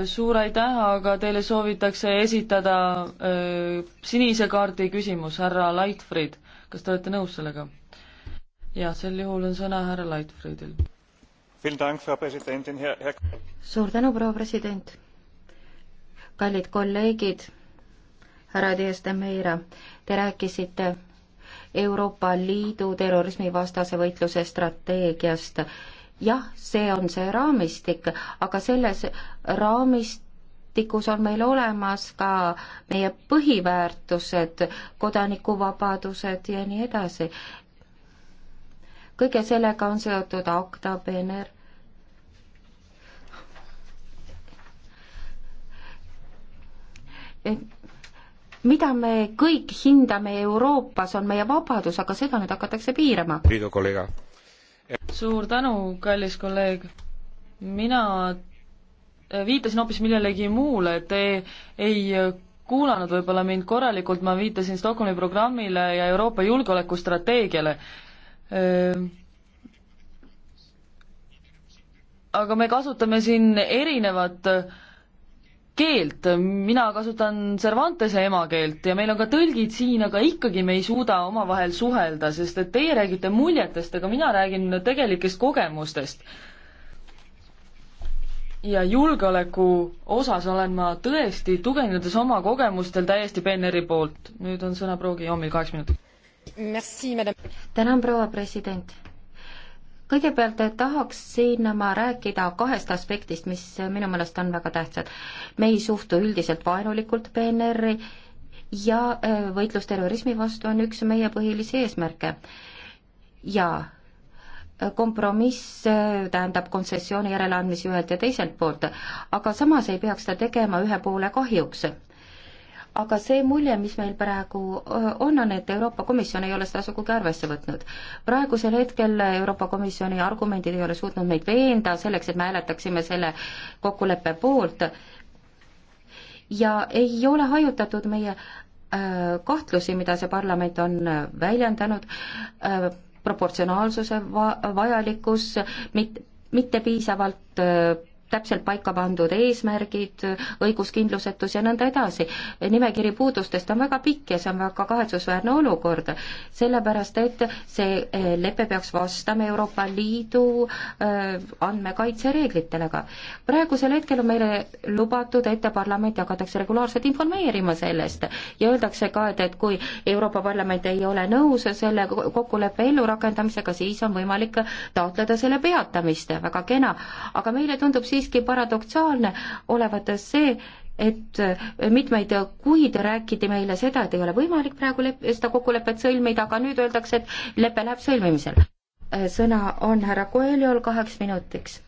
suur aitäh, aga teile soovitakse esitada öö, äh, sinise kaardi küsimus, härra Leitfried, kas te olete nõus sellega? jah, sel juhul on sõna härra Leitfriedil suur tänu, proua president! kallid kolleegid, härra Dias de Meira, te rääkisite Euroopa Liidu terrorismivastase võitluse strateegiast. jah, see on see raamistik, aga selles raamistikus on meil olemas ka meie põhiväärtused, kodanikuvabadused ja nii edasi kõige sellega on seotud Akta, Pener. mida me kõik hindame Euroopas, on meie vabadus, aga seda nüüd hakatakse piirama. suur tänu, kallis kolleeg. mina viitasin hoopis millelegi muule, te ei kuulanud võib-olla mind korralikult, ma viitasin Stockholmi programmile ja Euroopa julgeolekustrateegiale aga me kasutame siin erinevat keelt, mina kasutan Cervantese emakeelt ja meil on ka tõlgid siin, aga ikkagi me ei suuda omavahel suhelda, sest et teie räägite muljetest, aga mina räägin tegelikest kogemustest. ja julgeoleku osas olen ma tõesti, tugevnedes oma kogemustel, täiesti PNR-i poolt. nüüd on sõna proua Guillaume'il kaheks minutiks tänan, proua president. kõigepealt eh, tahaksin ma rääkida kahest aspektist, mis eh, minu meelest on väga tähtsad. me ei suhtu üldiselt vaenulikult PNR-i ja eh, võitlus terrorismi vastu on üks meie põhilisi eesmärke. ja kompromiss tähendab kontsessiooni järeleandmisi ühelt ja teiselt poolt, aga samas ei peaks seda tegema ühe poole kahjuks aga see mulje, mis meil praegu on, on, et Euroopa Komisjon ei ole seda sugugi arvesse võtnud. praegusel hetkel Euroopa Komisjoni argumendid ei ole suutnud meid veenda selleks, et me hääletaksime selle kokkuleppe poolt ja ei ole hajutatud meie kahtlusi, mida see parlament on väljendanud, proportsionaalsuse va-, vajalikkus, mit-, mitte piisavalt täpselt paika pandud eesmärgid, õiguskindlusetus ja nõnda edasi. nimekiri puudustest on väga pikk ja see on väga kahetsusväärne olukord, sellepärast et see eh, lepe peaks vastama Euroopa Liidu eh, andmekaitsereeglitele ka. praegusel hetkel on meile lubatud, et parlament hakatakse regulaarselt informeerima sellest ja öeldakse ka, et, et kui Euroopa Parlament ei ole nõus selle kokkuleppe ellurakendamisega, siis on võimalik taotleda selle peatamist, väga kena, aga meile tundub siis, siiski paradoksaalne olevat see, et mitmeid kuid räägiti meile seda, et ei ole võimalik praegu lep-, seda kokkulepet sõlmida, aga nüüd öeldakse, et lepe läheb sõlmimisele. sõna on härra Koeljol kaheks minutiks.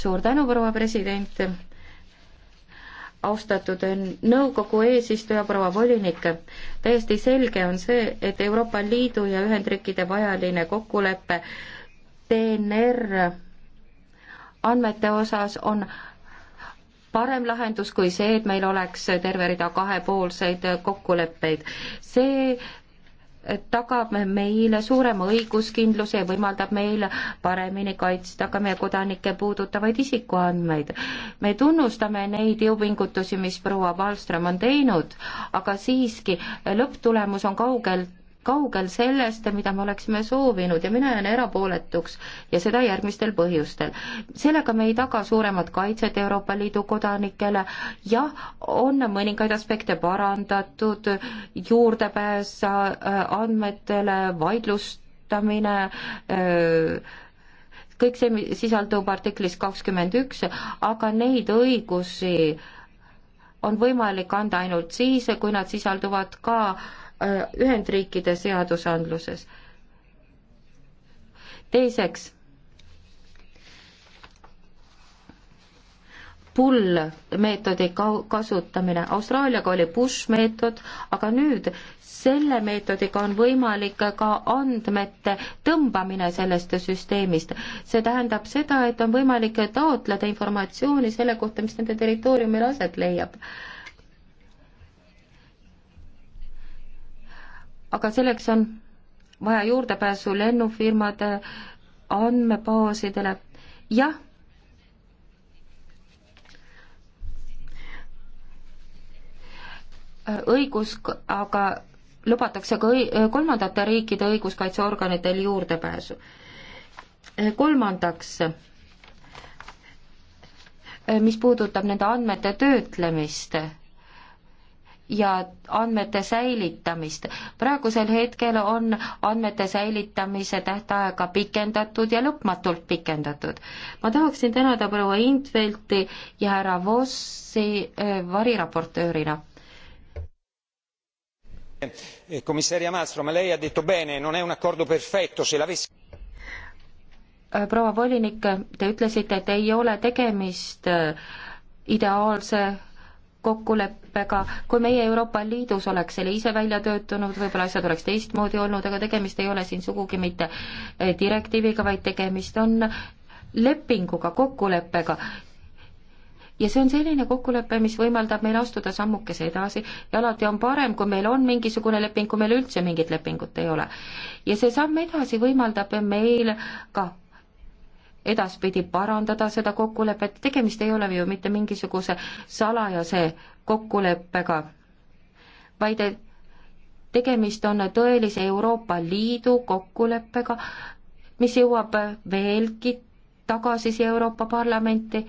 suur tänu, proua president, austatud nõukogu eesistuja, proua volinik, täiesti selge on see, et Euroopa Liidu ja Ühendriikide vajaline kokkulepe DNR andmete osas on parem lahendus kui see, et meil oleks terve rida kahepoolseid kokkuleppeid. see tagab meile suurema õiguskindluse ja võimaldab meil paremini kaitsta ka meie kodanikke puudutavaid isikuandmeid. me tunnustame neid jõupingutusi, mis proua Palström on teinud, aga siiski lõpptulemus on kaugelt kaugel sellest, mida me oleksime soovinud ja mina jään erapooletuks ja seda järgmistel põhjustel. sellega me ei taga suuremat kaitset Euroopa Liidu kodanikele, jah, on mõningaid aspekte parandatud, juurdepääs äh, andmetele, vaidlustamine öö, äh, kõik see sisaldub artiklis kakskümmend üks, aga neid õigusi on võimalik anda ainult siis, kui nad sisalduvad ka Äh, Ühendriikide seadusandluses. teiseks, pull meetodi kasutamine, Austraaliaga oli push meetod, aga nüüd selle meetodiga on võimalik ka andmete tõmbamine sellest süsteemist. see tähendab seda, et on võimalik taotleda informatsiooni selle kohta, mis nende territooriumil aset leiab aga selleks on vaja juurdepääsu lennufirmade andmebaasidele. jah, õigus, aga lubatakse ka kolmandate riikide õiguskaitseorganitel juurdepääsu. kolmandaks, mis puudutab nende andmete töötlemist ja andmete säilitamist. praegusel hetkel on andmete säilitamise tähtaega pikendatud ja lõpmatult pikendatud. ma tahaksin tänada proua Intvelti ja härra Vossi eh, variraportöörina. Commissaria Malmström, lei ha detto bene, non è un accordo perfetto, se l'avessi eh, proua volinik, te ütlesite, et ei ole tegemist eh, ideaalse kokkuleppega, kui meie Euroopa Liidus oleks selle ise välja töötanud, võib-olla asjad oleks teistmoodi olnud, aga tegemist ei ole siin sugugi mitte eh, direktiiviga, vaid tegemist on lepinguga, kokkuleppega. ja see on selline kokkulepe, mis võimaldab meil astuda sammukese edasi ja alati on parem, kui meil on mingisugune leping, kui meil üldse mingit lepingut ei ole. ja see samm edasi võimaldab meil ka edaspidi parandada seda kokkulepet, tegemist ei ole ju mitte mingisuguse salajase kokkuleppega, vaid et tegemist on tõelise Euroopa Liidu kokkuleppega, mis jõuab veelgi tagasi siia Euroopa Parlamenti.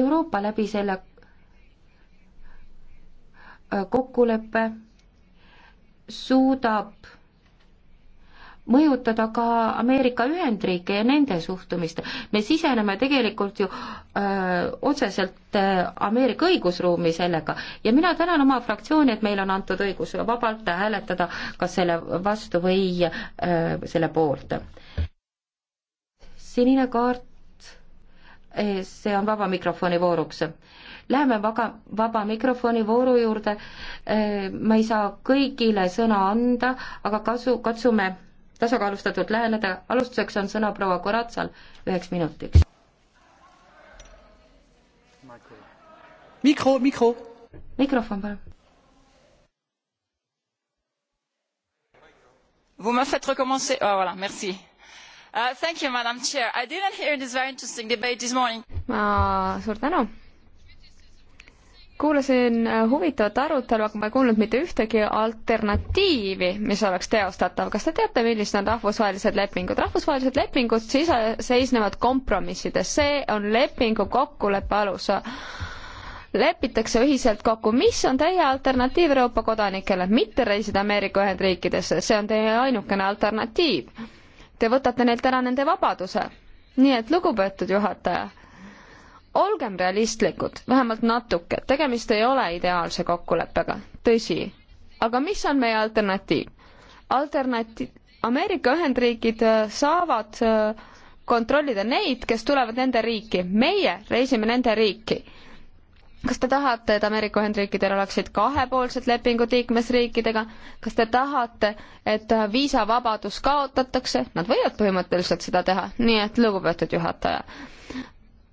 Euroopa läbi selle äh, kokkuleppe suudab mõjutada ka Ameerika Ühendriike ja nende suhtumist. me siseneme tegelikult ju öö, äh, otseselt öö, äh, Ameerika õigusruumi sellega ja mina tänan oma fraktsiooni, et meile on antud õigus vabalt hääletada kas selle vastu või öö, äh, selle poolt. sinine kaart, see on vaba mikrofoni vooruks Läheme vaga, vaba mikrofoni vooru juurde. ma ei saa kõigile sõna anda, aga kasu, katsume tasakaalustatult läheneda, alustuseks on sõna proua Koratsal üheks minutiks. mikro, mikro. mikrofon, palun. Vous me faites recommencer oh, voilà, merci. Uh, thank you, Madam Chair. I didn't hear this very interesting debate this morning. Ma, suur tänu kuulasin äh, huvitavat arutelu, aga ma ei kuulnud mitte ühtegi alternatiivi, mis oleks teostatav. kas te teate, millised on rahvusvahelised lepingud? rahvusvahelised lepingud sisa, seisnevad kompromissides, see on lepingu kokkuleppe alus. lepitakse ühiselt kokku, mis on teie alternatiiv Euroopa kodanikele, mitte reisida Ameerika Ühendriikidesse, see on teie ainukene alternatiiv. Te võtate neilt ära nende vabaduse. nii et lugupeetud juhataja olgem realistlikud, vähemalt natuke, tegemist ei ole ideaalse kokkuleppega, tõsi. aga mis on meie alternatiiv? alternatiiv, Ameerika Ühendriigid äh, saavad äh, kontrollida neid, kes tulevad nende riiki, meie reisime nende riiki. kas te tahate, et Ameerika Ühendriikidel oleksid kahepoolsed lepingud liikmesriikidega, kas te tahate, et äh, viisavabadus kaotatakse, nad võivad põhimõtteliselt seda teha, nii et lugupeetud juhataja,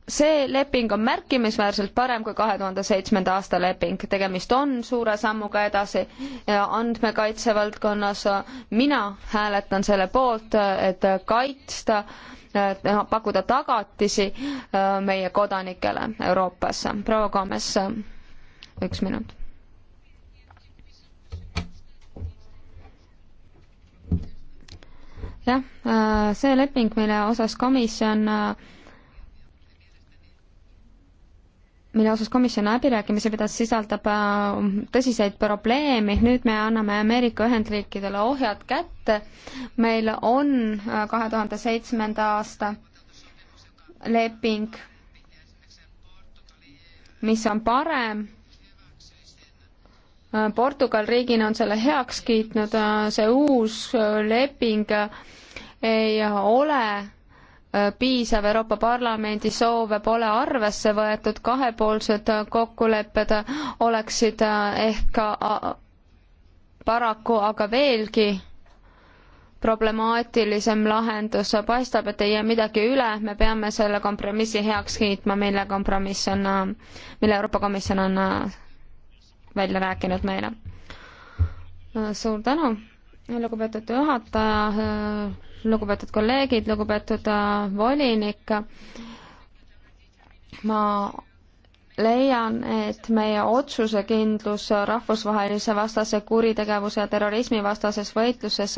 see leping on märkimisväärselt parem kui kahe tuhande seitsmenda aasta leping, tegemist on suure sammuga edasi andmekaitse valdkonnas. mina hääletan selle poolt, et kaitsta, pakkuda tagatisi äh, meie kodanikele Euroopas. proua Gomes, üks minut. jah, äh, see leping, mille osas komisjon äh, mille osas komisjon läbirääkimisi pidas, sisaldab äh, tõsiseid probleeme, nüüd me anname Ameerika Ühendriikidele ohjad kätte, meil on äh, kahe tuhande seitsmenda aasta leping, mis on parem, äh, Portugal riigina on selle heaks kiitnud, see uus leping ei ole Äh, piisav Euroopa Parlamendi soove pole arvesse võetud, kahepoolsed äh, kokkulepped äh, oleksid ehk paraku aga veelgi problemaatilisem lahendus, paistab, et ei jää midagi üle, me peame selle kompromissi heaks kiitma, mille kompromiss on, mille Euroopa Komisjon on välja rääkinud meile. suur tänu, lugupeetud juhataja, lugupeetud kolleegid, lugupeetud äh, volinik. ma leian, et meie otsusekindlus rahvusvahelise vastase kuritegevuse ja terrorismi vastases võitluses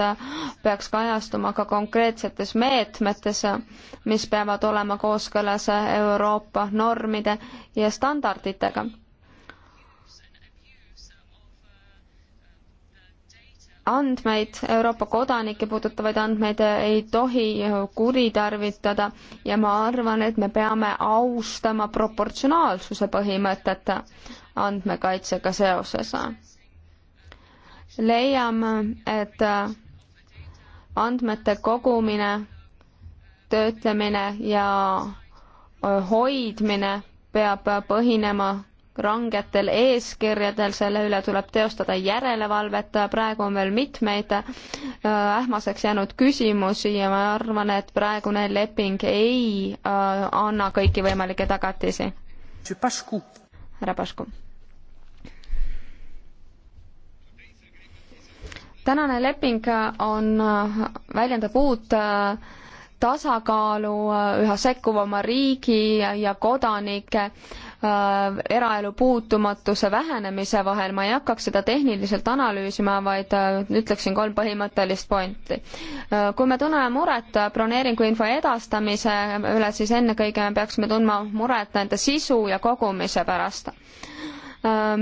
peaks kajastuma ka konkreetsetes meetmetes, mis peavad olema kooskõlas Euroopa normide ja standarditega andmeid, Euroopa kodanikke puudutavaid andmeid ei tohi kuritarvitada ja ma arvan, et me peame austama proportsionaalsuse põhimõtet andmekaitsega seoses. leiame, et andmete kogumine, töötlemine ja hoidmine peab põhinema rangetel eeskirjadel, selle üle tuleb teostada järelevalvet, praegu on veel mitmeid äh, ähmaseks jäänud küsimusi ja ma arvan, et praegune leping ei äh, anna kõiki võimalikke tagatisi. härra Pašku. tänane leping äh, on, väljendab uut tasakaalu üha sekkuvama riigi ja kodanike äh, Äh, eraelu puutumatuse vähenemise vahel, ma ei hakkaks seda tehniliselt analüüsima, vaid äh, ütleksin kolm põhimõttelist pointi. Äh, kui me tunneme muret broneeringuinfo edastamise üle, siis ennekõike me peaksime tundma muret nende sisu ja kogumise pärast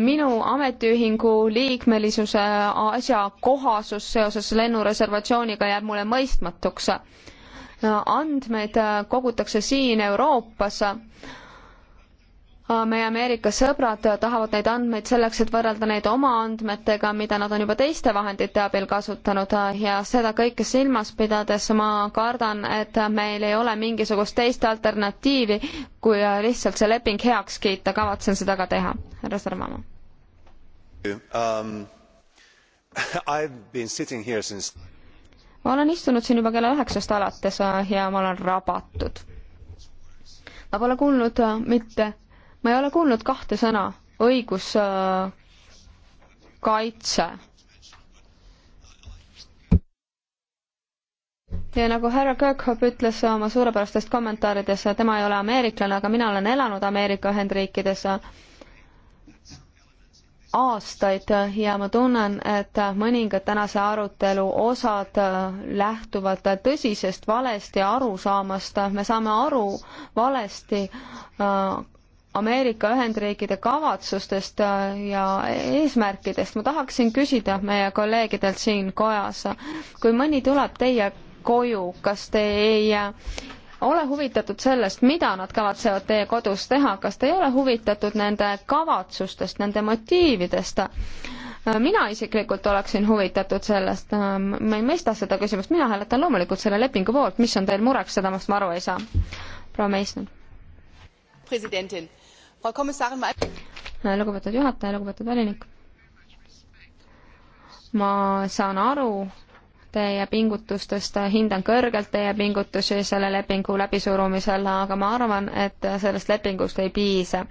minu ametiühingu liikmelisuse asja kohasus seoses lennureservatsiooniga jääb mulle mõistmatuks. andmeid kogutakse siin Euroopas meie Ameerika sõbrad tahavad neid andmeid selleks, et võrrelda neid oma andmetega, mida nad on juba teiste vahendite abil kasutanud ja seda kõike silmas pidades ma kardan, et meil ei ole mingisugust teist alternatiivi, kui lihtsalt see leping heaks kiita, kavatsen seda ka teha. härra Sarvamaa um,. Since... ma olen istunud siin juba kella üheksast alates ja ma olen rabatud. ma pole kuulnud mitte ma ei ole kuulnud kahte sõna, õiguskaitse. Äh, ja nagu härra Kirkhope ütles oma suurepärastes kommentaarides, tema ei ole ameeriklane, aga mina olen elanud Ameerika Ühendriikides aastaid ja ma tunnen, et mõningad tänase arutelu osad lähtuvad tõsisest valesti arusaamast. me saame aru valesti äh, Ameerika Ühendriikide kavatsustest äh, ja eesmärkidest. ma tahaksin küsida meie kolleegidelt siin kojas, kui mõni tuleb teie koju, kas te ei äh, ole huvitatud sellest, mida nad kavatsevad teie kodus teha, kas te ei ole huvitatud nende kavatsustest, nende motiividest? Äh, mina isiklikult oleksin huvitatud sellest, ma ei mõista seda küsimust, mina hääletan loomulikult selle lepingu poolt, mis on teil mureks, seda ma aru ei saa. proua Meisner. presidentin lugupeetud juhataja, lugupeetud volinik. ma saan aru teie pingutustest, hindan kõrgelt teie pingutusi selle lepingu läbisurumisel, aga ma arvan, et sellest lepingust ei piisa.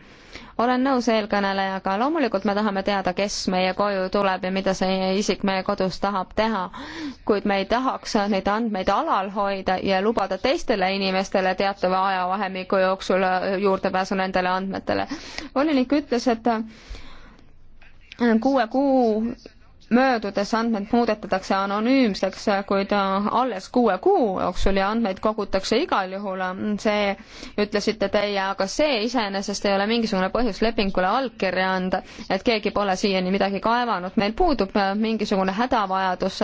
olen nõus eelkõnelejaga, loomulikult me tahame teada, kes meie koju tuleb ja mida see isik meie kodus tahab teha, kuid me ei tahaks neid andmeid alal hoida ja lubada teistele inimestele teatava ajavahemiku jooksul juurdepääsu nendele andmetele. volinik ütles, et kuue kuu möödudes andmed muudetatakse anonüümseks, kuid alles kuue kuu jooksul ja andmeid kogutakse igal juhul, see ütlesite teie, aga see iseenesest ei ole mingisugune põhjus lepingule allkirja anda, et keegi pole siiani midagi kaevanud, meil puudub mingisugune hädavajadus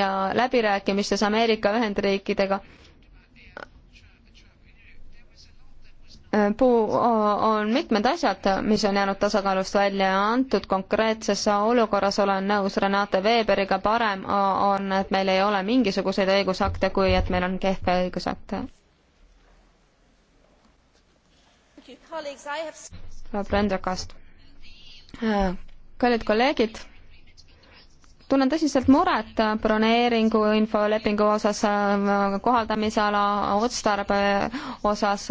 ja läbirääkimistes Ameerika Ühendriikidega puu on mitmed asjad, mis on jäänud tasakaalust välja ja antud konkreetses olukorras olen nõus Renate Weberiga, parem on, et meil ei ole mingisuguseid õigusakte, kui et meil on kehve õigusakte. proua Prendrakast. kallid kolleegid tunnen tõsiselt muret broneeringu infolepingu osas, kohaldamisala otstarbe osas,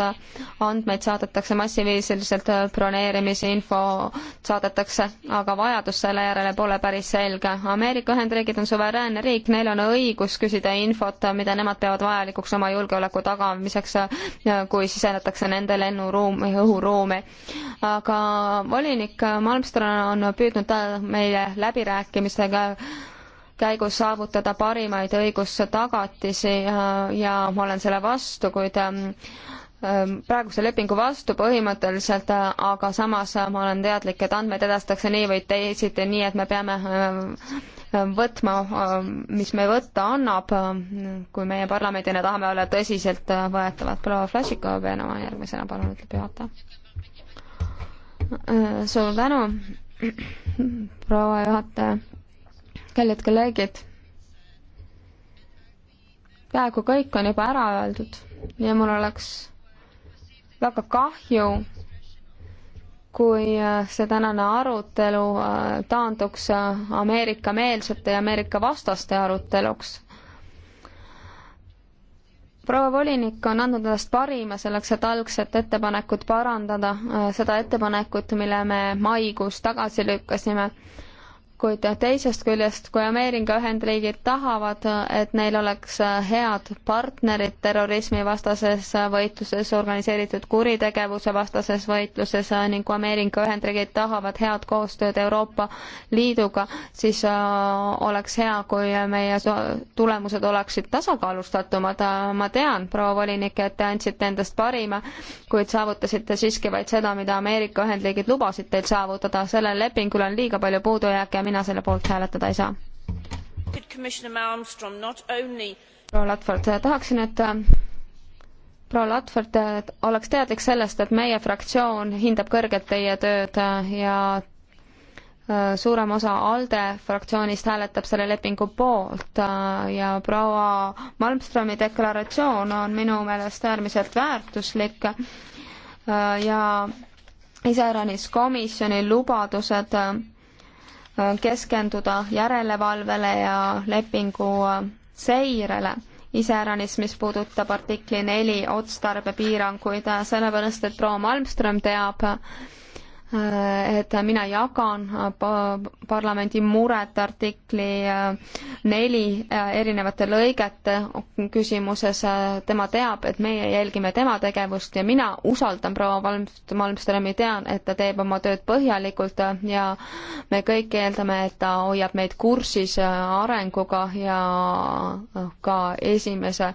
andmeid saadetakse massiviisiliselt, broneerimise info saadetakse, aga vajadus selle järele pole päris selge. Ameerika Ühendriigid on suveräänne riik, neil on õigus küsida infot, mida nemad peavad vajalikuks oma julgeoleku tagamiseks, kui sisenetakse nende lennuruumi, õhuruumi. aga volinik Malmström on püüdnud meile läbirääkimistega käigus saavutada parimaid õigustagatisi äh, ja ma olen selle vastu, kuid ähm, ähm, praeguse lepingu vastu põhimõtteliselt, äh, aga samas äh, ma olen teadlik, et andmeid edastatakse nii või teisiti, nii et me peame võtma, mis me võtta annab, kui meie parlamendina tahame olla tõsiseltvõetavad. proua Flašikova peab enam järgmisena, palun, ütleb juhataja. suur tänu, proua juhataja kallid kolleegid, peaaegu kõik on juba ära öeldud ja mul oleks väga kahju, kui äh, see tänane arutelu äh, taanduks äh, Ameerika-meelsete ja Ameerika-vastaste aruteluks. proua volinik on andnud endast parima selleks, et algset ettepanekut parandada, seda ettepanekut, mille me maikuus tagasi lükkasime kuid teisest küljest, kui Ameerika Ühendriigid tahavad, et neil oleks head partnerid terrorismivastases võitluses, organiseeritud kuritegevuse vastases võitluses ning kui Ameerika Ühendriigid tahavad head koostööd Euroopa Liiduga, siis äh, oleks hea, kui meie tulemused oleksid tasakaalustatumad. ma tean, proua volinik, et te andsite endast parima, kuid saavutasite siiski vaid seda, mida Ameerika Ühendriigid lubasid teil saavutada. sellel lepingul on liiga palju puudujääke ja mina selle poolt hääletada ei saa. proua Latford, tahaksin, et äh, proua Latford äh, oleks teadlik sellest, et meie fraktsioon hindab kõrgelt teie tööd äh, ja suurem osa ALDE fraktsioonist hääletab selle lepingu poolt ja proua Malmströmi deklaratsioon on minu meelest äärmiselt väärtuslik ja iseäranis komisjoni lubadused keskenduda järelevalvele ja lepingu seirele, iseäranis, mis puudutab artikli neli otstarbepiiranguid, sellepärast et proua Malmström teab, Äh, et mina jagan äh, parlamendi muret artikli äh, neli erinevate lõigete küsimuses. tema teab, et meie jälgime tema tegevust ja mina usaldan proua Malmströmi, tean, et ta teeb oma tööd põhjalikult ja me kõik eeldame, et ta hoiab meid kursis arenguga ja ka esimese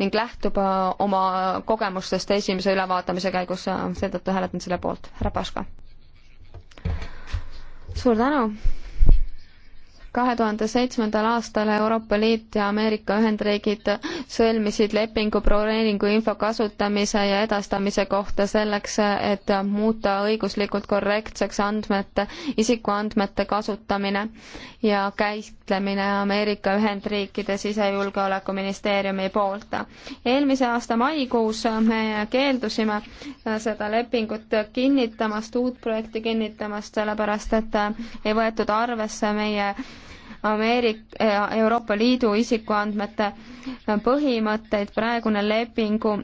ning lähtub äh, oma kogemustest esimese ülevaatamise käigus, äh, seetõttu hääletan selle poolt. härra Paška. suur tänu kahe tuhande seitsmendal aastal Euroopa Liit ja Ameerika Ühendriigid sõlmisid lepingu broneeringu info kasutamise ja edastamise kohta selleks, et muuta õiguslikult korrektseks andmete, isikuandmete kasutamine ja käitlemine Ameerika Ühendriikide sisejulgeolekuministeeriumi poolt. eelmise aasta maikuus me keeldusime seda lepingut kinnitamast, uut projekti kinnitamast, sellepärast et ei võetud arvesse meie Ameerik-, eh, Euroopa Liidu isikuandmete eh, põhimõtteid, praegune lepingu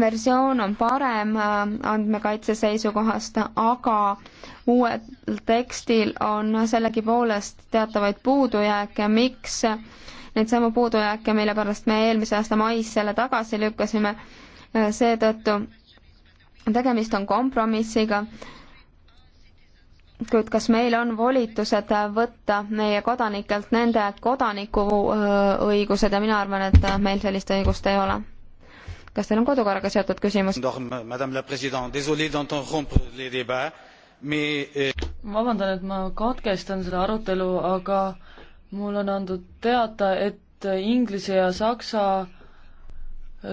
versioon on parem eh, andmekaitse seisukohast, aga uuel tekstil on sellegipoolest teatavaid puudujääke, miks neid samu puudujääke, mille pärast me eelmise aasta mais selle tagasi lükkasime, seetõttu tegemist on kompromissiga kuid kas meil on volitused võtta meie kodanikelt nende kodanikuõigused ja mina arvan, et meil sellist õigust ei ole. kas teil on kodukorraga seotud küsimus? Euh, vabandan, et ma katkestan seda arutelu, aga mulle on andnud teada, et inglise ja saksa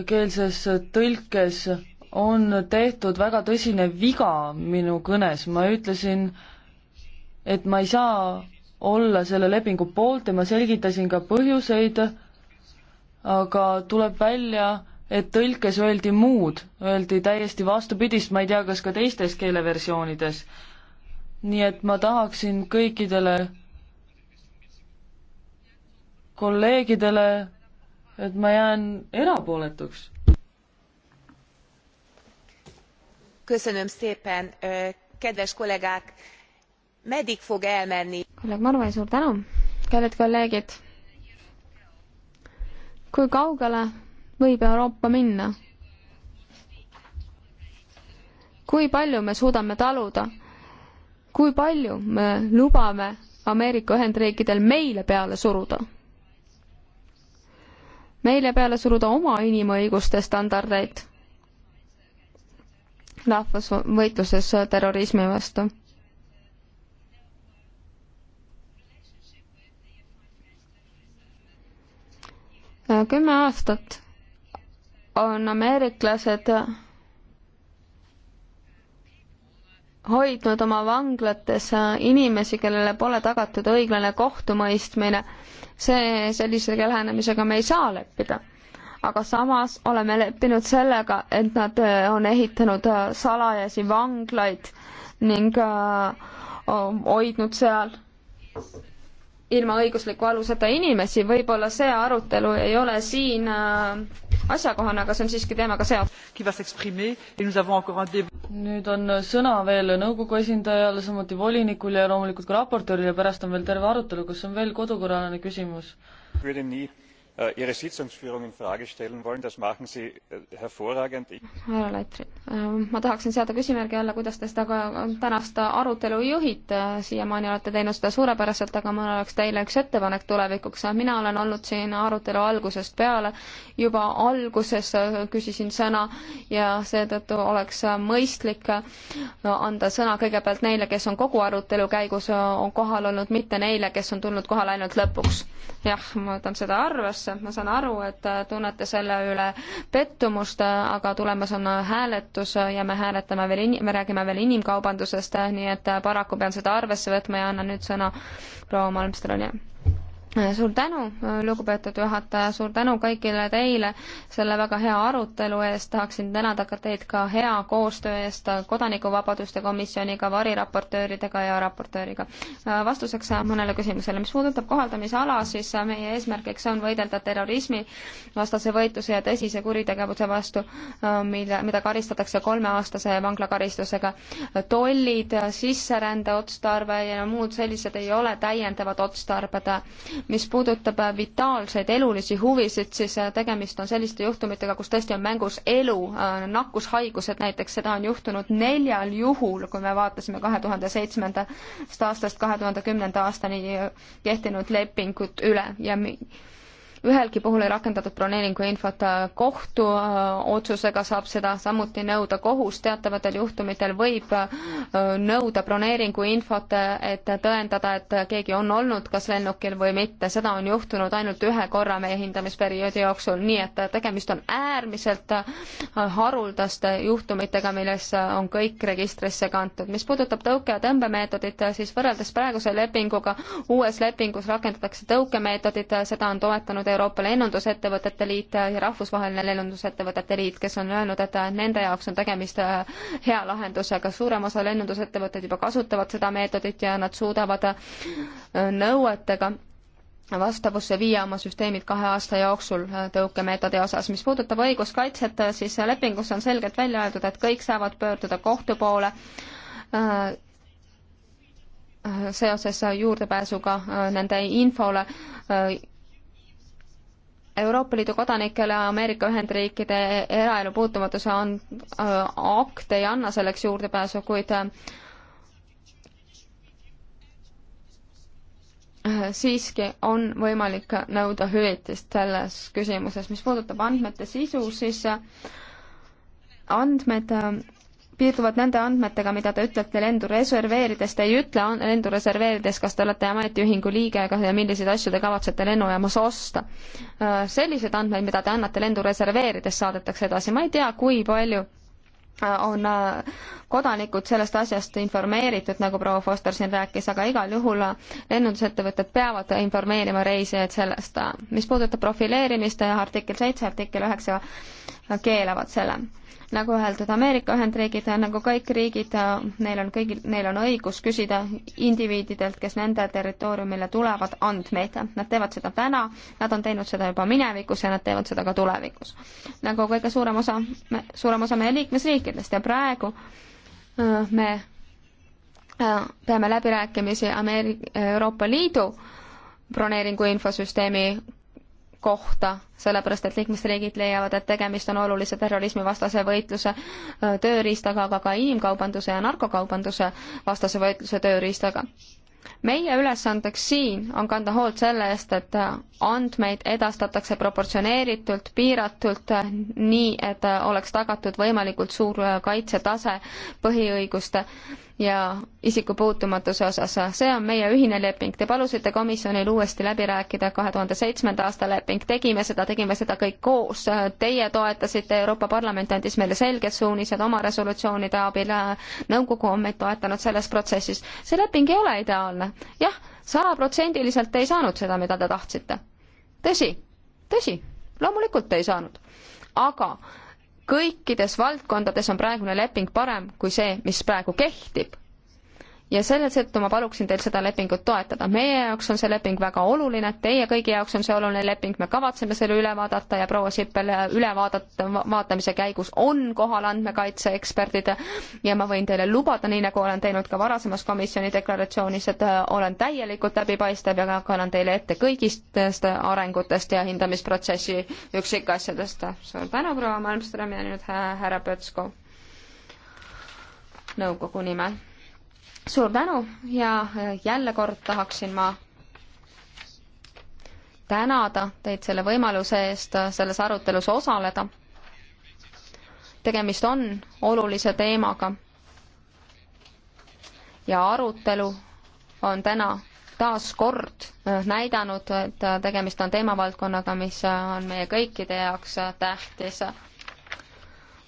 keelses tõlkes on tehtud väga tõsine viga minu kõnes, ma ütlesin äh, et ma ei saa olla selle lepingu poolt ja ma selgitasin ka põhjuseid, aga tuleb välja, et tõlkes öeldi muud, öeldi täiesti vastupidist, ma ei tea, kas ka teistes keeleversioonides. nii et ma tahaksin kõikidele kolleegidele, et ma jään erapooletuks. köszönöm szépen, kedves kollégák, meddig fog elmenni? kolleeg Marve, suur tänu. kallid kolleegid, kui kaugele võib Euroopa minna? kui palju me suudame taluda? kui palju me lubame Ameerika Ühendriikidel meile peale suruda? meile peale suruda oma inimõiguste standardeid rahvasvõitluses terrorismi vastu kümme aastat on ameeriklased hoidnud oma vanglates inimesi, kellele pole tagatud õiglane kohtumõistmine. see, sellise lähenemisega me ei saa leppida. aga samas oleme leppinud sellega, et nad on ehitanud salajasi vanglaid ning äh, hoidnud seal ilma õigusliku aluseta inimesi, võib-olla see arutelu ei ole siin äh, asjakohane, aga see on siiski teemaga seotud. nüüd on äh, sõna veel nõukogu esindajal, samuti volinikul ja loomulikult ka raportööril ja pärast on veel terve arutelu, kus on veel kodukorraline küsimus. Äh, ihre sitzungsführung in frage stellen wollen das machen sie äh, hervorragend. härra Leitri, ähm, ma tahaksin seada küsimärgi alla, kuidas te seda äh, tänast arutelu juhite, siiamaani olete teinud seda suurepäraselt, aga mul oleks teile üks ettepanek tulevikuks, mina olen olnud siin arutelu algusest peale, juba alguses küsisin sõna ja seetõttu oleks mõistlik anda sõna kõigepealt neile, kes on kogu arutelu käigus on kohal olnud, mitte neile, kes on tulnud kohale ainult lõpuks. jah, ma võtan seda arvesse ma saan aru, et äh, tunnete selle üle pettumust, äh, aga tulemas on äh, hääletus ja me hääletame veel in-, me räägime veel inimkaubandusest, nii et paraku pean seda arvesse võtma ja annan nüüd sõna proua Malmströmile suur tänu, lugupeetud juhataja, suur tänu kõigile teile selle väga hea arutelu eest, tahaksin tänada ka teid ka hea koostöö eest Kodanikuvabaduste Komisjoniga, variraportööridega ja raportööriga. vastuseks mõnele küsimusele, mis puudutab kohaldamisala, siis meie eesmärgiks on võidelda terrorismi vastase võitluse ja tõsise kuritegevuse vastu, mille, mida karistatakse kolmeaastase vanglakaristusega. tollid, sisserände otstarve ja muud sellised ei ole täiendavad otstarbed mis puudutab äh, vitaalseid elulisi huvisid, siis äh, tegemist on selliste juhtumitega, kus tõesti on mängus elu, äh, nakkushaigused näiteks, seda on juhtunud neljal juhul, kui me vaatasime kahe tuhande seitsmendast aastast kahe tuhande kümnenda aastani kehtinud lepingut üle ja ühelgi puhul ei rakendatud broneeringu infot äh, kohtuotsusega, äh, saab seda samuti nõuda kohus, teatavatel juhtumitel võib äh, nõuda broneeringu infot, et tõendada, et keegi on olnud kas lennukil või mitte, seda on juhtunud ainult ühe korra meie hindamisperioodi jooksul, nii et tegemist on äärmiselt haruldaste juhtumitega, milles on kõik registrisse kantud. mis puudutab tõuke- ja tõmbemeetodit, siis võrreldes praeguse lepinguga, uues lepingus rakendatakse tõukemeetodit, seda on toetanud Euroopa Lennundusettevõtete Liit ja Rahvusvaheline Lennundusettevõtete Liit, kes on öelnud, et nende jaoks on tegemist äh, hea lahendusega. suurem osa lennundusettevõtteid juba kasutavad seda meetodit ja nad suudavad äh, nõuetega vastavusse viia oma süsteemid kahe aasta jooksul äh, tõukemeetodi osas. mis puudutab õiguskaitset, siis lepingus on selgelt välja öeldud, et kõik saavad pöörduda kohtu poole seoses juurdepääsuga nende infole Euroopa Liidu kodanikele Ameerika Ühendriikide eraelu puutumatuse akt ei anna selleks juurdepääsu, kuid siiski on võimalik nõuda hüvitist selles küsimuses. mis puudutab andmete sisu, siis andmed piirduvad nende andmetega, mida te ütlete lendu reserveerides, te ei ütle lendu reserveerides, kas te olete ametiühingu liige ega ja milliseid asju te kavatsete lennujaamas osta. Äh, selliseid andmeid, mida te annate lendu reserveerides, saadetakse edasi, ma ei tea, kui palju äh, on äh, kodanikud sellest asjast informeeritud, nagu proua Foster siin rääkis, aga igal juhul lennundusettevõtted peavad informeerima reisijaid sellest. mis puudutab profileerimist, artikkel seitse, artikkel üheksa keelavad selle nagu öeldud, Ameerika Ühendriigid, nagu kõik riigid, neil on kõigil, neil on õigus küsida indiviididelt, kes nende territooriumile tulevad, andmeid. Nad teevad seda täna, nad on teinud seda juba minevikus ja nad teevad seda ka tulevikus. nagu kõige suurem osa, suurem osa meie liikmesriikidest ja praegu äh, me äh, peame läbirääkimisi Ameeri-, Euroopa Liidu broneeringu infosüsteemi kohta, sellepärast et liikmesriigid leiavad, et tegemist on olulise terrorismivastase võitluse tööriistaga, aga ka inimkaubanduse ja narkokaubanduse vastase võitluse tööriistaga. meie ülesandeks siin on kanda hoolt selle eest, et andmeid edastatakse proportsioneeritult, piiratult, nii et oleks tagatud võimalikult suur kaitsetase põhiõiguste ja isikupuutumatuse osas. see on meie ühine leping. Te palusite komisjonil uuesti läbi rääkida kahe tuhande seitsmenda aasta leping. tegime seda, tegime seda kõik koos. Teie toetasite, Euroopa Parlament andis meile selged suunised oma resolutsioonide abil. nõukogu on meid toetanud selles protsessis. see leping ei ole ideaalne. jah, sajaprotsendiliselt ei saanud seda, mida te tahtsite. tõsi, tõsi, loomulikult ei saanud. aga kõikides valdkondades on praegune leping parem kui see, mis praegu kehtib ja selle tõttu ma paluksin teil seda lepingut toetada. meie jaoks on see leping väga oluline, teie kõigi jaoks on see oluline leping, me kavatseme selle üle vaadata ja proua Sippel äh, üle vaadata, vaatamise käigus on kohal andmekaitseeksperdid ja ma võin teile lubada, nii nagu olen teinud ka varasemas komisjoni deklaratsioonis, et äh, olen täielikult läbipaistev ja kannan teile ette kõigist arengutest ja hindamisprotsessi üksikasjadest. suur tänu, proua Malmström ja nüüd härra Pötskov nõukogu nimel suur tänu ja jälle kord tahaksin ma tänada teid selle võimaluse eest selles arutelus osaleda. tegemist on olulise teemaga. ja arutelu on täna taas kord äh, näidanud, et tegemist on teemavaldkonnaga, mis on meie kõikide jaoks tähtis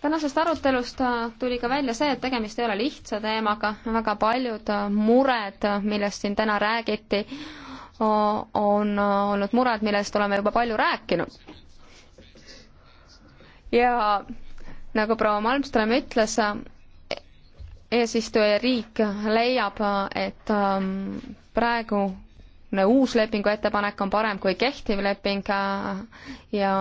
tänasest arutelust äh, tuli ka välja see, et tegemist ei ole lihtsa teemaga, väga paljud äh, mured, äh, millest siin täna räägiti, on olnud mured, millest oleme juba palju rääkinud. ja nagu proua Malmström ütles, eesistujariik leiab, et ähm, praegune uus lepingu ettepanek on parem kui kehtiv leping ja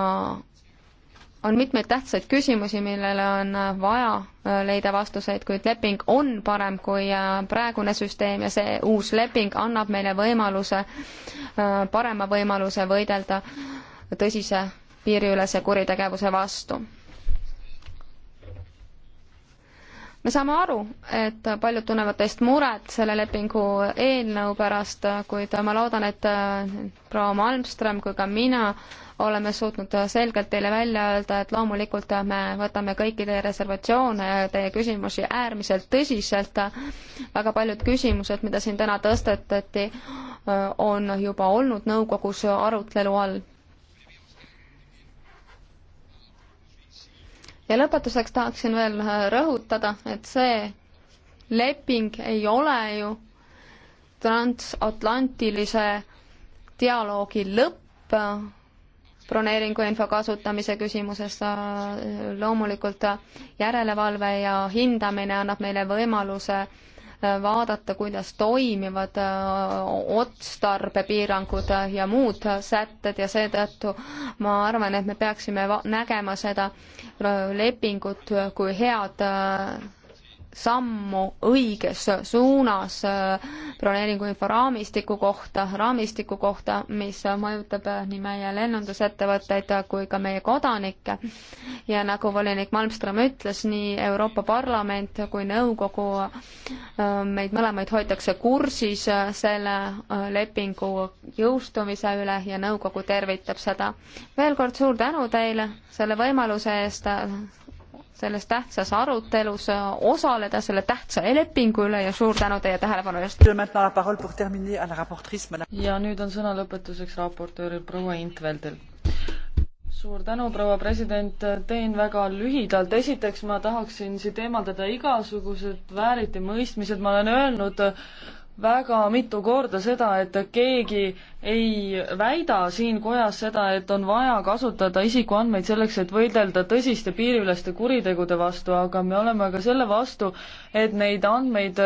on mitmeid tähtsaid küsimusi, millele on vaja äh, leida vastuseid, kuid leping on parem kui äh, praegune süsteem ja see uus leping annab meile võimaluse, äh, parema võimaluse võidelda tõsise piiriülese kuritegevuse vastu. me saame aru, et paljud tunnevad teist muret selle lepingu eelnõu pärast, kuid ma loodan, et proua Malmström kui ka mina oleme suutnud selgelt teile välja öelda, et loomulikult me võtame kõiki teie reservatsioone ja teie küsimusi äärmiselt tõsiselt. väga paljud küsimused, mida siin täna tõstetati, on juba olnud nõukogus arutelu all ja lõpetuseks tahaksin veel rõhutada, et see leping ei ole ju transatlantilise dialoogi lõpp, broneeringuinfo kasutamise küsimuses äh, loomulikult äh, järelevalve ja hindamine annab meile võimaluse äh, vaadata, kuidas toimivad otstarbepiirangud ja muud sätted ja seetõttu ma arvan, et me peaksime nägema seda lepingut kui head sammu õiges suunas äh, broneeringuinfo raamistiku kohta, raamistiku kohta, mis mõjutab äh, nii meie lennundusettevõtteid kui ka meie kodanikke. ja nagu volinik Malmström ütles, nii Euroopa Parlament kui nõukogu, äh, meid mõlemaid hoitakse kursis selle lepingu jõustumise üle ja nõukogu tervitab seda. veel kord suur tänu teile selle võimaluse eest selles tähtsas arutelus äh, osaleda selle tähtsa lepingu üle ja suur tänu teie tähelepanu eest. ja nüüd on sõna lõpetuseks raportööril proua Intveldil. suur tänu, proua president, teen väga lühidalt, esiteks ma tahaksin siit eemaldada igasugused vääritimõistmised, ma olen öelnud äh, väga mitu korda seda, et keegi ei väida siin kojas seda, et on vaja kasutada isikuandmeid selleks, et võidelda tõsiste piiriüleste kuritegude vastu, aga me oleme ka selle vastu, et neid andmeid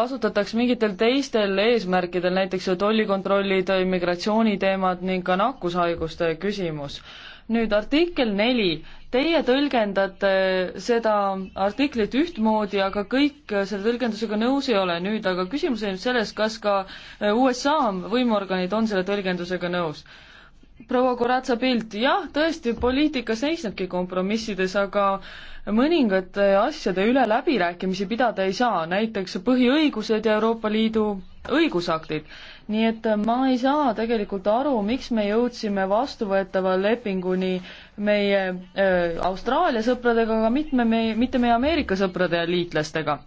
kasutatakse mingitel teistel eesmärkidel, näiteks tollikontrollid, immigratsiooniteemad ning ka nakkushaiguste küsimus nüüd artikkel neli. Teie tõlgendate seda artiklit ühtmoodi, aga kõik selle tõlgendusega nõus ei ole nüüd, aga küsimus on selles, kas ka USA võimuorganid on selle tõlgendusega nõus. proua Koratsa pilt, jah, tõesti, poliitika seisnebki kompromissides, aga mõningate asjade üle läbirääkimisi pidada ei saa, näiteks põhiõigused ja Euroopa Liidu õigusaktid nii et äh, ma ei saa tegelikult aru, miks me jõudsime vastuvõetava lepinguni meie äh, Austraalia sõpradega, aga mitme meie, mitte meie Ameerika sõprade ja liitlastega.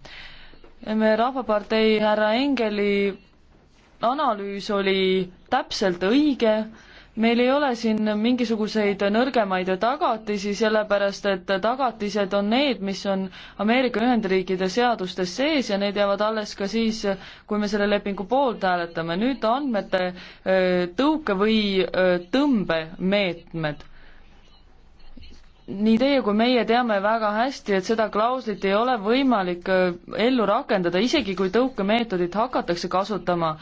me Rahvapartei härra Engeli analüüs oli täpselt õige äh,, meil ei ole siin mingisuguseid nõrgemaid tagatisi, sellepärast et tagatised on need, mis on Ameerika Ühendriikide seadustes sees ja need jäävad alles ka siis, kui me selle lepingu poolt hääletame. nüüd andmete tõuke- või tõmbemeetmed nii teie kui meie teame väga hästi, et seda klauslit ei ole võimalik ellu rakendada, isegi kui tõukemeetodit hakatakse kasutama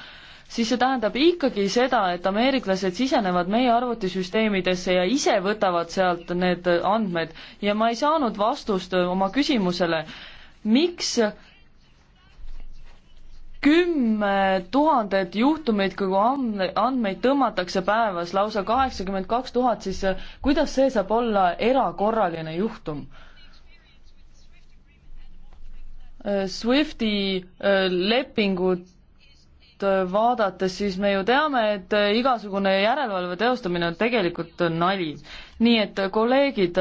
siis see tähendab ikkagi seda, et ameeriklased sisenevad meie arvutisüsteemidesse ja ise võtavad sealt need andmed ja ma ei saanud vastust oma küsimusele, miks kümme tuhandet juhtumit, kui andmeid tõmmatakse päevas lausa kaheksakümmend kaks tuhat, siis kuidas see saab olla erakorraline juhtum? Swifti äh, lepingut poolt äh, vaadates, siis me ju teame, et äh, igasugune järelevalve teostamine on tegelikult nali. nii et äh, kolleegid,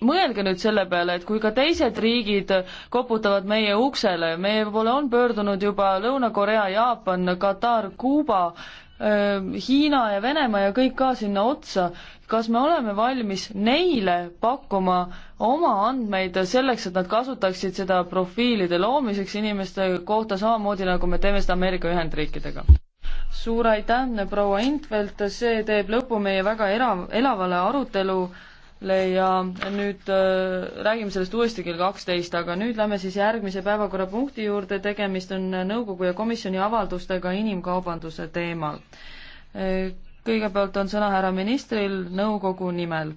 mõelge nüüd selle peale, et kui ka teised riigid koputavad meie uksele, meie poole on pöördunud juba Lõuna-Korea, Jaapan, Katar, Kuuba, Hiina ja Venemaa ja kõik ka sinna otsa, kas me oleme valmis neile pakkuma oma andmeid selleks, et nad kasutaksid seda profiilide loomiseks inimeste kohta samamoodi, nagu me teeme seda Ameerika Ühendriikidega? suur aitäh, proua Intvelt, see teeb lõpu meie väga era-, elavale arutelule ja nüüd äh, räägime sellest uuesti kell kaksteist, aga nüüd lähme siis järgmise päevakorrapunkti juurde, tegemist on nõukogu ja komisjoni avaldustega inimkaubanduse teemal äh, kõigepealt on sõna härra ministril nõukogu nimel